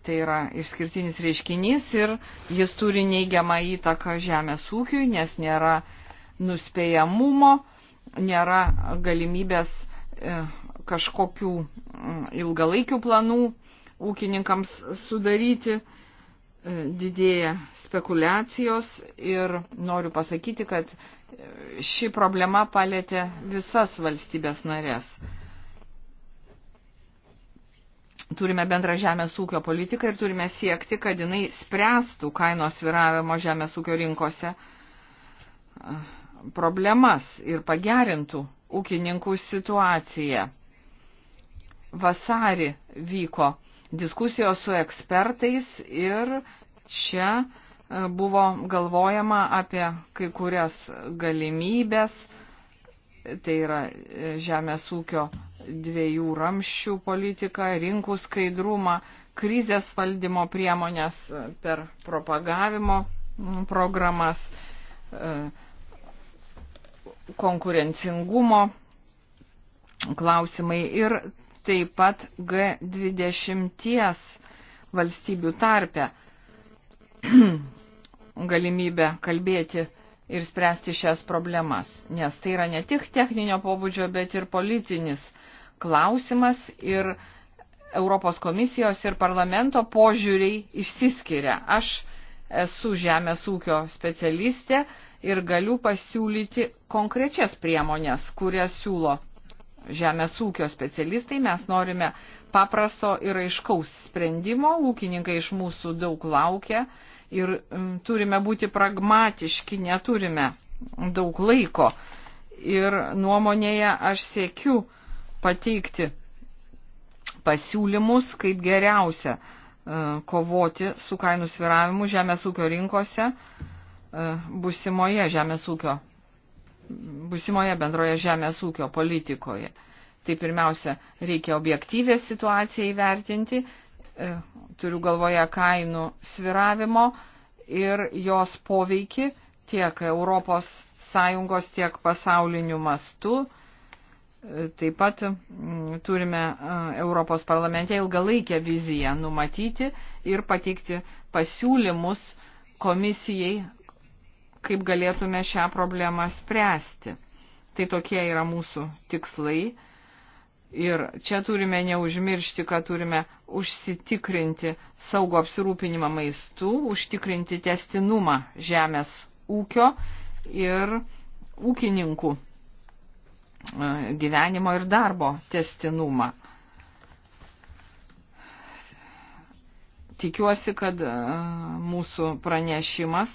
Tai yra išskirtinis reiškinys ir jis turi neigiamą įtaką žemės ūkiui, nes nėra nuspėjamumo, nėra galimybės e, kažkokių mm, ilgalaikių planų ūkininkams sudaryti E, didėja spekulacijos ir noriu pasakyti, kad e, ši problema palėtė visas valstybės narės. Turime bendrą žemės ūkio politiką ir turime siekti, kad jinai spręstų kainos viravimo žemės ūkio rinkose e, problemas ir pagerintų ūkininkų situaciją. Vasarį vyko diskusijos su ekspertais ir čia e, buvo galvojama apie kai kurias galimybės, tai yra e, žemės ūkio dviejų ramščių politiką, rinkų skaidrumą, krizės valdymo priemonės e, per propagavimo programas, konkurencingumo klausimai ir taip pat G20 valstybių tarpe galimybę kalbėti ir spręsti šias problemas, nes tai yra ne tik techninio pobūdžio, bet ir politinis klausimas ir Europos komisijos ir parlamento požiūriai išsiskiria. Aš esu žemės ūkio specialistė ir galiu pasiūlyti konkrečias priemonės, kurias siūlo žemės ūkio specialistai, mes norime paprasto ir aiškaus sprendimo, ūkininkai iš mūsų daug laukia ir mm, turime būti pragmatiški, neturime daug laiko. Ir nuomonėje aš siekiu pateikti pasiūlymus, kaip geriausia e, kovoti su kainų sviravimu žemės ūkio rinkose e, busimoje žemės ūkio busimoje bendroje žemės ūkio politikoje. Tai pirmiausia, reikia objektyvę situaciją įvertinti, e, turiu galvoje kainų sviravimo ir jos poveikį tiek Europos Sąjungos, tiek pasauliniu mastu. E, taip pat turime e, Europos parlamente ilgalaikę viziją numatyti ir pateikti pasiūlymus komisijai, kaip galėtume šią problemą spręsti. Tai tokie yra mūsų tikslai. Ir čia turime neužmiršti, kad turime užsitikrinti saugo apsirūpinimą maistų, užtikrinti testinumą žemės ūkio ir ūkininkų e, gyvenimo ir darbo testinumą. Tikiuosi, kad e, mūsų pranešimas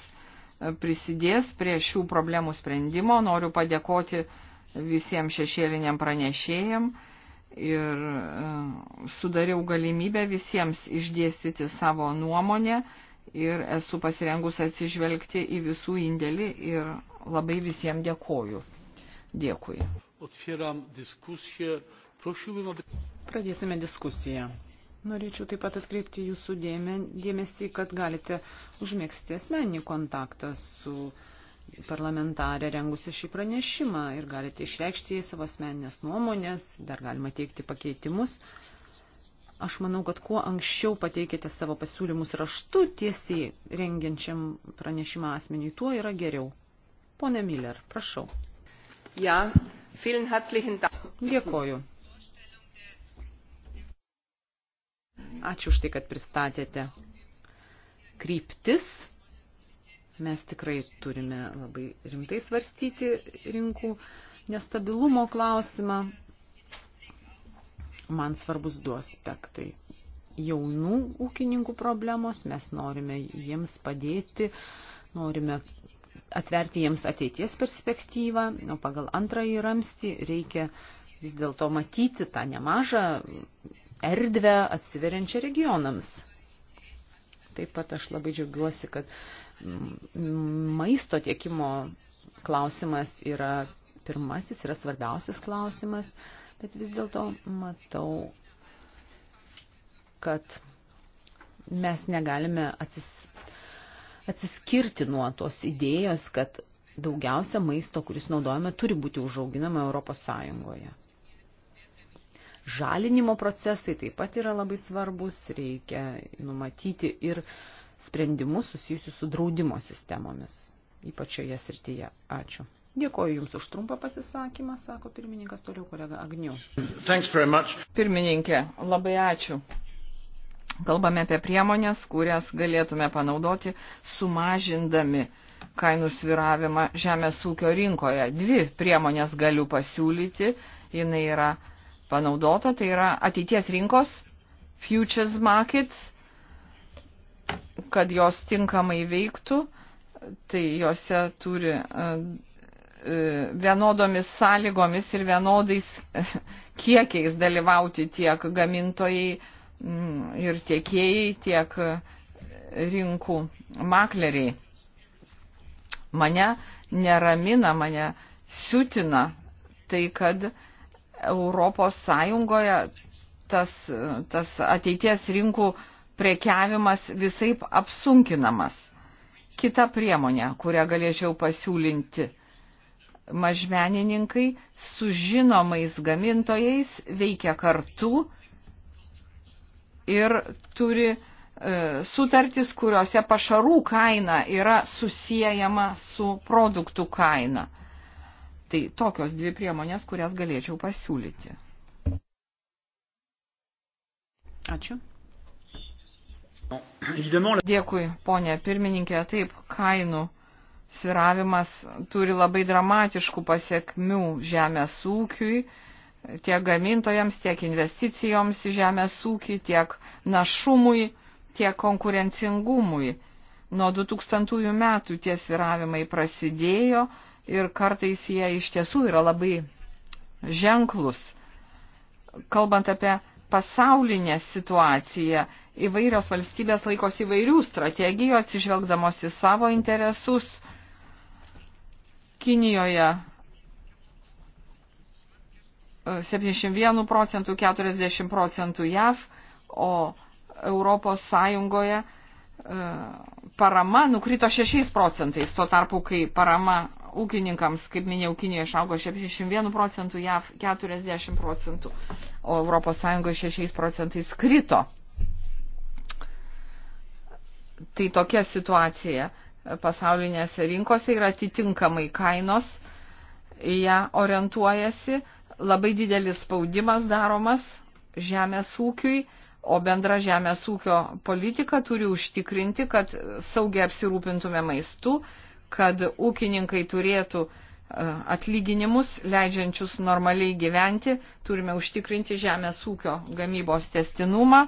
prisidės prie šių problemų sprendimo. Noriu padėkoti visiems šešėliniam pranešėjim ir e, sudariau galimybę visiems išdėstyti savo nuomonę ir esu pasirengus atsižvelgti į visų indėlį ir labai visiems dėkoju. Dėkui. Pradėsime diskusiją. Norėčiau taip pat atkreipti jūsų dėmesį, kad galite užmėgsti asmeninį kontaktą su parlamentarė rengusi šį pranešimą ir galite išreikšti į savo asmeninės nuomonės, dar galima teikti pakeitimus. Aš manau, kad kuo anksčiau pateikite savo pasiūlymus raštu tiesiai rengiančiam pranešimą asmeniui, tuo yra geriau. Pone Miller, prašau. Ja, vielen herzlichen Dank. Dėkoju. Ačiū už tai, kad pristatėte kryptis. Mes tikrai turime labai rimtai svarstyti rinkų nestabilumo klausimą. Man svarbus du aspektai. Jaunų ūkininkų problemos, mes norime jiems padėti, norime atverti jiems ateities perspektyvą, o pagal antrąjį ramstį reikia vis dėlto matyti tą nemažą erdvę atsiveriančią regionams. Taip pat aš labai džiaugiuosi, kad maisto tiekimo klausimas yra pirmasis, yra svarbiausias klausimas, bet vis dėlto matau, kad mes negalime atsis, atsiskirti nuo tos idėjos, kad daugiausia maisto, kuris naudojame, turi būti užauginama Europos Sąjungoje žalinimo procesai taip pat yra labai svarbus, reikia numatyti ir sprendimus susijusius su draudimo sistemomis, ypač šioje srityje. Ačiū. Dėkoju Jums už trumpą pasisakymą, sako pirmininkas toliau kolega Agniu. Pirmininkė, labai ačiū. Kalbame apie priemonės, kurias galėtume panaudoti sumažindami kainų sviravimą žemės ūkio rinkoje. Dvi priemonės galiu pasiūlyti. Jis yra panaudota, tai yra ateities rinkos, futures markets, kad jos tinkamai veiktų, tai jose turi e, e, vienodomis sąlygomis ir vienodais kiekiais dalyvauti tiek gamintojai mm, ir tiekėjai, tiek e, rinkų makleriai. Mane neramina, mane siutina tai, kad uh, Europos Sąjungoje tas, tas ateities rinkų prekiavimas visai apsunkinamas. Kita priemonė, kurią galėčiau pasiūlinti mažmenininkai su žinomais gamintojais veikia kartu ir turi e, sutartis, kuriuose pašarų kaina yra susijęjama su produktų kaina. Tai tokios dvi priemonės, kurias galėčiau pasiūlyti. Ačiū. Dėkui, ponė pirmininkė. Taip, kainų sviravimas turi labai dramatiškų pasiekmių žemės ūkiui, tiek gamintojams, tiek investicijoms į žemės ūkį, tiek našumui, tiek konkurencingumui. Nuo 2000 metų tie sviravimai prasidėjo ir kartais jie iš tiesų yra labai ženklus. Kalbant apie pasaulinę situaciją, įvairios valstybės laikosi įvairių strategijų, atsižvelgdamos į savo interesus. Kinijoje 71 e, procentų, 40 procentų JAV, o Europos Sąjungoje e, parama nukrito 6 procentais, tuo tarpu, kai parama ūkininkams, kaip minėjau, Kinijoje išaugo 61 procentų, JAV 40 procentų, o ES 6 procentais krito. Tai tokia situacija pasaulinėse rinkose yra atitinkamai kainos, ją orientuojasi, labai didelis spaudimas daromas žemės ūkiui, o bendra žemės ūkio politika turi užtikrinti, kad saugiai apsirūpintume maistu kad ūkininkai turėtų e, atlyginimus, leidžiančius normaliai gyventi, turime užtikrinti žemės ūkio gamybos testinumą.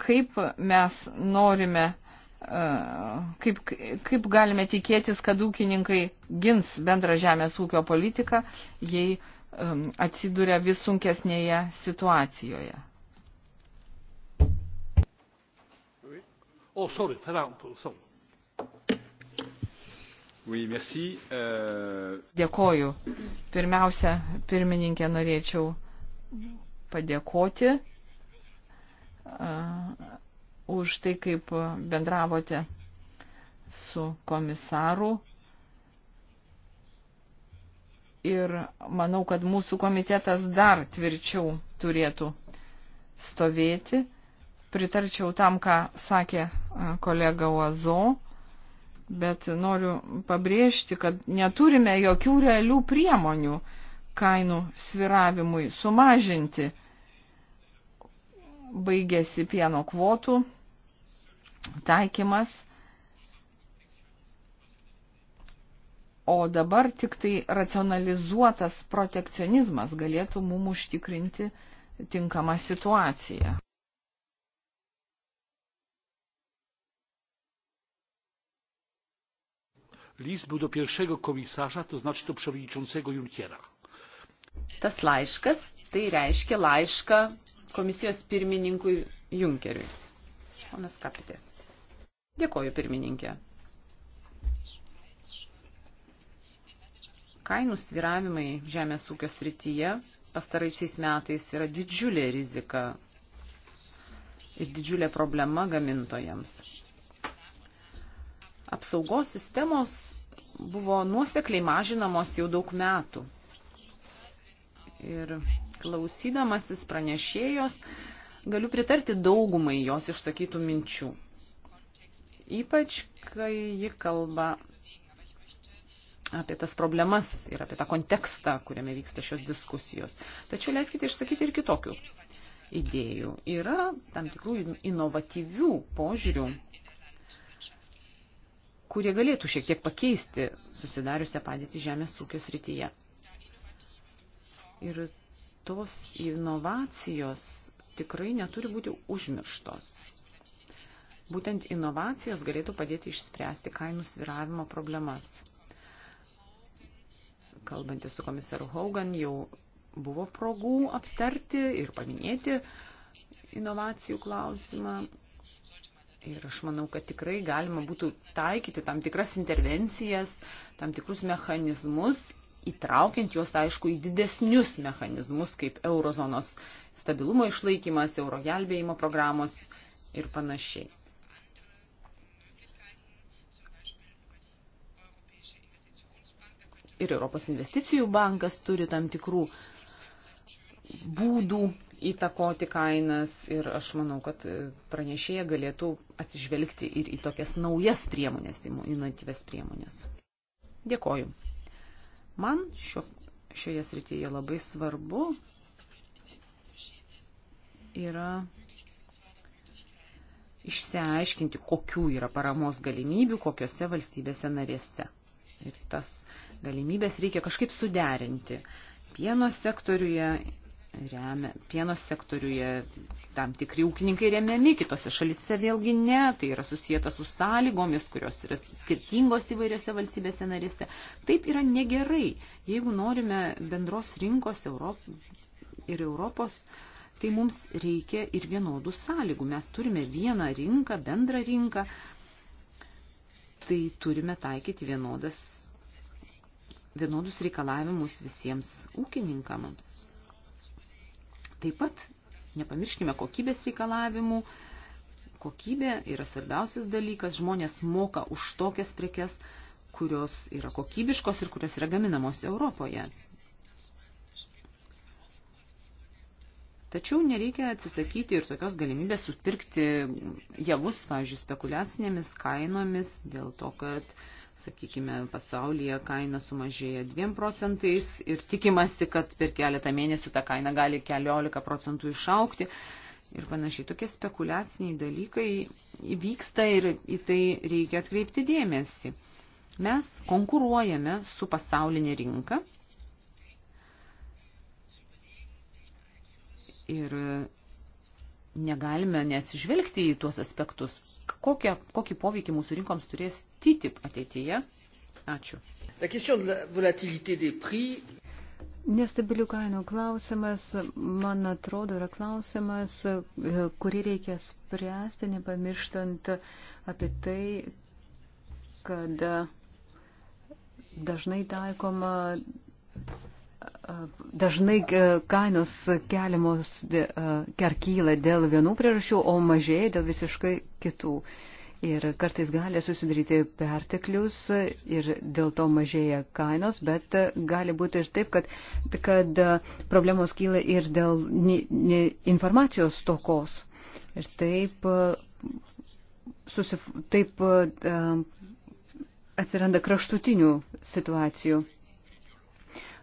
Kaip mes norime, e, kaip, kaip galime tikėtis, kad ūkininkai gins bendrą žemės ūkio politiką, jei e, atsiduria vis sunkesnėje situacijoje. Oh, sorry, Ferran Pulson. Oui, merci. Uh... Dėkoju. Pirmiausia, pirmininkė, norėčiau padėkoti uh, už tai, kaip bendravote su komisaru. Ir manau, kad mūsų komitetas dar tvirčiau turėtų stovėti pritarčiau tam, ką sakė kolega Oazo, bet noriu pabrėžti, kad neturime jokių realių priemonių kainų sviravimui sumažinti. Baigėsi pieno kvotų taikymas. O dabar tik tai racionalizuotas protekcionizmas galėtų mum užtikrinti tinkamą situaciją. list był do pierwszego komisarza, to znaczy do przewodniczącego Junckera. Tas laiškas, tai reiškia laišką komisijos pirmininkui Junkeriui. Ponas Kapitė. Dėkoju, pirmininkė. Kainų sviravimai žemės ūkio srityje pastaraisiais metais yra didžiulė rizika ir didžiulė problema gamintojams apsaugos sistemos buvo nuosekliai mažinamos jau daug metų. Ir klausydamasis pranešėjos, galiu pritarti daugumai jos išsakytų minčių. Ypač, kai ji kalba apie tas problemas ir apie tą kontekstą, kuriame vyksta šios diskusijos. Tačiau leiskite išsakyti ir kitokių idėjų. Yra tam tikrų inovatyvių požiūrių kurie galėtų šiek tiek pakeisti susidariusią padėtį žemės ūkio srityje. Ir tos inovacijos tikrai neturi būti užmirštos. Būtent inovacijos galėtų padėti išspręsti kainų sviravimo problemas. Kalbantys su komisaru Hogan jau buvo progų aptarti ir paminėti inovacijų klausimą Ir aš manau, kad tikrai galima būtų taikyti tam tikras intervencijas, tam tikrus mechanizmus, įtraukiant juos, aišku, į didesnius mechanizmus, kaip eurozonos stabilumo išlaikymas, eurogelbėjimo programos ir panašiai. Ir Europos investicijų bankas turi tam tikrų būdų įtakoti kainas ir aš manau, kad pranešėja galėtų atsižvelgti ir į tokias naujas priemonės, inovatyves priemonės. Dėkoju. Man šio, šioje srityje labai svarbu yra išsiaiškinti, kokių yra paramos galimybių, kokiose valstybėse narėse. Ir tas galimybės reikia kažkaip suderinti pieno sektoriuje remia, pieno sektoriuje tam tikri ūkininkai remiami, kitose šalise vėlgi ne, tai yra susijęta su sąlygomis, kurios yra skirtingos įvairiose valstybėse narėse. Taip yra negerai. Jeigu norime bendros rinkos Europ... ir Europos, tai mums reikia ir vienodų sąlygų. Mes turime vieną rinką, bendrą rinką, tai turime taikyti vienodas vienodus reikalavimus visiems ūkininkams Taip pat nepamirškime kokybės reikalavimų. Kokybė yra svarbiausias dalykas. Žmonės moka už tokias prekes, kurios yra kokybiškos ir kurios yra gaminamos Europoje. Tačiau nereikia atsisakyti ir tokios galimybės supirkti javus, pavyzdžiui, spekuliacinėmis kainomis, dėl to, kad uh, sakykime, pasaulyje kaina sumažėja 2 procentais ir tikimasi, kad per keletą mėnesių ta kaina gali 14 procentų išaukti. Ir panašiai tokie spekuliaciniai dalykai vyksta ir į tai reikia atkreipti dėmesį. Mes konkuruojame su pasaulinė rinka ir negalime neatsižvelgti į tuos aspektus. Kokia, kokį poveikį mūsų rinkoms turės TTIP ateityje? Ačiū. Nestabilių kainų klausimas, man atrodo, yra klausimas, kurį reikia spręsti, nepamirštant apie tai, kad dažnai taikoma dažnai e, kainos keliamos e, kerkyla dėl vienų priežasčių, o mažėja dėl visiškai kitų. Ir kartais gali susidaryti perteklius ir dėl to mažėja kainos, bet gali būti ir taip, kad, kad problemos kyla ir dėl ne, ne informacijos tokos. Ir taip, susif, taip e, atsiranda kraštutinių situacijų.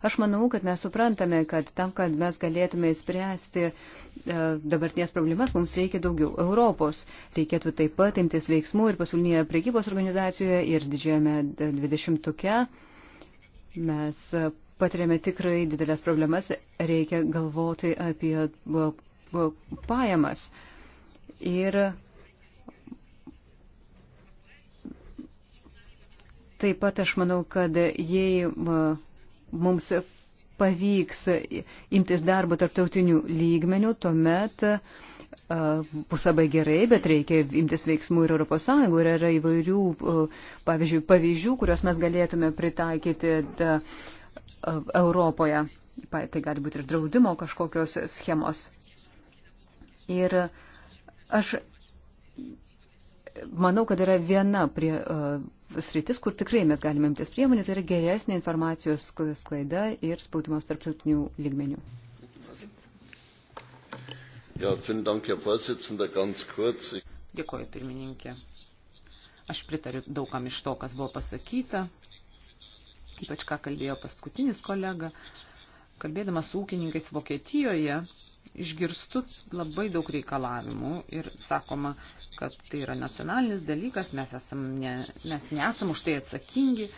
Aš manau, kad mes suprantame, kad tam, kad mes galėtume spręsti e, dabartinės problemas, mums reikia daugiau Europos. Reikėtų taip pat imtis veiksmų ir pasaulinėje priekybos organizacijoje ir didžiajame dvidešimtuke. Mes e, patiriame tikrai didelės problemas, reikia galvoti apie e, pajamas. Ir Taip pat aš manau, kad jei mums pavyks imtis darbo tarptautinių lygmenių, tuomet bus labai gerai, bet reikia imtis veiksmų ir Europos Sąjungų. Ir yra įvairių, pavyzdžiui, pavyzdžių, kuriuos mes galėtume pritaikyti Europoje. Tai gali būti ir draudimo kažkokios schemos. Ir aš manau, kad yra viena prie, sritis, kur tikrai mes galime imtis priemonių, tai yra geresnė informacijos sklaida ir spaudimas tarptautinių lygmenių. Ja, dank, ganz kurz. Dėkoju, pirmininkė. Aš pritariu daugam iš to, kas buvo pasakyta, ypač ką kalbėjo paskutinis kolega. Kalbėdamas ūkininkais Vokietijoje, išgirstu labai daug reikalavimų ir sakoma, kad tai yra nacionalinis dalykas, mes, esam ne, mes nesam už tai atsakingi.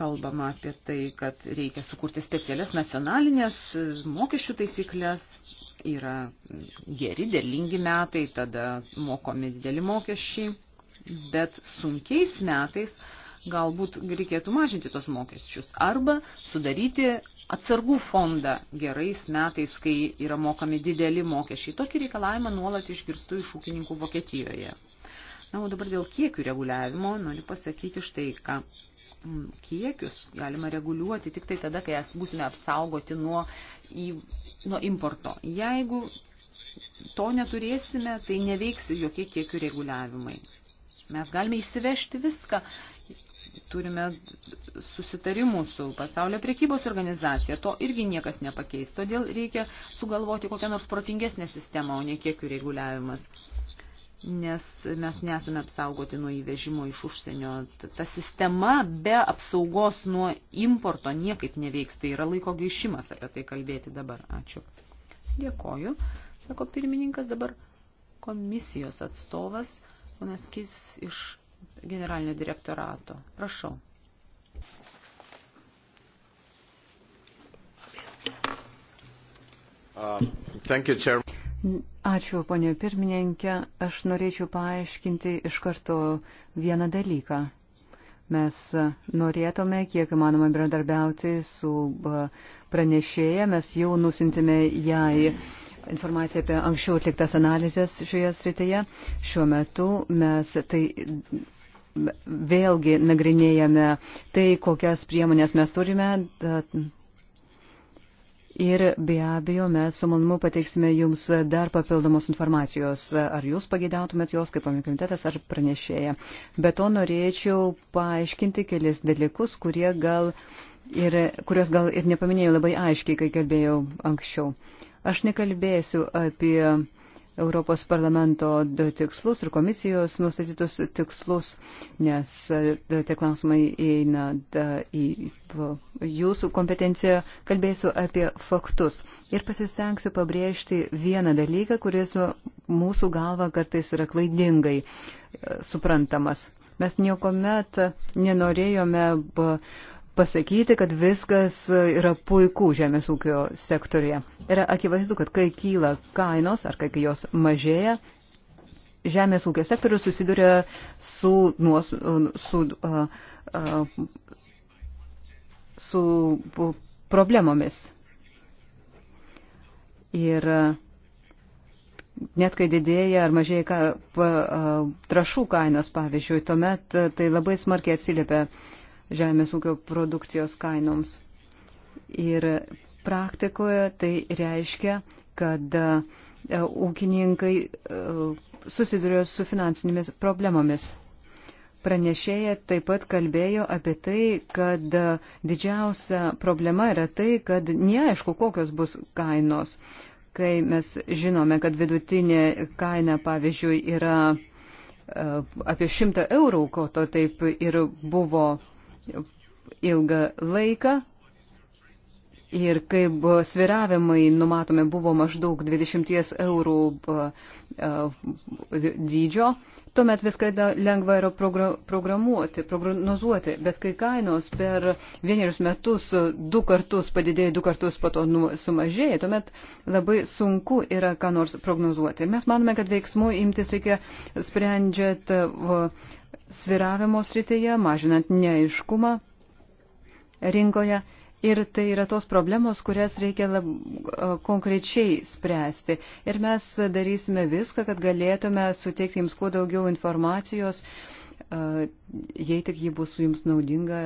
Kalbama apie tai, kad reikia sukurti specialias nacionalinės mokesčių taisyklės. Yra geri, derlingi metai, tada mokomi dideli mokesčiai, bet sunkiais metais uh, galbūt reikėtų mažinti tos mokesčius arba sudaryti atsargų fondą gerais metais, kai yra mokami dideli mokesčiai. Tokį reikalavimą nuolat išgirstu iš ūkininkų Vokietijoje. Na, o dabar dėl kiekių reguliavimo noriu pasakyti štai ką. Mm, kiekius galima reguliuoti tik tai tada, kai būsime apsaugoti nuo, į, nuo importo. Jeigu to neturėsime, tai neveiks jokie kiekių reguliavimai. Mes galime įsivežti viską, turime susitarimų su pasaulio priekybos organizacija. To irgi niekas nepakeis. Todėl reikia sugalvoti kokią nors protingesnę sistemą, o ne kiekių reguliavimas. Nes mes nesame apsaugoti nuo įvežimo iš užsienio. Ta sistema be apsaugos nuo importo niekaip neveiks. Tai yra laiko gaišimas apie tai kalbėti dabar. Ačiū. Dėkoju, sako pirmininkas dabar komisijos atstovas, ponas Kis iš generalinio direktorato. Prašau. Uh, ačiū, ponio pirmininkė. Aš norėčiau paaiškinti iš karto vieną dalyką. Mes norėtume, kiek įmanoma, bendradarbiauti su uh, pranešėja. Mes jau nusintėme jai. Uh, informaciją apie anksčiau atliktas analizės šioje srityje. Šiuo metu mes tai vėlgi nagrinėjame tai, kokias priemonės mes turime. Ir be abejo, mes su manimu pateiksime jums dar papildomos informacijos, ar jūs pageidautumėt jos kaip komitetas ar pranešėja. Be to norėčiau paaiškinti kelis dalykus, kurie gal ir, kurios gal ir nepaminėjau labai aiškiai, kai kalbėjau anksčiau. Uh, Aš nekalbėsiu apie Europos parlamento tikslus ir komisijos nustatytus tikslus, nes e, tie klausimai įeina į jūsų kompetenciją. Kalbėsiu apie faktus ir pasistengsiu pabrėžti vieną dalyką, kuris mūsų galva kartais yra klaidingai e, suprantamas. Mes niekuomet nenorėjome pasakyti, kad viskas yra puiku žemės ūkio sektorija. Yra akivaizdu, kad kai kyla kainos ar kai jos mažėja, žemės ūkio sektorius susiduria su, nuos, su, uh, uh, su problemomis. Ir net kai didėja ar mažėja ka, pa, trašų kainos, pavyzdžiui, tuomet tai labai smarkiai atsiliepia uh, žemės ūkio produkcijos kainoms. Ir praktikoje tai reiškia, kad e, ūkininkai e, susiduria su finansinėmis problemomis. Pranešėja taip pat kalbėjo apie tai, kad e, didžiausia problema yra tai, kad neaišku, kokios bus kainos. Kai mes žinome, kad vidutinė kaina, pavyzdžiui, yra apie 100 eurų, ko to taip ir buvo ilgą laiką ir kaip sviravimai numatome buvo maždaug 20 eurų dydžio, tuomet viską lengva yra programuoti, prognozuoti, bet kai kainos per vienerius metus du kartus padidėja, du kartus po to nu, sumažėja, tuomet labai sunku yra ką nors prognozuoti. Mes manome, kad veiksmų imtis reikia sprendžiant sviravimo srityje, mažinant neaiškumą rinkoje. Ir tai yra tos problemos, kurias reikia lab, konkrečiai spręsti. Ir mes darysime viską, kad galėtume suteikti jums kuo daugiau informacijos, jei tik ji bus jums naudinga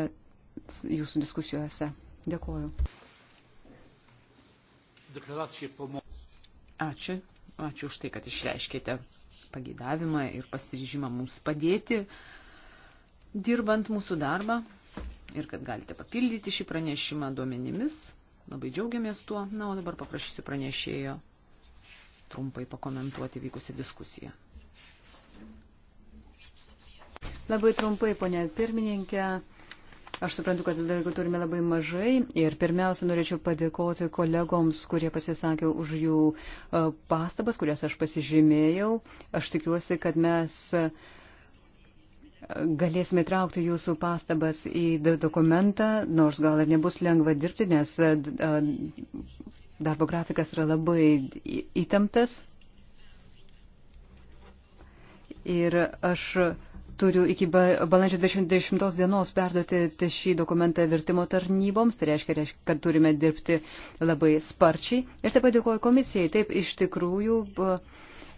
jūsų diskusijose. Dėkuoju. Ačiū. Ačiū už tai, kad išreiškite pagydavimą ir pasiryžimą mums padėti, dirbant mūsų darbą ir kad galite papildyti šį pranešimą duomenimis. Labai džiaugiamės tuo. Na, o dabar paprašysiu pranešėjo trumpai pakomentuoti vykusią diskusiją. Labai trumpai, ponia pirmininkė. Aš suprantu, kad laiko turime labai mažai ir pirmiausia norėčiau padėkoti kolegoms, kurie pasisakė už jų e, pastabas, kurias aš pasižymėjau. Aš tikiuosi, kad mes e, galėsime traukti jūsų pastabas į dokumentą, nors gal ir nebus lengva dirbti, nes e, darbo grafikas yra labai įtemptas. Ir aš turiu iki balandžio 20 dienos perduoti šį dokumentą vertimo tarnyboms, tai reiškia, reiškia, kad turime dirbti labai sparčiai. Ir taip pat dėkoju komisijai, taip iš tikrųjų. Buvo,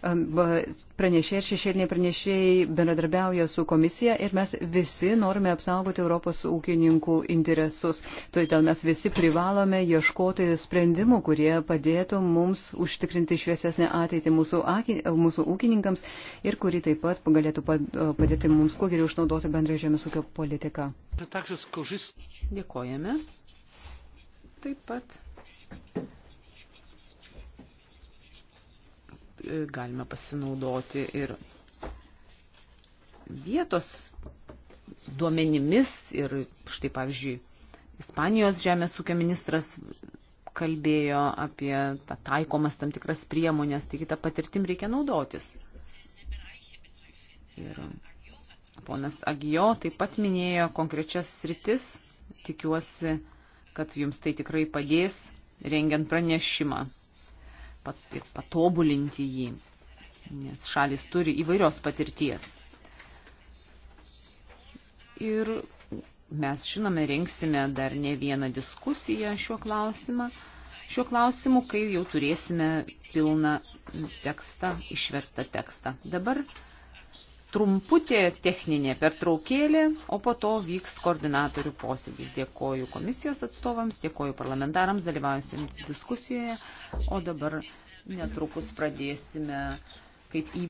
pranešėjai ir šešėliniai pranešėjai bendradarbiauja su komisija ir mes visi norime apsaugoti Europos ūkininkų interesus. Todėl mes visi privalome ieškoti sprendimų, kurie padėtų mums užtikrinti šviesesnę ateitį mūsų, aki, mūsų ūkininkams ir kuri taip pat galėtų padėti mums kuo geriau išnaudoti bendrą žemės ūkio politiką. Dėkojame. Taip pat E, galime pasinaudoti ir vietos duomenimis. Ir štai pavyzdžiui, Ispanijos žemės ūkio ministras kalbėjo apie tą taikomas tam tikras priemonės, taigi tą patirtim reikia naudotis. Ir ponas Agijo taip pat minėjo konkrečias sritis. Tikiuosi, kad jums tai tikrai padės rengiant pranešimą pat, ir patobulinti jį, nes šalis turi įvairios patirties. Ir mes, žinome, rinksime dar ne vieną diskusiją šiuo klausimą. Šiuo klausimu, kai jau turėsime pilną tekstą, išverstą tekstą. Dabar trumputė techninė pertraukėlė, o po to vyks koordinatorių posėdis. Dėkoju komisijos atstovams, dėkoju parlamentarams dalyvausim diskusijoje, o dabar netrukus pradėsime kaip į.